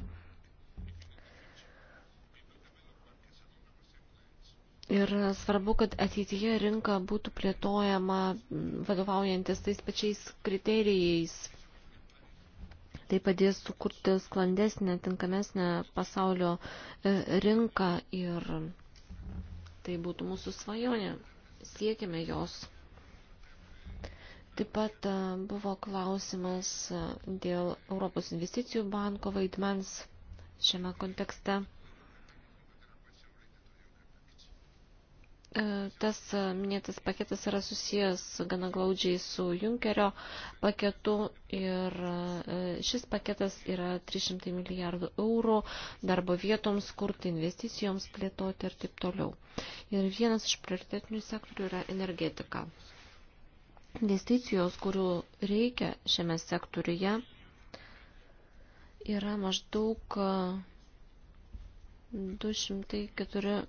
Ir svarbu, kad ateityje rinka būtų plėtojama vadovaujantis tais pačiais kriterijais Tai padės sukurti sklandesnę, tinkamesnę pasaulio e, rinką ir tai būtų mūsų svajonė. Siekime jos. Taip pat e, buvo klausimas e, dėl Europos investicijų banko vaidmens šiame kontekste. E, tas e, minėtas paketas yra susijęs gana glaudžiai su Junkerio paketu ir e, šis paketas yra 300 milijardų eurų darbo vietoms kurti, investicijoms plėtoti ir taip toliau. Ir vienas iš prioritetinių sektorių yra energetika. Investicijos, kurių reikia šiame sektoriuje, yra maždaug 204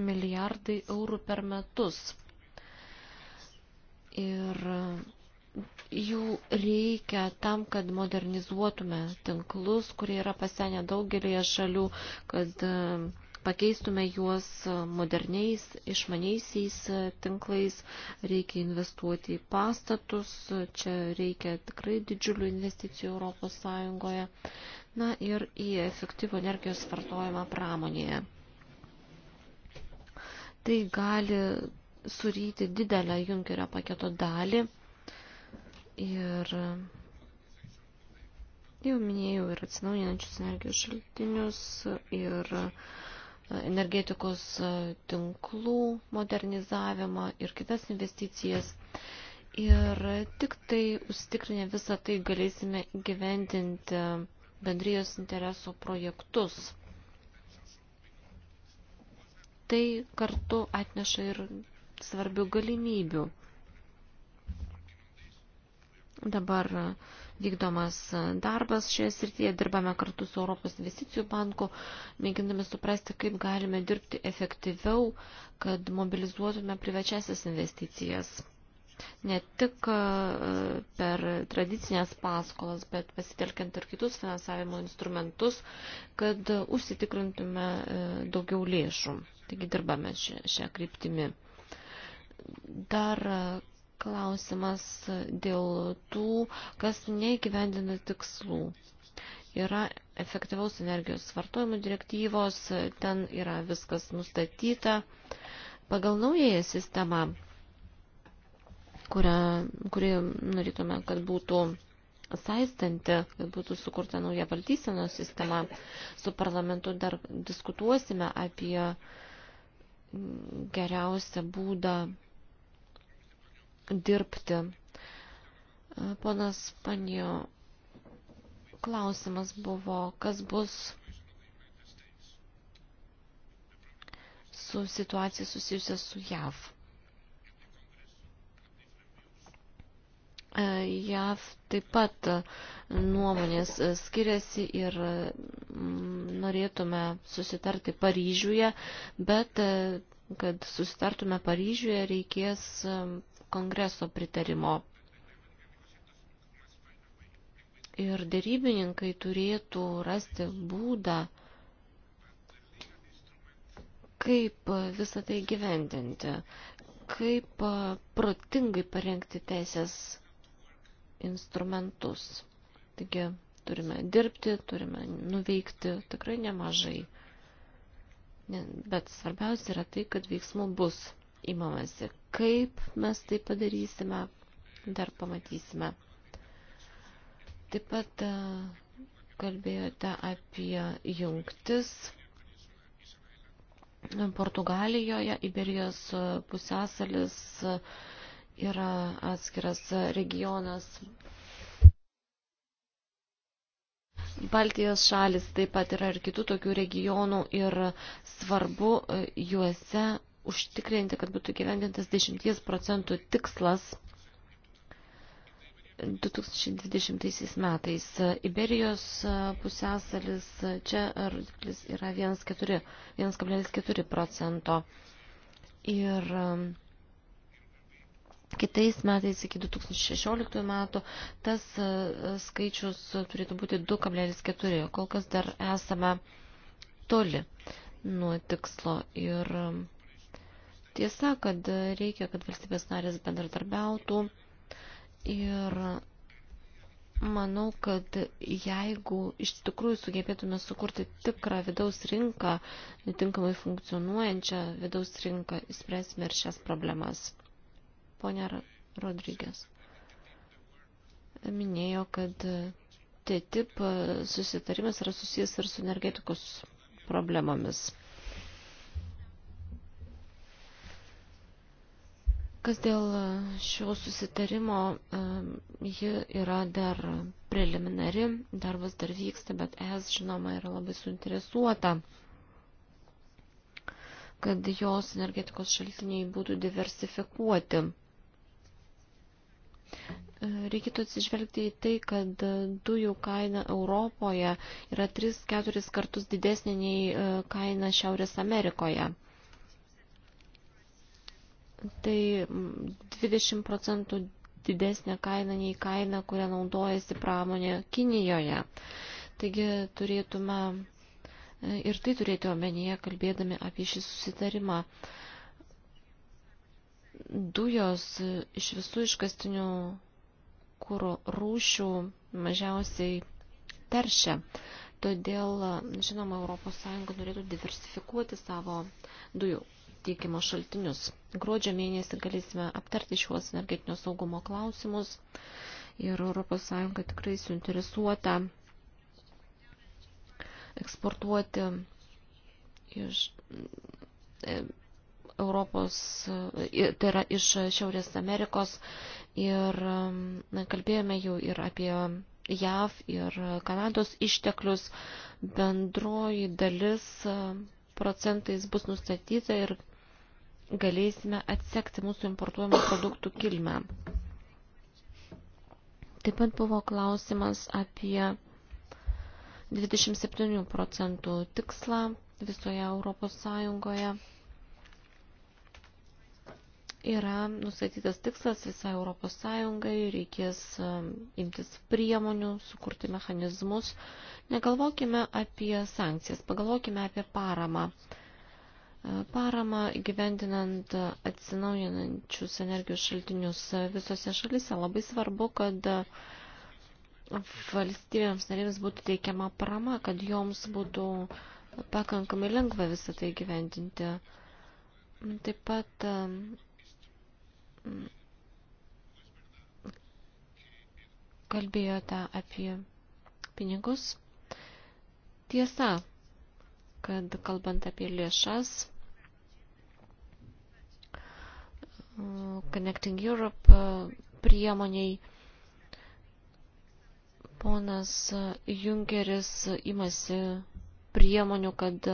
milijardai eurų per metus. Ir jų reikia tam, kad modernizuotume tinklus, kurie yra pasenę daugelėje šalių, kad e, pakeistume juos moderniais, išmaniaisiais e, tinklais, reikia investuoti į pastatus, čia reikia tikrai didžiulių investicijų Europos Sąjungoje, na ir į efektyvų energijos vartojimą pramonėje. Tai gali suryti didelę Junkerio paketo dalį ir jau minėjau ir atsinaujinančius energijos šaltinius ir e, energetikos e, tinklų modernizavimą ir kitas investicijas. Ir tik tai užtikrinę visą tai galėsime gyventinti bendrijos interesų projektus tai kartu atneša ir svarbių galimybių. Dabar vykdomas darbas šioje srityje, dirbame kartu su Europos investicijų banku, mėgindami suprasti, kaip galime dirbti efektyviau, kad mobilizuotume privačiasias investicijas. Ne tik e, per tradicinės paskolas, bet pasitelkiant ir kitus finansavimo instrumentus, kad užsitikrintume e, daugiau lėšų. Taigi dirbame šią kryptimį. Dar e, klausimas dėl tų, kas neįgyvendina tikslų. Yra efektyvaus energijos vartojimo direktyvos, ten yra viskas nustatyta. Pagal naująją sistemą, kurią, kuri norėtume, kad būtų saistanti, kad būtų sukurta nauja valdysenos sistema, su parlamentu dar diskutuosime apie uh, geriausią būdą dirbti. Ponas Panijo klausimas buvo, kas bus su situacija susijusia su JAV. E, JAV taip pat e, nuomonės e, skiriasi ir mm, norėtume susitarti Paryžiuje, bet kad susitartume Paryžiuje reikės kongreso pritarimo. Ir dėrybininkai turėtų rasti būdą, kaip visą tai gyvendinti, kaip protingai parengti teisės instrumentus. Taigi turime dirbti, turime nuveikti tikrai nemažai. Bet svarbiausia yra tai, kad veiksmų bus įmamasi. Kaip mes tai padarysime, dar pamatysime. Taip pat e, kalbėjote apie jungtis Portugalijoje, Iberijos e, pusėsalis, e, yra atskiras regionas. Baltijos šalis taip pat yra ir kitų tokių regionų ir svarbu e, juose užtikrinti, kad būtų gyvendintas 10 procentų tikslas 2020 metais. Iberijos e, pusęsalis e, čia yra 1,4 procento. Ir Kitais metais iki 2016 metų tas e, skaičius turėtų būti 2,4. Kol kas dar esame toli nuo tikslo ir e, tiesa, kad reikia, kad valstybės narės bendradarbiautų ir manau, kad jeigu iš tikrųjų sugebėtume sukurti tikrą vidaus rinką, netinkamai funkcionuojančią vidaus rinką, įspręsime ir šias problemas. Ponia Rodrygės minėjo, kad TTIP susitarimas yra susijęs ir su energetikos problemomis. Kas dėl šio susitarimo, ji yra dar preliminari, darbas dar vyksta, bet es, žinoma, yra labai suinteresuota, kad jos energetikos šaltiniai būtų diversifikuoti. Reikėtų atsižvelgti į tai, kad dujų kaina Europoje yra 3-4 kartus didesnė nei e, kaina Šiaurės Amerikoje. Tai 20 procentų didesnė kaina nei kaina, kurią naudojasi pramonė Kinijoje. Taigi turėtume e, ir tai turėti omenyje, kalbėdami apie šį susitarimą. Uh, dujos iš visų iškastinių kūro rūšių mažiausiai teršia. Todėl, žinoma, ES norėtų diversifikuoti savo dujų tiekimo šaltinius. Gruodžio mėnesį galėsime aptarti šiuos energetinio saugumo klausimus ir ES tikrai suinteresuota eksportuoti iš e, Europos, tai yra iš Šiaurės Amerikos ir um, kalbėjome jau ir apie JAV ir Kanados išteklius. Bendroji dalis procentais bus nustatyta ir galėsime atsekti mūsų importuojamų produktų kilmę. Taip pat buvo klausimas apie 27 procentų tikslą visoje Europos Sąjungoje yra nustatytas tikslas visai Europos Sąjungai, reikės um, imtis priemonių, sukurti mechanizmus. Negalvokime apie sankcijas, pagalvokime apie paramą. Uh, parama gyvendinant atsinaujinančius energijos šaltinius visose šalise labai svarbu, kad uh, valstybėms narėms būtų teikiama parama, kad joms būtų pakankamai lengva visą tai gyvendinti. Taip pat um, kalbėjote apie pinigus. Tiesa, kad kalbant apie lėšas, Connecting Europe priemoniai ponas Junkeris imasi priemonių, kad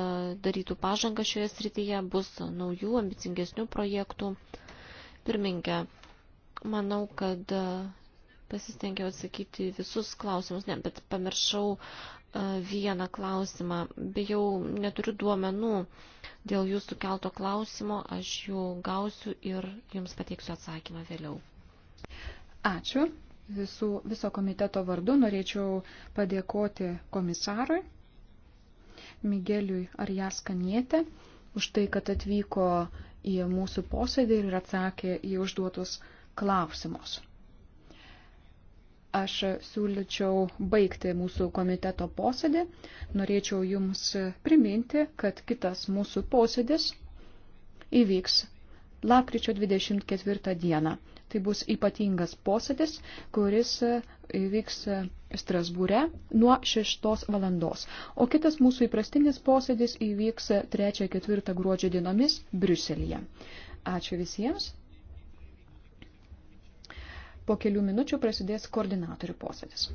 darytų pažangą šioje srityje, bus naujų ambicingesnių projektų. Pirminkė, manau, kad e, pasistengiau atsakyti visus klausimus, ne, bet pamiršau e, vieną klausimą. Bijau, neturiu duomenų dėl jūsų kelto klausimo, aš jų gausiu ir jums pateiksiu atsakymą vėliau. Ačiū. Visų, viso komiteto vardu norėčiau padėkoti komisarui Migeliui Arjaskanietė už tai, kad atvyko į mūsų posėdį ir atsakė į užduotus klausimus. Aš siūlyčiau baigti mūsų komiteto posėdį. Norėčiau Jums priminti, kad kitas mūsų posėdis įvyks lapkričio 24 dieną. Tai bus ypatingas posėdis, kuris e, vyks e, Strasbūre nuo 6 valandos. O kitas mūsų įprastinis posėdis įvyks 3-4 e, gruodžio dienomis Briuselėje. Ačiū visiems. Po kelių minučių prasidės koordinatorių posėdis.